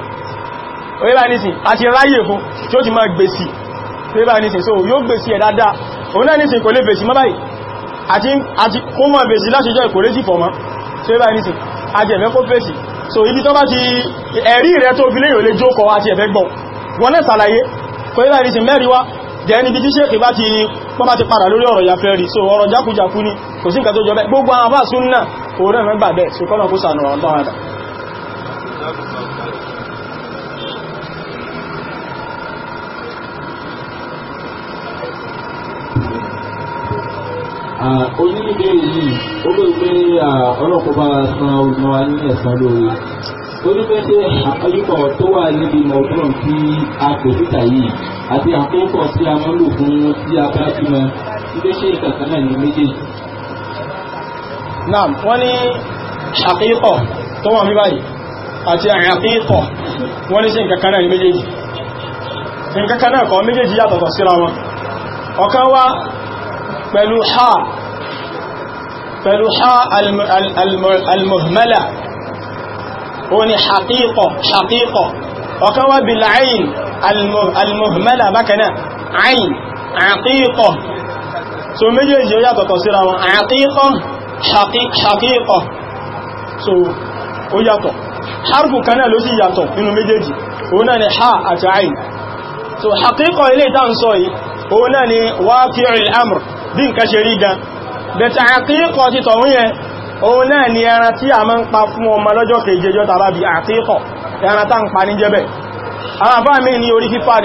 S1: orílẹ̀ nìsìn àti ráyè fún tí ó ti máa gbèsì orílẹ̀ nìsìn so yóò gbèsì ẹ̀ dáadáa orílẹ̀ nìsìn kò lè gbèsì mọ́ báyìí àti kó mọ̀ gbèsì láti jẹ́ ìkòréjì fọ̀mọ́ so orílẹ̀ nìsìn àti ẹ̀fẹ́ kó so ibi tó ti ẹ̀rí rẹ̀ tó fi léyìn olè jókọ àti ẹ̀fẹ́ gbọ́n wọn náà sàlàyé kò orílẹ̀ nìsìn mẹ́rin wá jẹ́ níbi tí ṣe bá so ọ̀rọ̀ jákújákú ní kò sí nǹkan tó jọ bẹ́ gbogbo àwọn so kọ́nà kó sànà
S2: Ah, oníbèrè yìí ó lè pé ọlọ́pàá bá san olùmọ̀ ní ẹ̀sán lórí oníbẹ̀rẹ̀ àkọ́yíkọ̀ tó wà níbi mọ̀ọ́dúnrún tí a pè síta yìí àti àkókò tí a máa ń lò fún tí a bá bímọ ilé ṣe ìkàkà náà ní méjèèjì.
S1: náà wọ́n ní àkíkọ̀ tó wà ní báyìí àti àkíkọ̀ wọ́n ní ṣe ìkàkà náà ní méjèèjì ìkàkà náà kọ́ méjèèjì yàtọ̀tọ̀ síra wọn ọ̀kan wá فلوحاء فلوحاء المهملة هنا حقيقة حقيقة وكوا بالعين المهملة مكنا عين عقيقة ثم يجي يجي يجي تصير عقيقة حقيقة حقيقة سو ويجي حرب كان لوزي يجي يجي يجي هنا نحاء عين سو حقيقة إليه تنصي هنا واقع الأمر bí nǹkan ṣe rí gan bẹ̀tẹ̀ àkíkọ̀ ti tọ̀hún yẹn òun náà ni ẹran tí a máa ń pa fún ọmọ lọ́jọ́ kejejọ́ tàbá bí àkíkọ̀ ẹran tá ń pa ní jẹ́bẹ̀ àwọn àfáà mi ní orí fífà